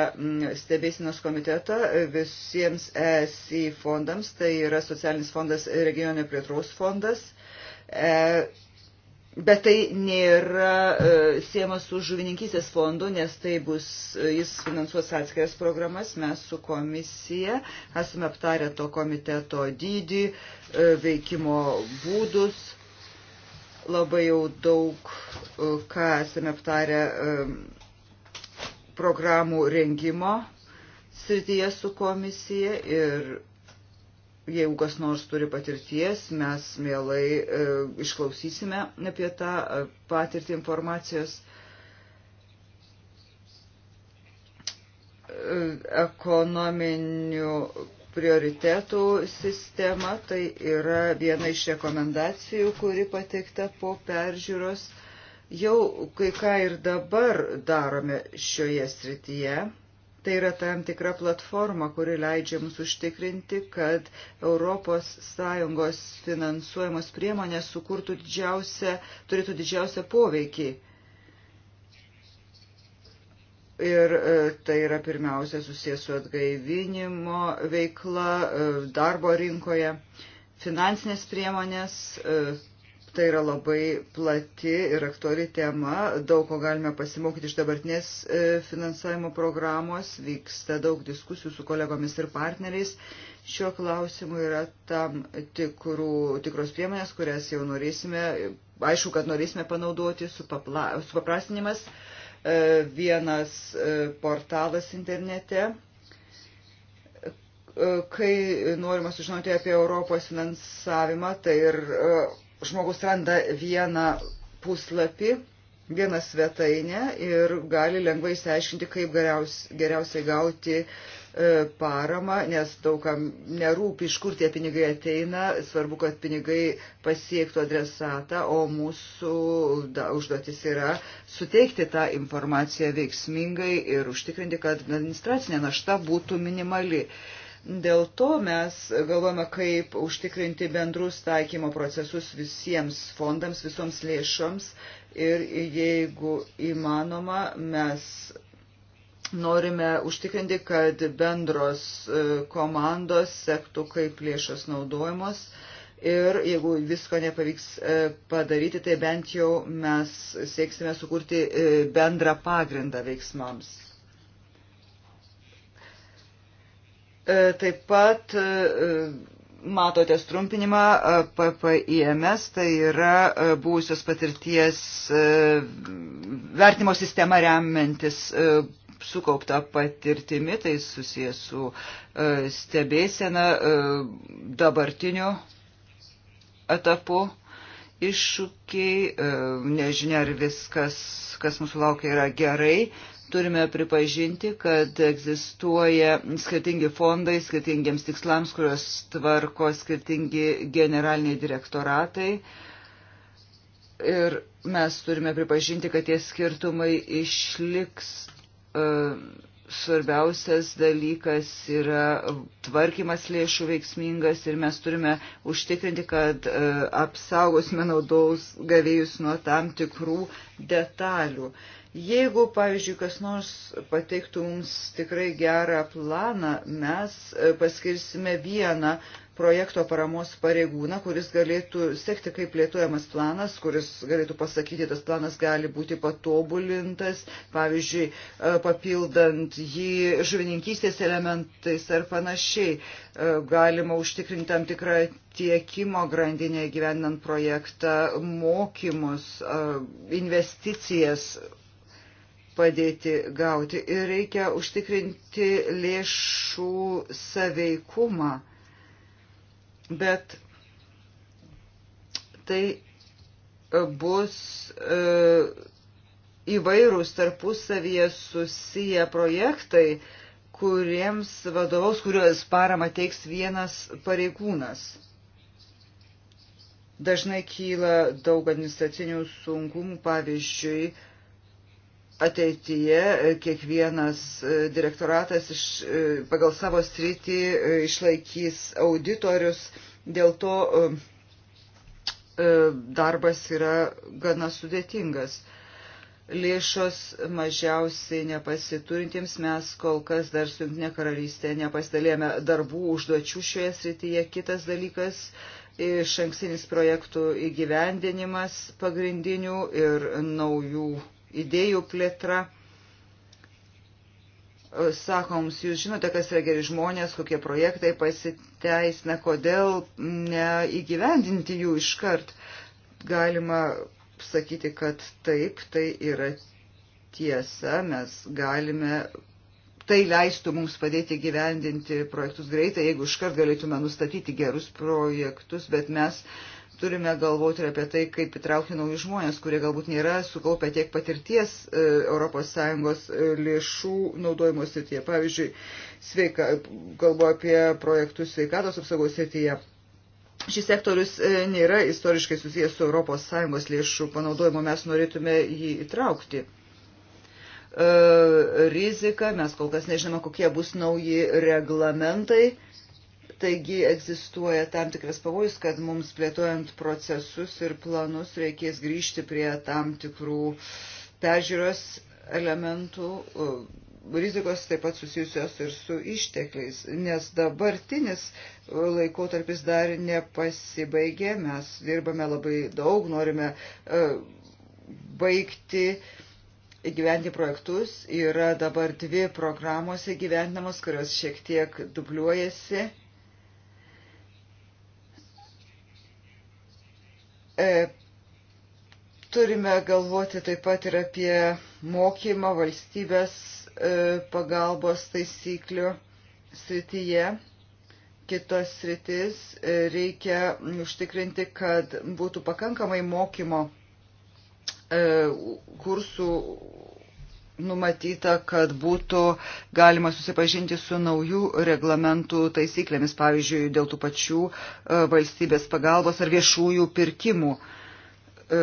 stebėsinos komitetą e, visiems ESI fondams, tai yra socialinis fondas, e, regioninio plėtros fondas. Bet tai nėra siemas su žuvininkysės fondu, nes tai bus, jis finansuos atskiras programas, mes su komisija esame aptarę to komiteto dydį, veikimo būdus Labai jau daug, e, ką esame aptarę e, programų rengimo srityje su komisija ir jeigu kas nors turi patirties, mes mielai e, išklausysime apie tą e, patirtį informacijos. E, ekonominių prioritetų sistema, tai yra viena iš rekomendacijų, kuri pateikta po peržiūros. Jau kai ką ir dabar darome šioje srityje. Tai yra tam tikra platforma, kuri leidžia mums užtikrinti, kad ES finansuojamos priemonės sukurtų didžiausią, turėtų didžiausią poveikį Ir e, tai yra pirmiausia susijęs su atgaivinimo veikla e, darbo rinkoje, finansinės priemonės. E, tai yra labai plati ir aktuali tema. Daug ko galime pasimokyti iš dabartinės finansavimo programos. Vyksta daug diskusijų su kolegomis ir partneriais. Šiuo klausimu yra tam tikrų, tikros priemonės, kurias jau norėsime, aišku, kad norėsime panaudoti, supaprastinimas. Su E, vienas e, portalas internete. E, kai norima sužinoti apie Europos finansavimą, tai ir žmogus randa vieną puslapį, vieną svetainę ir gali lengvai išsiaiškinti, kaip geriausiai gauti E, paramą, nes daugam nerūpi, iš kur tie pinigai ateina, svarbu, kad pinigai pasiektų adresatą, o mūsų da, užduotis yra suteikti tą informaciją veiksmingai ir užtikrinti, kad administracinė našta būtų minimali. Dėl to mes galvojame, kaip užtikrinti bendrus taikymo procesus visiems fondams, visoms lėšoms ir jeigu įmanoma, mes norime užtikrinti, kad bendros e, komandos sektų, kaip lėšos naudojamos. Ir jeigu visko nepavyks e, padaryti, tai bent jau mes sieksime sukurti e, bendrą pagrindą veiksmams. Taip pat matote strumpinimą PPIMS, tai yra buvusios patirties vertimo sistema remiantis sukaupta patirtimi, tai susijęs su e, stebėsena e, dabartiniu etapu iššūkiai, e, nežinia ar viskas, kas mūsų laukia, yra gerai. Turime pripažinti, kad egzistuoja skirtingi fondai skirtingiems tikslams, kurios tvarko skirtingi generaliniai direktoratai. Ir mes turime pripažinti, kad tie skirtumai išliks E, svarbiausias dalykas yra tvarkymas lėšų veiksmingas ir mes turime užtikrinti, kad e, apsaugosime naudos gavėjus nuo tam tikrų detalių. Jeigu, pavyzdžiui, kas nors pateiktų mums tikrai gerą planą, mes e, paskirsime vieną projekto paramos pareigūną, kuris galėtų sekti, kaip plėtojamas planas, kuris galėtų pasakyti, tas planas gali būti patobulintas, pavyzdžiui, e, papildant jį žuvininkystės elementais ar panašiai. E, galima užtikrinti tam tikrą tiekimo grandinę gyvenant projektą, mokymus, investicijas padėti gauti ir reikia užtikrinti lėšų saveikumą. Bet tai bus e, įvairūs tarpusavyje susiję projektai, kuriems vadovaus, kuriuos parama teiks vienas pareigūnas. Dažnai kyla daug administracinių sunkumų, pavyzdžiui, ateityje e, kiekvienas e, direktoratas iš, e, pagal savo sritį išlaikys auditorius, dėl to darbas yra gana sudėtingas. Lėšos mažiausiai nepasiturintiems mes kol kas dar su Junktinė karalystė nepasidalėjome darbų užduočių šioje srityje. Kitas dalykas iš ankstinis projektų įgyvendinimas pagrindinių ir naujų idėjų plėtra. Sakoms, jūs žinote, kas yra geri žmonės, kokie projektai pasiteisina, kodėl neįgyvendinti jų iškart. Galima sakyti, kad taip, tai yra tiesa, mes galime tai leistų mums padėti gyvendinti projektus greitai, jeigu iškart galėtume nustatyti gerus projektus, bet mes turime galvoti ir apie tai, kaip įtraukti naujus žmonės, kurie galbūt nėra sukaupę tiek patirties e, ES e, lėšų naudojimo srityje. Pavyzdžiui, sveika, kalbu apie projektus sveikatos apsaugos srityje. Šis sektorius e, nėra istoriškai susijęs su ES lėšų panaudojimu, mes norėtume jį įtraukti riziką, mes kol kas nežinome, kokie bus nauji reglamentai Taigi egzistuoja tam tikras pavojus, kad mums plėtojant procesus ir planus reikės grįžti prie tam tikrų peržiūros elementų, e, rizikos taip pat susijusios ir su ištekliais, nes dabartinis laikotarpis dar nepasibaigė, mes dirbame labai daug, norime e, baigti įgyventi projektus, yra dabar dvi programos įgyvendinamos, kurios šiek tiek dubliuojasi E, turime galvoti taip pat ir apie mokymą valstybės e, pagalbos taisyklių srityje. Kitos sritis e, reikia užtikrinti, kad būtų pakankamai mokymo e, kursų numatyta, kad būtų galima susipažinti su naujų reglamentų taisyklėmis, pavyzdžiui, dėl tų pačių e, valstybės pagalbos ar viešųjų pirkimų e,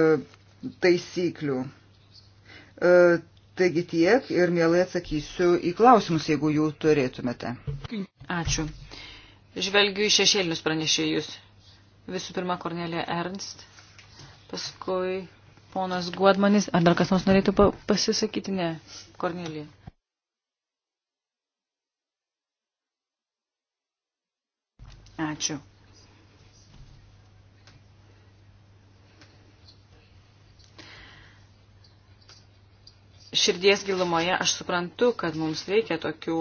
taisyklių. E, taigi tiek ir mielai atsakysiu į klausimus, jeigu jų turėtumėte. Ačiū. Žvelgiu į šešėlinius pranešėjus. Visų pirma, Kornelija Ernst, paskui Ponas Guodmanis, ar dar kas nors norėtų pasisakyti? Ne, Kornelija. Ačiū. Širdies gilumoje aš suprantu, kad mums reikia tokių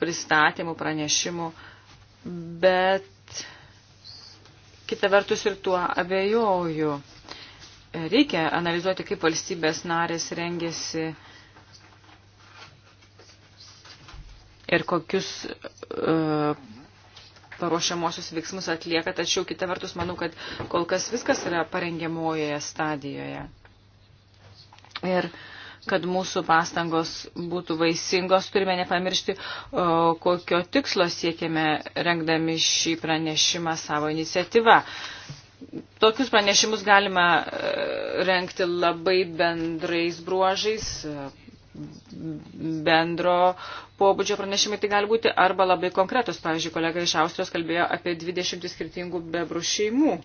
pristatymų, pranešimų, bet kita vertus ir tuo abejoju. Reikia analizuoti, kaip valstybės narės rengėsi ir kokius uh, e, paruošiamosius veiksmus atlieka, tačiau kita vertus manau, kad kol kas viskas yra parengiamojoje stadijoje. Ir kad mūsų pastangos būtų vaisingos, turime nepamiršti, o, kokio tikslo siekėme rengdami šį pranešimą savo iniciatyvą. Tokius pranešimus galima e, renkti labai bendrais bruožais, e, bendro pobūdžio pranešimai tai gali būti arba labai konkretus. Pavyzdžiui, kolega iš Austrijos kalbėjo apie 20 skirtingų bebrų šeimų.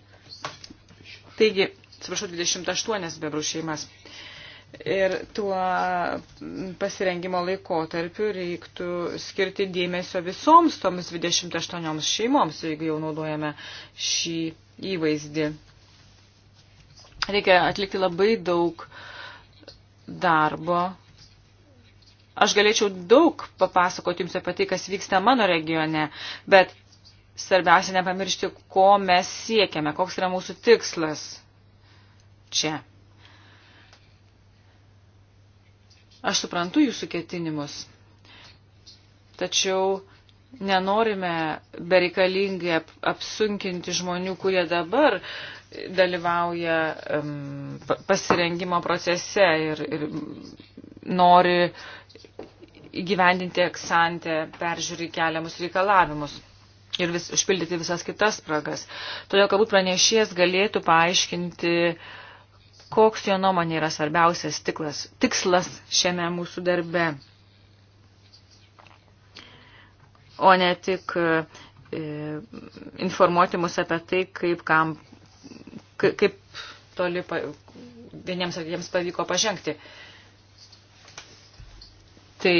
Taigi, atsiprašau, 28 bebrų šeimas. Ir tuo pasirengimo laikotarpiu reiktų skirti dėmesio visoms toms 28 šeimoms, jeigu jau naudojame šį įvaizdį. Reikia atlikti labai daug darbo. Aš galėčiau daug papasakoti jums apie tai, kas vyksta mano regione, bet svarbiausia nepamiršti, ko mes siekiame, koks yra mūsų tikslas čia. Aš suprantu jūsų ketinimus, tačiau Nenorime bereikalingai apsunkinti žmonių, kurie dabar dalyvauja um, pasirengimo procese ir, ir nori įgyvendinti eksantę, peržiūri keliamus reikalavimus ir vis, užpildyti visas kitas spragas. Todėl, kad būt pranešėjas galėtų paaiškinti, koks jo nuomonė yra svarbiausias tiklas, tikslas šiame mūsų darbe. o ne tik e, informuoti mus apie tai, kaip, kam, kaip toli vieniems ar jiems pavyko pažengti. Tai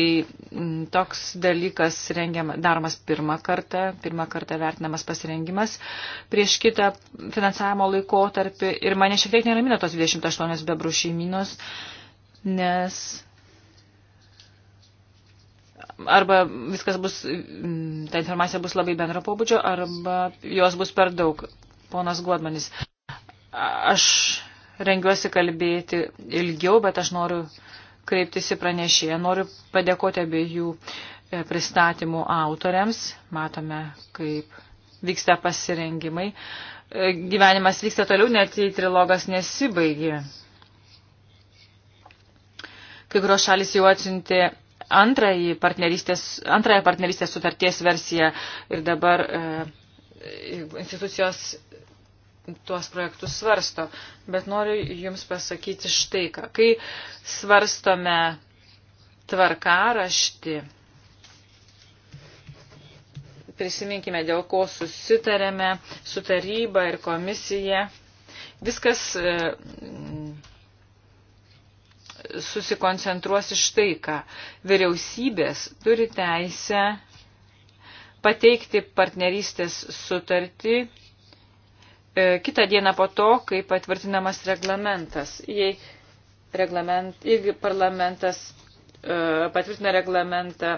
toks dalykas rengiam, daromas pirmą kartą, pirmą kartą vertinamas pasirengimas prieš kitą finansavimo laikotarpį ir mane šiek tiek neramina tos 28 bebrų šeiminos, nes arba viskas bus, ta informacija bus labai bendro pobūdžio, arba jos bus per daug. Ponas Guodmanis, aš rengiuosi kalbėti ilgiau, bet aš noriu kreiptis į pranešėją. Noriu padėkoti abiejų e, pristatymų autoriams. Matome, kaip vyksta pasirengimai. E, gyvenimas vyksta toliau, net jei trilogas nesibaigė. Kai kurios šalis jau atsiuntė antrąją partnerystės, antrąją partnerystės sutarties versiją ir dabar e, institucijos tuos projektus svarsto. Bet noriu Jums pasakyti štai ką. Kai svarstome tvarkaraštį, prisiminkime, dėl ko susitarėme su taryba ir komisija, viskas. E, susikoncentruos iš tai, ką vyriausybės turi teisę pateikti partnerystės sutartį e, kitą dieną po to, kai patvirtinamas reglamentas. Jei, reglament, jei parlamentas e, patvirtina reglamentą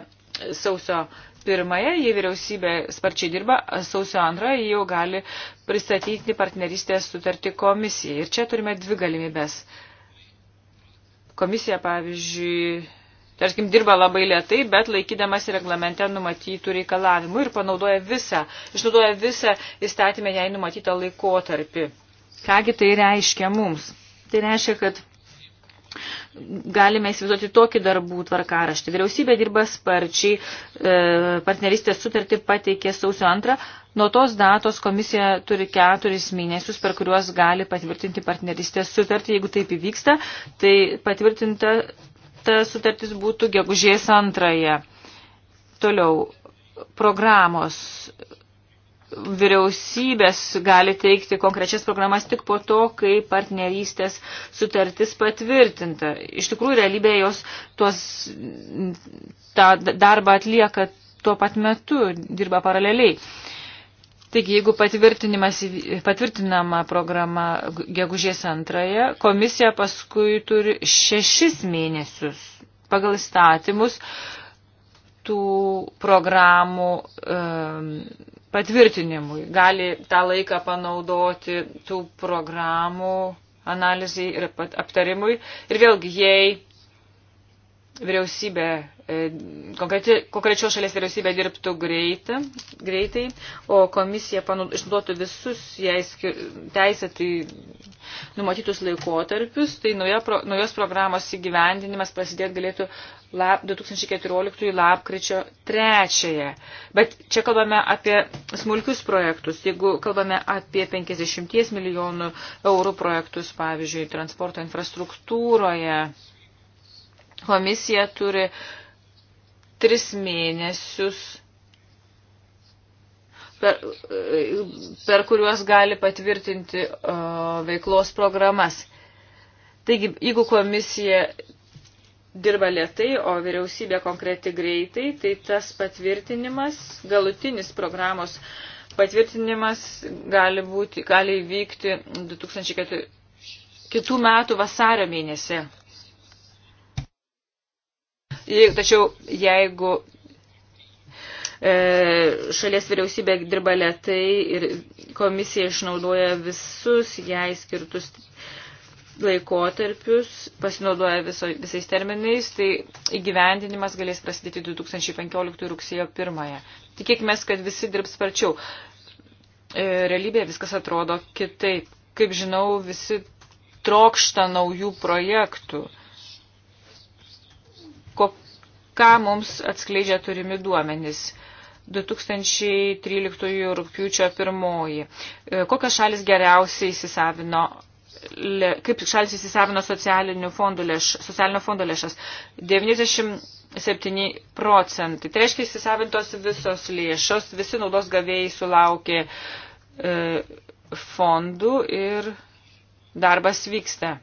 sausio pirmąją, jei vyriausybė sparčiai dirba, sausio antrąją jau gali pristatyti partnerystės sutartį komisijai. Ir čia turime dvi galimybės Komisija, pavyzdžiui, tarkim, dirba labai lietai, bet laikydamas reglamente numatytų reikalavimų ir panaudoja visą, išnaudoja visą įstatymę jai numatytą laikotarpį. Kągi tai reiškia mums? Tai reiškia, kad galime įsivaizduoti tokį darbų tvarkaraštį. Vyriausybė dirba sparčiai, e, partneristės sutartį pateikė sausio antrą, Nuo tos datos komisija turi keturis mėnesius, per kuriuos gali patvirtinti partnerystės sutartį. Jeigu taip įvyksta, tai patvirtinta ta sutartis būtų gegužės antrąją. Toliau, programos vyriausybės gali teikti konkrečias programas tik po to, kai partnerystės sutartis patvirtinta. Iš tikrųjų, realybėje jos tuos, tą darbą atlieka tuo pat metu, dirba paraleliai. Taigi, jeigu patvirtinama programa gegužės antraje, komisija paskui turi šešis mėnesius pagal įstatymus tų programų um, patvirtinimui. Gali tą laiką panaudoti tų programų analizai ir aptarimui. Ir vėlgi, jei vyriausybė, e, konkrečios šalies vyriausybė dirbtų greitai, greitai o komisija išnaudotų visus jai teisėtai numatytus laikotarpius, tai nauja, pro, naujos programos įgyvendinimas prasidėti galėtų lab, 2014 lapkričio 3. Bet čia kalbame apie smulkius projektus. Jeigu kalbame apie 50 milijonų eurų projektus, pavyzdžiui, transporto infrastruktūroje, Komisija turi tris mėnesius, per, per kuriuos gali patvirtinti uh, veiklos programas. Taigi, jeigu komisija dirba lietai, o vyriausybė konkreti greitai, tai tas patvirtinimas, galutinis programos patvirtinimas gali, būti, gali vykti 2004, kitų metų vasario mėnesį. Tačiau jeigu e, šalies vyriausybė dirba lietai ir komisija išnaudoja visus jai skirtus laikotarpius, pasinaudoja viso, visais terminais, tai įgyvendinimas galės prasidėti 2015 rugsėjo 1. Tikėkime, kad visi dirbs sparčiau. E, realybėje viskas atrodo kitaip. Kaip žinau, visi trokšta naujų projektų ką mums atskleidžia turimi duomenys. 2013 rūpiučio 1. Kokios šalis geriausiai įsisavino kaip šalis įsisavino socialinių fondų lėš, socialinio fondo lėšas. 97 procentai. Tai reiškia įsisavintos visos lėšos, visi naudos gavėjai sulaukė e, fondų ir darbas vyksta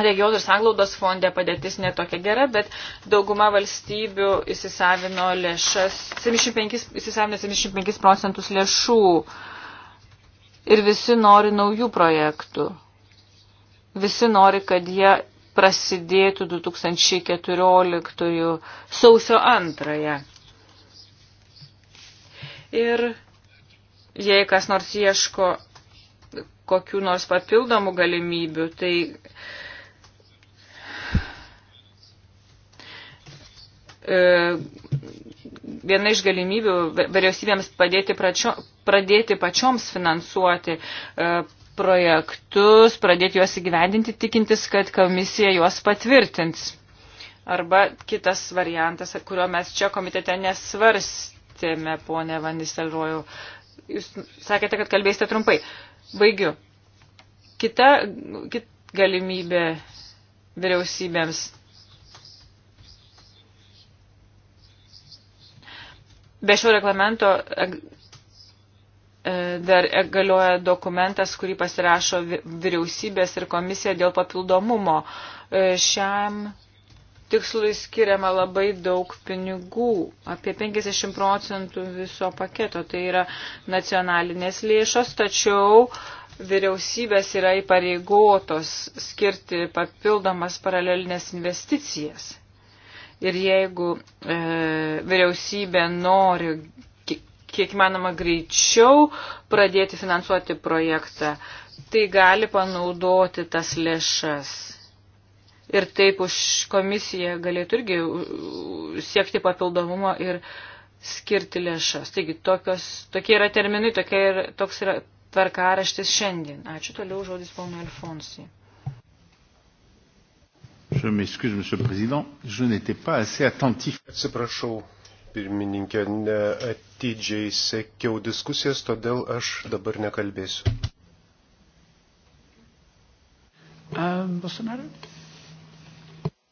regionų ir sanglaudos fonde padėtis netokia gera, bet dauguma valstybių įsisavino lėšas, 75, įsisavino 75 procentus lėšų ir visi nori naujų projektų. Visi nori, kad jie prasidėtų 2014 sausio antrąją. Ir jei kas nors ieško kokių nors papildomų galimybių, tai E, viena iš galimybių vyriausybėms padėti, pračio, pradėti pačioms finansuoti e, projektus, pradėti juos įgyvendinti, tikintis, kad komisija juos patvirtins. Arba kitas variantas, kurio mes čia komitete nesvarstėme, ponė Vandistelrojų. Jūs sakėte, kad kalbėsite trumpai. Baigiu. Kita, kita galimybė vyriausybėms Be šio reglamento e, dar galioja dokumentas, kurį pasirašo vyriausybės ir komisija dėl papildomumo. E, šiam tikslui skiriama labai daug pinigų, apie 50 procentų viso paketo, tai yra nacionalinės lėšos, tačiau vyriausybės yra įpareigotos skirti papildomas paralelinės investicijas. Ir jeigu e, vyriausybė nori kiek manoma greičiau pradėti finansuoti projektą, tai gali panaudoti tas lėšas. Ir taip už komisiją galėtų irgi siekti papildomumo ir skirti lėšas. Taigi tokios, tokie yra terminai, tokie yra, toks yra tvarkaraštis šiandien. Ačiū toliau žodis ponui Alfonsui. Je m'excuse, monsieur le président, je n'étais pas assez attentif. Atsiprašau, pirmininkė, neatidžiai sekiau diskusijas, todėl aš dabar nekalbėsiu. Um, Bolsonaro?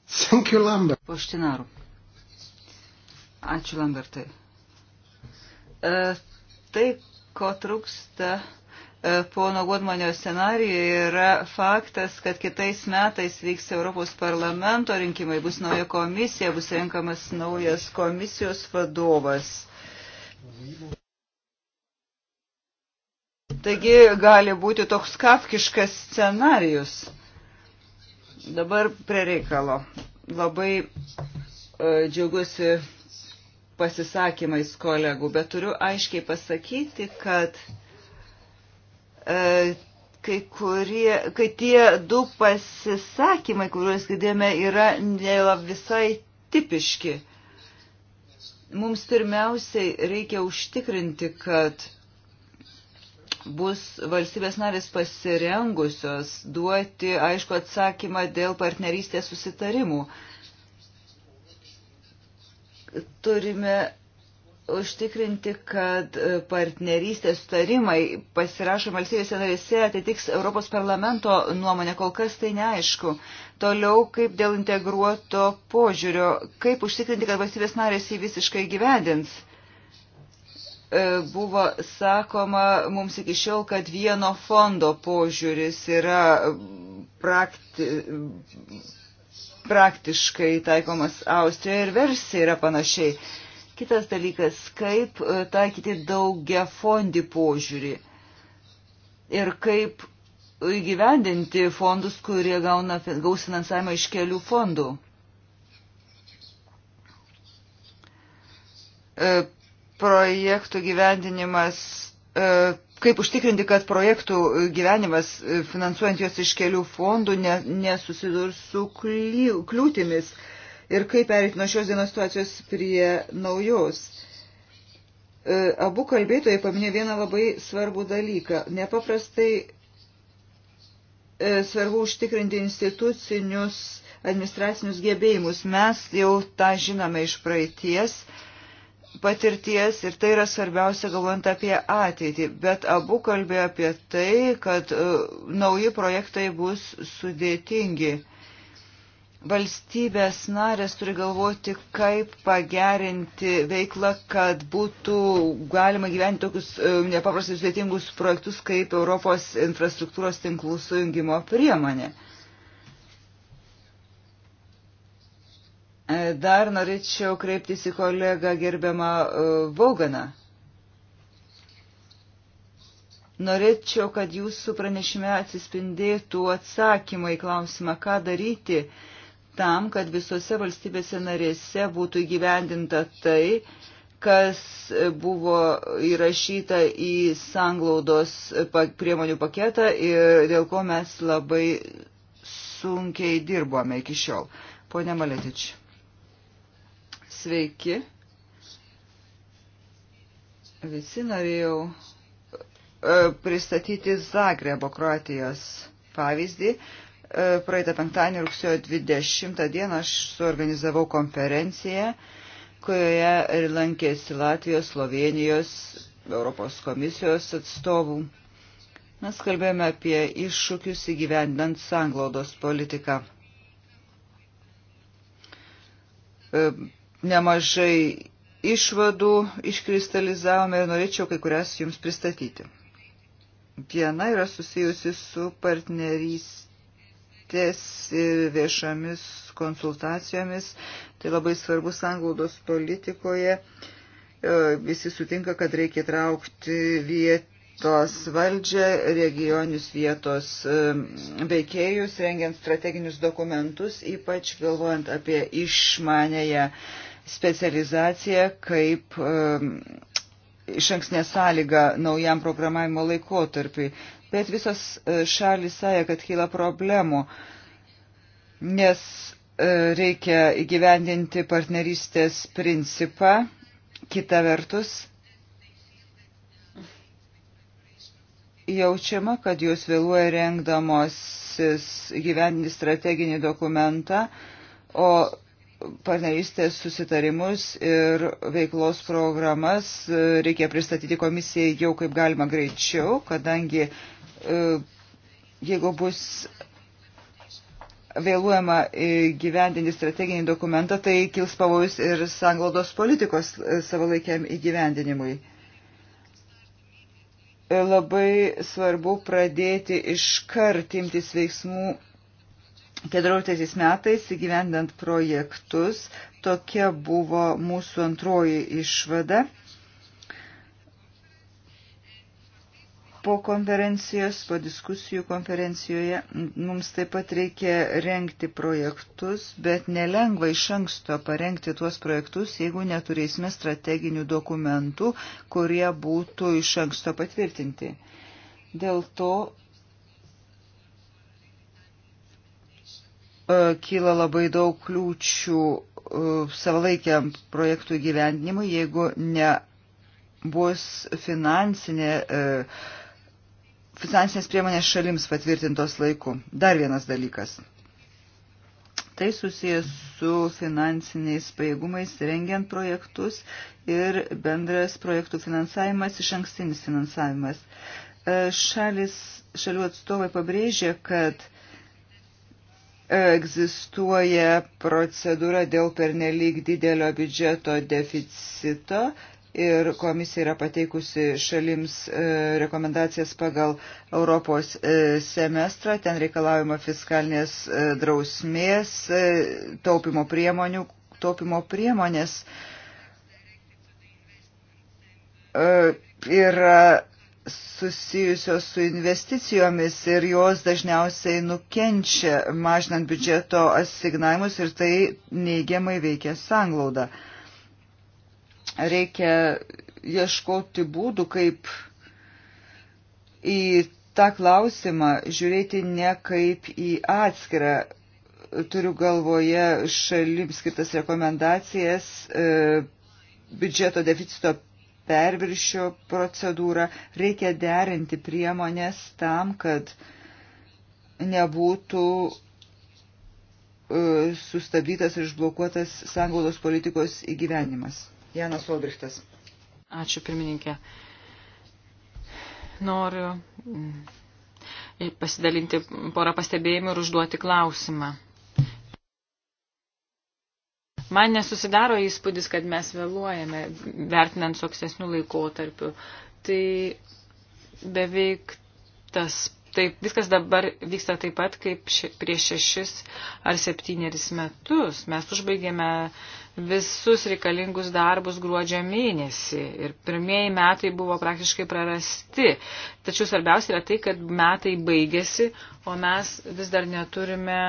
Thank you, Lambert. Poštinaru. Ačiū, Lambertai. E, tai, ko trūksta E, pono Godmanio scenarijuje yra faktas, kad kitais metais vyks Europos parlamento rinkimai, bus nauja komisija, bus renkamas naujas komisijos vadovas. Taigi gali būti toks kafkiškas scenarius. Dabar prie reikalo. Labai e, džiaugiuosi pasisakymais kolegų, bet turiu aiškiai pasakyti, kad E, kai, kurie, kai tie du pasisakymai, kuriuos girdėjome, yra visai tipiški. Mums pirmiausiai reikia užtikrinti, kad bus valstybės narės pasirengusios duoti aišku atsakymą dėl partnerystės susitarimų. Turime užtikrinti, kad e, partnerystės sutarimai pasirašo valstybėse narėse atitiks Europos parlamento nuomonę, kol kas tai neaišku. Toliau, kaip dėl integruoto požiūrio, kaip užtikrinti, kad valstybės narės jį visiškai gyvendins. E, buvo sakoma mums iki šiol, kad vieno fondo požiūris yra prakti, praktiškai taikomas Austrijoje ir versija yra panašiai. Kitas dalykas, kaip e, taikyti daugia fondį požiūrį ir kaip įgyvendinti fondus, kurie gauna, gaus finansavimą iš kelių fondų. E, projektų gyvendinimas, e, kaip užtikrinti, kad projektų gyvenimas, finansuojant juos iš kelių fondų, nesusidurs su kliūtimis. Kly, ir kaip perėti nuo šios dienos situacijos prie naujos. E, abu kalbėtojai paminėjo vieną labai svarbų dalyką. Nepaprastai e, svarbu užtikrinti institucinius administracinius gebėjimus. Mes jau tą žinome iš praeities patirties ir tai yra svarbiausia galvojant apie ateitį. Bet abu kalbėjo apie tai, kad uh, nauji projektai bus sudėtingi. Valstybės narės turi galvoti, kaip pagerinti veiklą, kad būtų galima gyventi tokius e, nepaprastai sudėtingus projektus kaip Europos infrastruktūros tinklų sujungimo priemonė. E, dar norėčiau kreiptis į kolegą gerbiamą e, Vauganą. Norėčiau, kad jūsų pranešime atsispindėtų atsakymai į klausimą, ką daryti, tam, kad visose valstybėse narėse būtų įgyvendinta tai, kas buvo įrašyta į sanglaudos priemonių paketą ir dėl ko mes labai sunkiai dirbome iki šiol. Pone Maletič. Sveiki. Visi norėjau e, pristatyti Zagrebo Kroatijos pavyzdį. E, praeitą penktadienį rugsėjo 20 dieną aš suorganizavau konferenciją, kurioje lankėsi Latvijos, Slovenijos, Europos komisijos atstovų. Mes kalbėjome apie iššūkius įgyvendant sanglaudos politiką. E, nemažai išvadų iškristalizavome ir norėčiau kai kurias jums pristatyti. Viena yra susijusi su partnerys, keitėsi viešomis konsultacijomis. Tai labai svarbus anglaudos politikoje. E, visi sutinka, kad reikia traukti vietos valdžią, regionius vietos e, veikėjus, rengiant strateginius dokumentus, ypač galvojant apie išmanėją specializaciją kaip e, iš anksnė sąlyga naujam programavimo laikotarpiui bet visos e, šalis sąja, kad kyla problemų, nes e, reikia įgyvendinti partnerystės principą, kita vertus jaučiama, kad jos vėluoja rengdamosis gyvendinti strateginį dokumentą, o partnerystės susitarimus ir veiklos programas e, reikia pristatyti komisijai jau kaip galima greičiau, kadangi e, jeigu bus vėluojama gyvendinti strateginį dokumentą, tai kils pavojus ir sanglaudos politikos e, savalaikiam įgyvendinimui. Labai svarbu pradėti iškart imtis veiksmų 2014 metais įgyvendant projektus, tokia buvo mūsų antroji išvada. Po konferencijos, po diskusijų konferencijoje mums taip pat reikia renkti projektus, bet nelengva iš anksto parengti tuos projektus, jeigu neturėsime strateginių dokumentų, kurie būtų iš anksto patvirtinti. Dėl to E, kyla labai daug kliūčių e, savalaikiam projektų gyvendinimui, jeigu nebus finansinė, e, finansinės priemonės šalims patvirtintos laiku. Dar vienas dalykas. Tai susijęs su finansiniais pajėgumais rengiant projektus ir bendras projektų finansavimas, iš ankstinis finansavimas. Šalis, šalių atstovai pabrėžė, kad egzistuoja procedūra dėl pernelyg didelio biudžeto deficito ir komisija yra pateikusi šalims e, rekomendacijas pagal Europos e, semestrą. Ten reikalaujama fiskalinės e, drausmės, taupimo priemonių, taupimo priemonės. Yra susijusios su investicijomis ir jos dažniausiai nukenčia, mažinant biudžeto asignavimus ir tai neigiamai veikia sanglaudą. Reikia ieškoti būdų, kaip į tą klausimą žiūrėti ne kaip į atskirą turiu galvoje šalims skirtas rekomendacijas e, biudžeto deficito perviršio procedūrą. Reikia derinti priemonės tam, kad nebūtų e, sustabdytas ir išblokuotas sanglaudos politikos įgyvenimas. Janas Olbrichtas. Ačiū, pirmininkė. Noriu mm, pasidalinti porą pastebėjimų ir užduoti klausimą. Man nesusidaro įspūdis, kad mes vėluojame, vertinant su aksesniu laikotarpiu. Tai beveik tas, taip, viskas dabar vyksta taip pat, kaip še, prieš šešis ar septyneris metus. Mes užbaigėme visus reikalingus darbus gruodžio mėnesį ir pirmieji metai buvo praktiškai prarasti. Tačiau svarbiausia yra tai, kad metai baigėsi, o mes vis dar neturime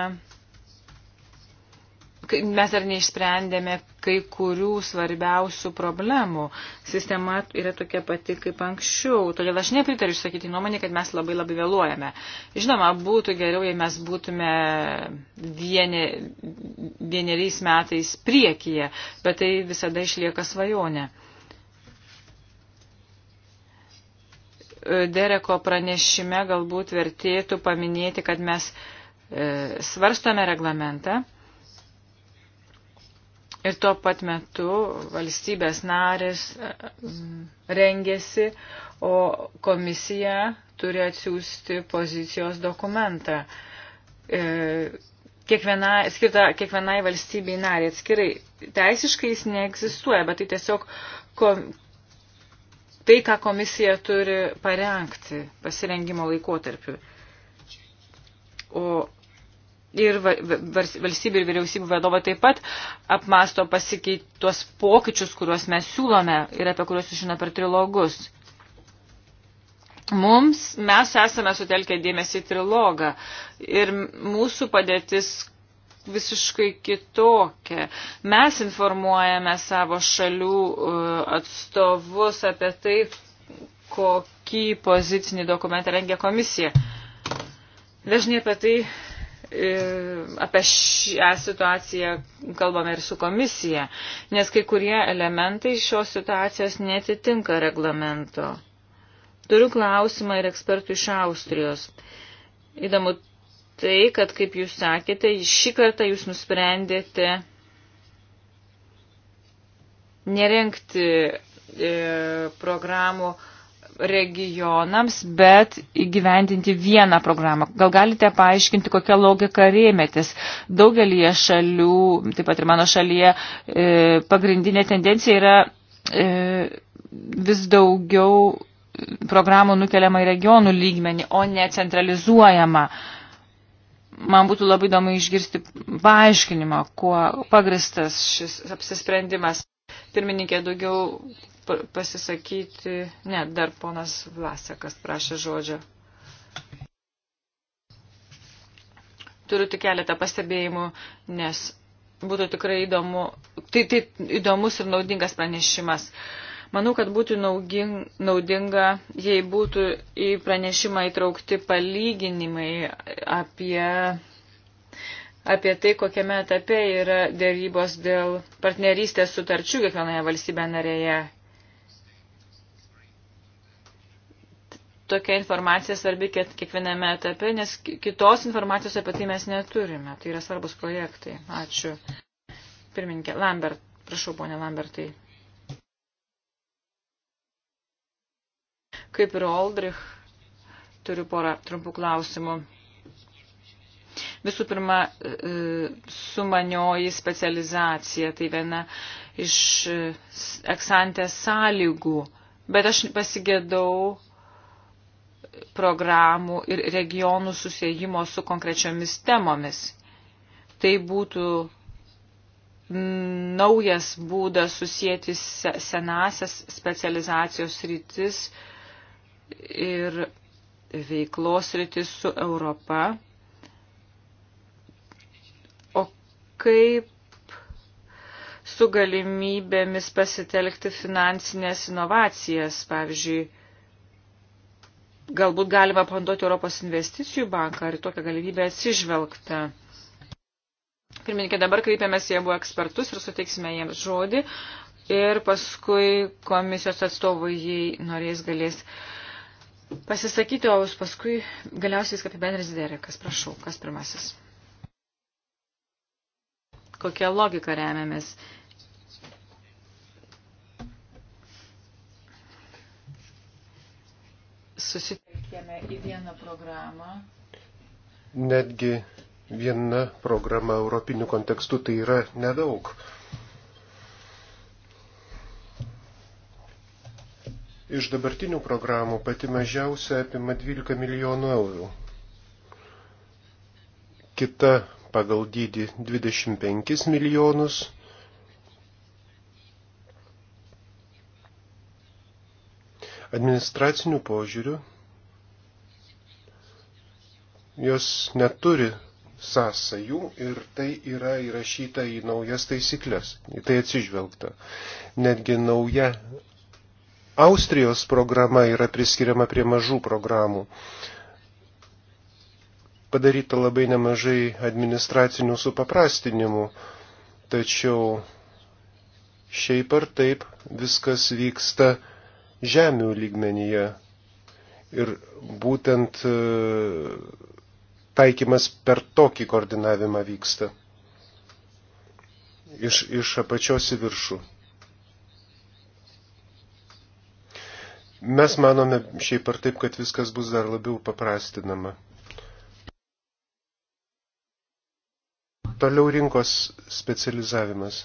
mes dar neišsprendėme kai kurių svarbiausių problemų. Sistema yra tokia pati kaip anksčiau. Todėl aš nepritariu išsakyti nuomonį, kad mes labai labai vėluojame. Žinoma, būtų geriau, jei mes būtume vieni, vieneriais metais priekyje, bet tai visada išlieka svajonė. Dereko pranešime galbūt vertėtų paminėti, kad mes e, svarstome reglamentą Ir tuo pat metu valstybės narės e, rengėsi, o komisija turi atsiųsti pozicijos dokumentą. E, kiekviena, skirta kiekvienai valstybei nariai atskirai. Teisiškai jis neegzistuoja, bet tai tiesiog kom, tai, ką komisija turi parengti pasirengimo laikotarpiu. O ir valstybių ir vyriausybių vadovai taip pat apmasto pasikeit tuos pokyčius, kuriuos mes siūlome ir apie kuriuos sužino per trilogus. Mums, mes esame sutelkę dėmesį į trilogą ir mūsų padėtis visiškai kitokia. Mes informuojame savo šalių e, atstovus apie tai, kokį pozicinį dokumentą rengia komisija. Dažnai apie tai E, apie šią situaciją kalbame ir su komisija, nes kai kurie elementai šios situacijos netitinka reglamento. Turiu klausimą ir ekspertų iš Austrijos. Įdomu tai, kad, kaip jūs sakėte, šį kartą jūs nusprendėte nerengti e, programų e, regionams, bet įgyvendinti vieną programą. Gal galite paaiškinti, kokią logiką rėmėtis. Daugelie šalių, taip pat ir mano šalyje, e, pagrindinė tendencija yra e, vis daugiau programų nukeliama į regionų lygmenį, o ne centralizuojama. Man būtų labai įdomu išgirsti paaiškinimą, kuo pagristas šis apsisprendimas. Pirmininkė, daugiau pasisakyti, ne, dar ponas Vlasekas prašė žodžio. Turiu tik keletą pastebėjimų, nes būtų tikrai įdomu, tai, tai įdomus ir naudingas pranešimas. Manau, kad būtų naudinga, jei būtų į pranešimą įtraukti palyginimai apie, apie tai, kokiame etape yra dėrybos dėl partnerystės sutarčių kiekvienoje valstybė narėje tokia informacija svarbi kiekviename etape, nes kitos informacijos apie tai mes neturime. Tai yra svarbus projektai. Ačiū. Pirmininkė Lambert, prašau, ponė Lambertai. Kaip ir Oldrich, turiu porą trumpų klausimų. Visų pirma, e, sumanioji specializacija, tai viena iš e, eksantės sąlygų, bet aš pasigėdau programų ir regionų susijimo su konkrečiomis temomis. Tai būtų naujas būdas susijęti senasias specializacijos rytis ir veiklos rytis su Europa. O kaip su galimybėmis pasitelkti finansinės inovacijas, pavyzdžiui, galbūt galima panduoti Europos investicijų banką ar tokią galimybę atsižvelgta. Pirmininkė, dabar kreipiamės į abu ekspertus ir suteiksime jiems žodį ir paskui komisijos atstovai, jei norės, galės pasisakyti, o jūs paskui galiausiai viską apibendrins Derekas. Prašau, kas pirmasis? Kokia logika remiamės? Susi telkėme į vieną programą. Netgi viena programa europinių kontekstų tai yra nedaug. Iš dabartinių programų pati mažiausia apima 12 milijonų eurų. Kita pagal dydį 25 milijonus. Administracinių požiūrių jos neturi sąsajų ir tai yra įrašyta į naujas taisyklės, į tai atsižvelgta. Netgi nauja Austrijos programa yra priskiriama prie mažų programų. Padaryta labai nemažai administracinių supaprastinimų, tačiau šiaip ar taip viskas vyksta žemių lygmenyje. Ir būtent taikymas per tokį koordinavimą vyksta. Iš, iš apačios į viršų. Mes manome šiaip ar taip, kad viskas bus dar labiau paprastinama. Toliau rinkos specializavimas.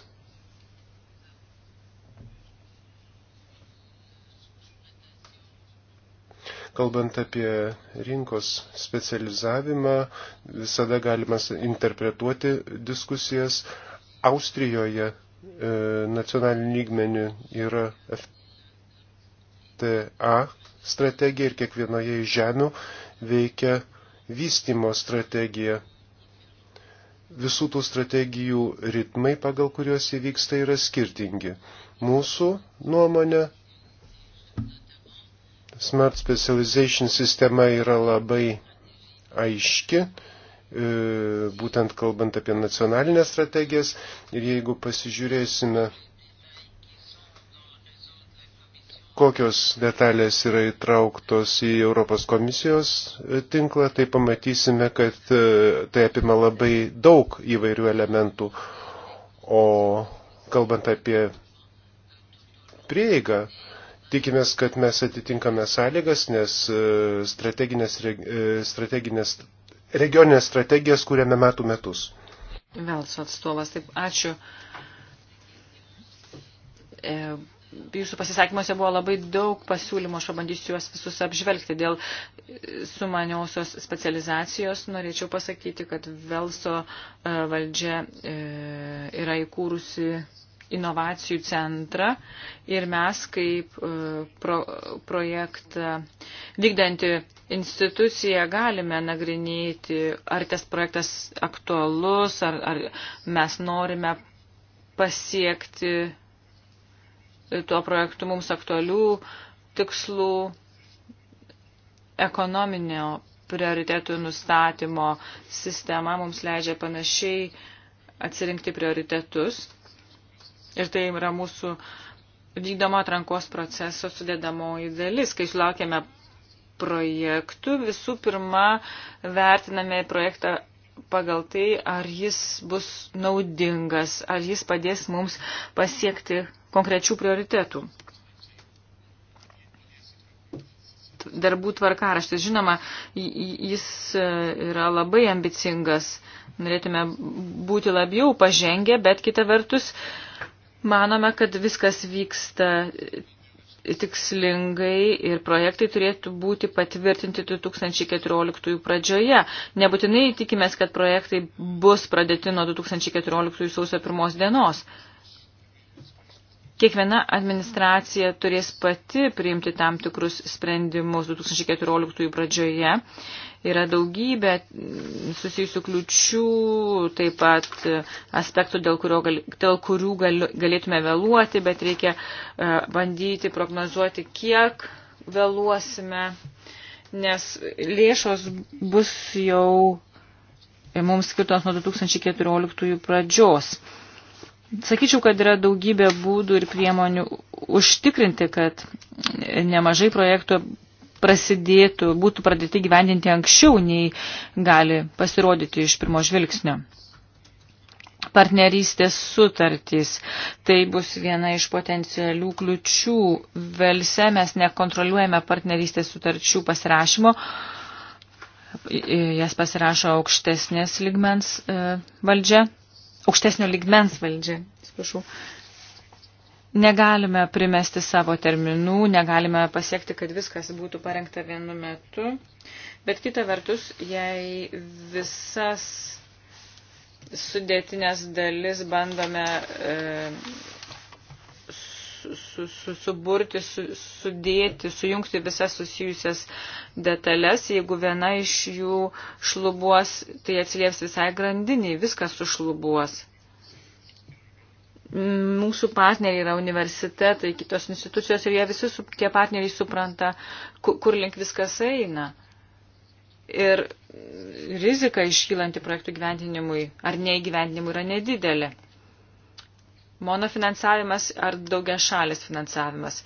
Kalbant apie rinkos specializavimą, visada galima interpretuoti diskusijas. Austrijoje e, nacionaliniu lygmeniu yra FTA strategija ir kiekvienoje iš žemių veikia vystimo strategija. Visų tų strategijų ritmai, pagal kuriuos įvyksta, yra skirtingi. Mūsų nuomonė Smart Specialization sistema yra labai aiški, e, būtent kalbant apie nacionalinės strategijas. Ir jeigu pasižiūrėsime, kokios detalės yra įtrauktos į Europos komisijos e, tinklą, tai pamatysime, kad e, tai apima labai daug įvairių elementų. O kalbant apie prieigą, Tikimės, kad mes atitinkame sąlygas, nes e, strateginės, e, strateginės, regioninės strategijas kūrėme metų metus. Velso atstovas, taip, ačiū. E, jūsų pasisakymuose buvo labai daug pasiūlymų, aš pabandysiu juos visus apžvelgti. Dėl sumaniausios specializacijos norėčiau pasakyti, kad Velso e, valdžia e, yra įkūrusi inovacijų centrą ir mes kaip e, pro, projektą vykdanti institucija galime nagrinėti, ar tas projektas aktualus, ar, ar mes norime pasiekti tuo projektu mums aktualių tikslų ekonominio prioritetų nustatymo sistema mums leidžia panašiai atsirinkti prioritetus Ir tai yra mūsų vykdomo atrankos proceso sudėdamoji dalis. Kai sulaukėme projektų, visų pirma vertiname projektą pagal tai, ar jis bus naudingas, ar jis padės mums pasiekti konkrečių prioritetų. Darbų tvarkaraštis, žinoma, jis e, yra labai ambicingas, norėtume būti labiau pažengę, bet kita vertus, uh, Manome, kad viskas vyksta tikslingai ir projektai turėtų būti patvirtinti 2014 pradžioje. Nebūtinai tikimės, kad projektai bus pradėti nuo 2014 sausio pirmos dienos. Kiekviena administracija turės pati priimti tam tikrus sprendimus 2014 pradžioje. Yra daugybė susijusių kliučių, taip pat aspektų, dėl, gal, dėl kurių gal, galėtume vėluoti, bet reikia e, bandyti prognozuoti, kiek vėluosime, nes lėšos bus jau mums skirtos nuo 2014 pradžios. Sakyčiau, kad yra daugybė būdų ir priemonių užtikrinti, kad nemažai projektų prasidėtų, būtų pradėti gyvendinti anksčiau, nei gali pasirodyti iš pirmo žvilgsnio. Partnerystės sutartys. Tai bus viena iš potencialių kliučių. Velse mes nekontroliuojame partnerystės sutarčių pasirašymo. Jas pasirašo aukštesnės ligmens e, valdžia aukštesnio ligmens valdžia. Atsiprašau. Negalime primesti savo terminų, negalime pasiekti, kad viskas būtų parengta vienu metu, bet kita vertus, jei visas sudėtinės dalis bandome e, su, su, suburti, su, sudėti, sujungti visas susijusias detalės. Jeigu viena iš jų šlubuos, tai atsilieps visai grandiniai, viskas sušlubuos. Mūsų partneriai yra universitetai, kitos institucijos ir jie visi, tie partneriai supranta, kur, kur link viskas eina ir rizika iškylanti projektų gyvendinimui ar neįgyvendinimui yra nedidelė. Mono finansavimas ar daugia šalis finansavimas.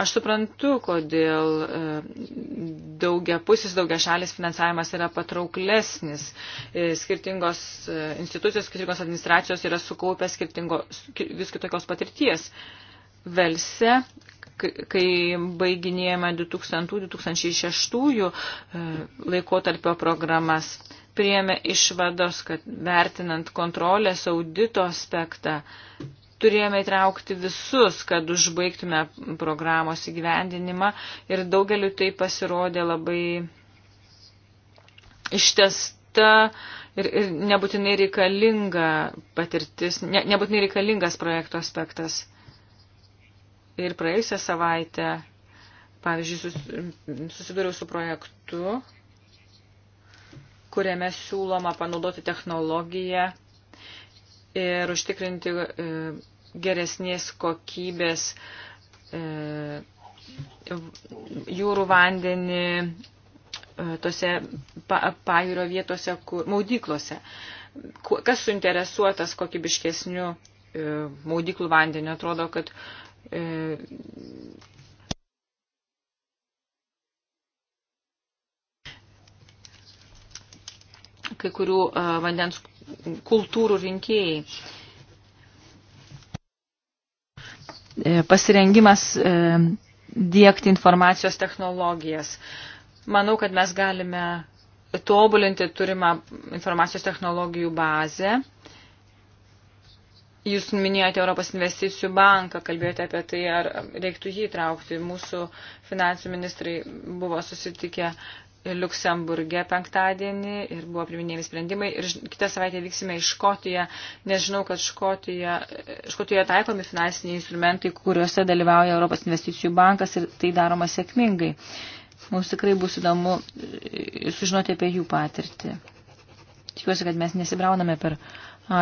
Aš suprantu, kodėl e, daugia pusis, daugia šalis finansavimas yra patrauklesnis. E, skirtingos e, institucijos, skirtingos administracijos yra sukaupę vis kitokios patirties. Velse, kai baiginėjame 2000-2006 laikotarpio programas, priėmė išvados, kad vertinant kontrolės audito aspektą, turėjome įtraukti visus, kad užbaigtume programos įgyvendinimą ir daugeliu tai pasirodė labai ištesta ir, ir nebūtinai reikalinga patirtis, ne, nebūtinai reikalingas projekto aspektas. Ir praėjusią savaitę, pavyzdžiui, susidūriau su projektu, kuriame siūloma panaudoti technologiją ir užtikrinti e, geresnės kokybės e, jūrų vandenį e, tose pajūrio vietose, kur, maudyklose. Kas suinteresuotas kokybiškesniu maudyklų vandeniu? Atrodo, kad kai kurių vandens kultūrų rinkėjai. E, pasirengimas e, dėkti informacijos technologijas. Manau, kad mes galime tobulinti turimą informacijos technologijų bazę. Jūs minėjote Europos investicijų banką, kalbėjote apie tai, ar reiktų jį įtraukti. Mūsų finansų ministrai buvo susitikę Luksemburge penktadienį ir buvo priminėjami sprendimai. Ir kitą savaitę vyksime į Škotiją, nes žinau, kad Škotija, Škotijoje taikomi finansiniai instrumentai, kuriuose dalyvauja Europos investicijų bankas ir tai daroma sėkmingai. Mums tikrai bus įdomu e, sužinoti apie jų patirtį. Tikiuosi, kad mes nesibrauname per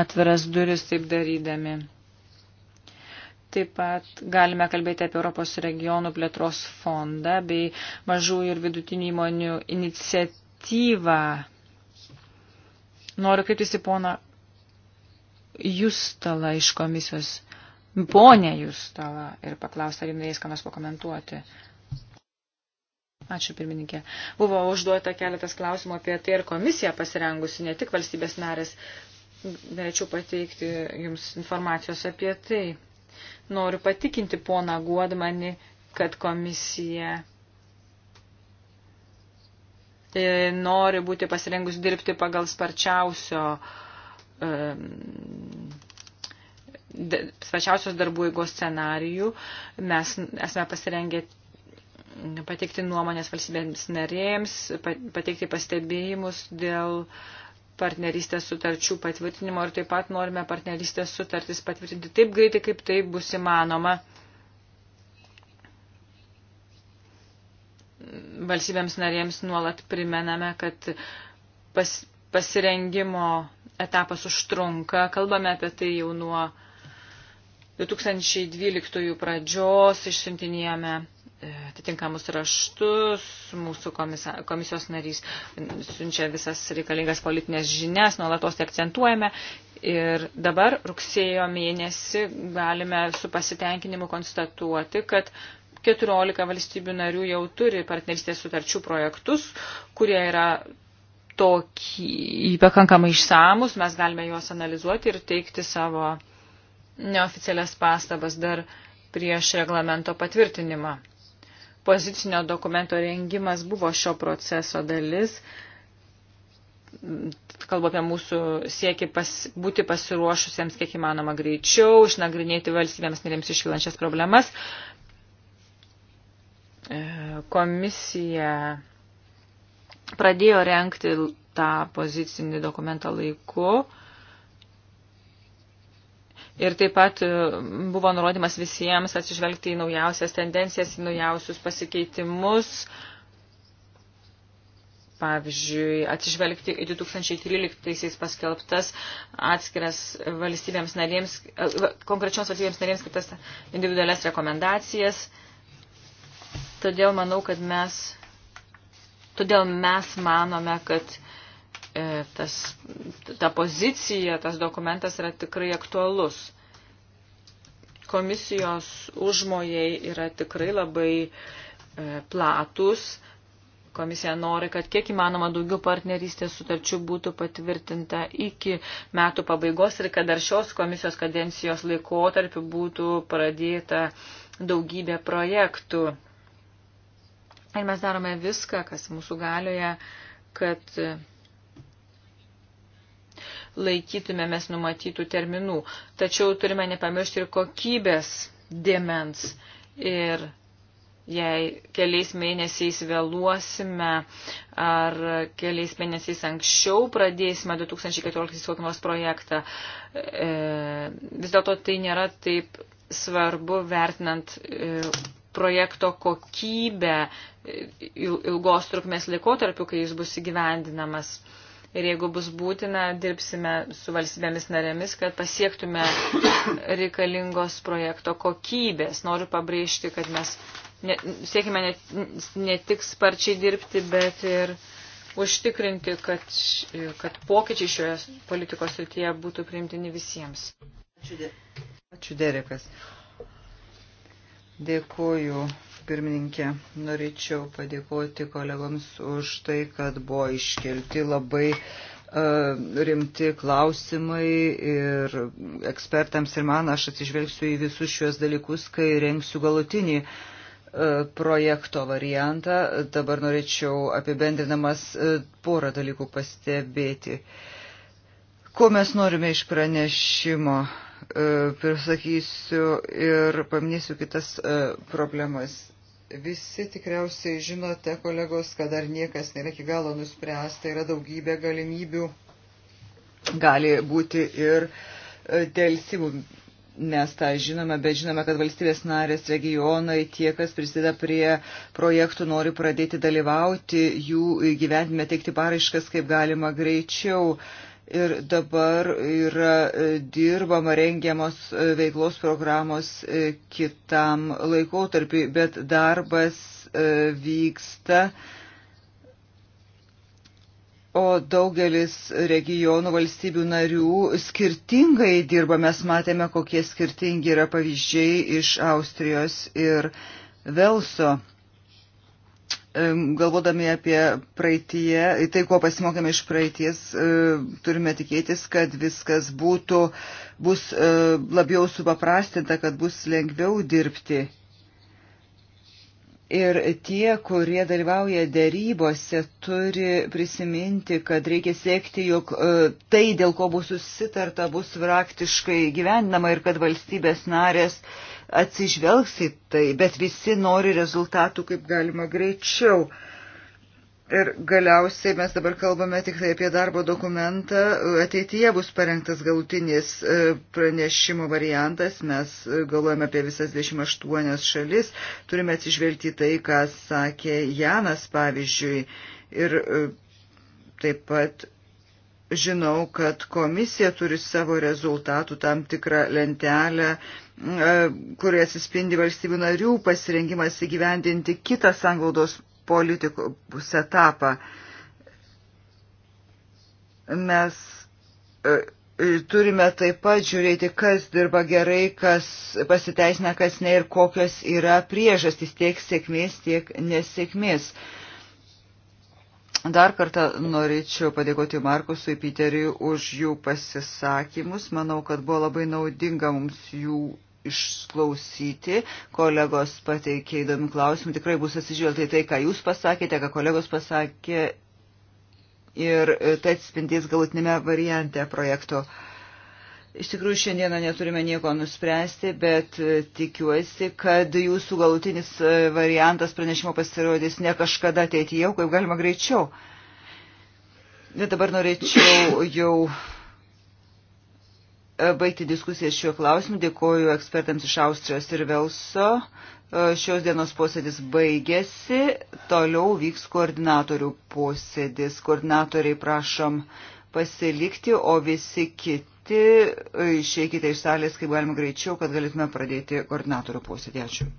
atviras duris taip darydami. Taip pat galime kalbėti apie Europos regionų plėtros fondą bei mažų ir vidutinių įmonių iniciatyvą. Noriu kreiptis į poną Justalą iš komisijos, ponę Justalą ir paklausti, ar jums ką nors pakomentuoti. Ačiū pirmininkė. Buvo užduota keletas klausimų apie tai, ar komisija pasirengusi, ne tik valstybės narės. Norėčiau pateikti jums informacijos apie tai. Noriu patikinti poną Guodmanį, kad komisija e, nori būti pasirengus dirbti pagal sparčiausio sparčiausios darbų eigos scenarijų. Mes esame pasirengę pateikti nuomonės valstybėms narėms, pateikti pastebėjimus dėl uh, partnerystės sutarčių patvirtinimo ir taip pat norime partnerystės sutartis patvirtinti taip greitai, kaip tai bus įmanoma valstybėms narėms nuolat primename, kad pas, pasirengimo etapas užtrunka. Kalbame apie tai jau nuo 2012 pradžios, išsintinėjame atitinkamus raštus, mūsų komisa, komisijos narys siunčia visas reikalingas politinės žinias, nuolatos tai akcentuojame. Ir dabar rugsėjo mėnesį galime su pasitenkinimu konstatuoti, kad 14 valstybių narių jau turi partnerystės sutarčių projektus, kurie yra tokį pakankamai išsamus, mes galime juos analizuoti ir teikti savo neoficialias pastabas dar prieš reglamento patvirtinimą. Pozicinio dokumento rengimas buvo šio proceso dalis. Kalbu apie mūsų siekį pas, būti pasiruošusiems kiek įmanoma greičiau, išnagrinėti valstybėms narėms iškilančias problemas. E, komisija pradėjo renkti tą pozicinį dokumentą laiku Ir taip pat e, buvo nurodymas visiems atsižvelgti į naujausias tendencijas, į naujausius pasikeitimus. Pavyzdžiui, atsižvelgti į 2013 paskelbtas atskiras valstybėms narėms, e, konkrečioms valstybėms narėms skirtas individualias rekomendacijas. Todėl manau, kad mes, todėl mes manome, kad E, tas, ta pozicija, tas dokumentas yra tikrai aktualus. Komisijos užmojai yra tikrai labai e, platus. Komisija nori, kad kiek įmanoma daugiau partnerystės sutarčių būtų patvirtinta iki metų pabaigos ir kad dar šios komisijos kadencijos laikotarpiu būtų pradėta daugybė projektų. Ir mes darome viską, kas mūsų galioje, kad laikytumėmės numatytų terminų. Tačiau turime nepamiršti ir kokybės dėmens. Ir jei keliais mėnesiais vėluosime ar keliais mėnesiais anksčiau pradėsime 2014 kokį nors projektą, e, vis dėlto tai nėra taip svarbu vertinant e, projekto kokybę e, ilgos trukmės laikotarpiu, kai jis bus įgyvendinamas. E, ir jeigu bus būtina, dirbsime su valstybėmis narėmis, kad pasiektume reikalingos projekto kokybės. Noriu pabrėžti, kad mes ne, siekime ne, ne tik sparčiai dirbti, bet ir užtikrinti, kad, kad pokyčiai šioje politikos srityje būtų priimtini visiems. Ačiū, Derekas. Dėkuoju pirmininkė. Norėčiau padėkoti kolegoms už tai, kad buvo iškelti labai e, rimti klausimai ir ekspertams ir man aš atsižvelgsiu į visus šiuos dalykus, kai renksiu galutinį e, projekto variantą. Dabar norėčiau apibendrinamas e, porą dalykų pastebėti. Ko mes norime iš pranešimo? Prisakysiu ir paminėsiu kitas problemas. Visi tikriausiai žinote, kolegos, kad dar niekas nėra iki galo nuspręsta, yra daugybė galimybių, gali būti ir e, dėlsimų. Mes tą žinome, bet žinome, kad valstybės narės regionai, tie, kas prisideda prie projektų, nori pradėti dalyvauti, jų gyvenime teikti paraiškas kaip galima greičiau. Uh, Ir dabar yra e, dirbama rengiamos e, veiklos programos e, kitam laikotarpiu, bet darbas vyksta. O daugelis regionų valstybių narių skirtingai dirba. Mes matėme, kokie skirtingi yra pavyzdžiai iš Austrijos ir Velso galvodami apie praeitie, tai ko pasimokėme iš praeities, e, turime tikėtis, kad viskas būtų, bus e, labiau supaprastinta, kad bus lengviau dirbti Ir tie, kurie dalyvauja dėrybose, turi prisiminti, kad reikia siekti, jog e, tai, dėl ko bus susitarta, bus praktiškai gyvendama ir kad valstybės narės atsižvelgs į tai, bet visi nori rezultatų kaip galima greičiau. Ir galiausiai mes dabar kalbame tik tai apie darbo dokumentą. Ateityje bus parengtas galutinis e, pranešimo variantas. Mes e, galvojame apie visas 28 šalis. Turime atsižvelgti tai, ką sakė Janas, pavyzdžiui. Ir e, taip pat žinau, kad komisija turi savo rezultatų tam tikrą lentelę kurioje atsispindi valstybių narių pasirengimas įgyvendinti kitą sanglaudos politikos etapą. Mes e, turime taip pat žiūrėti, kas dirba gerai, kas pasiteisina, kas ne ir kokios yra priežastys tiek sėkmės, tiek nesėkmės. Dar kartą norėčiau padėkoti Markusui Piteriui už jų pasisakymus. Manau, kad buvo labai naudinga mums jų išklausyti. Kolegos pateikė įdomių klausimų. Tikrai bus atsižvelgta į tai, ką jūs pasakėte, ką kolegos pasakė. Ir tai atspindys galutinėme variante projekto. Iš tikrųjų, šiandieną neturime nieko nuspręsti, bet e, tikiuosi, kad jūsų galutinis e, variantas pranešimo pasirodys ne kažkada ateityje, kaip galima greičiau. Bet dabar norėčiau jau baigti diskusiją šiuo klausimu. Dėkoju ekspertams iš Austrijos ir Velso. E, šios dienos posėdis baigėsi, toliau vyks koordinatorių posėdis. Koordinatoriai prašom pasilikti, o visi kiti e, išeikite iš salės kaip galima greičiau, kad galėtume pradėti koordinatorių posėdį. Ačiū.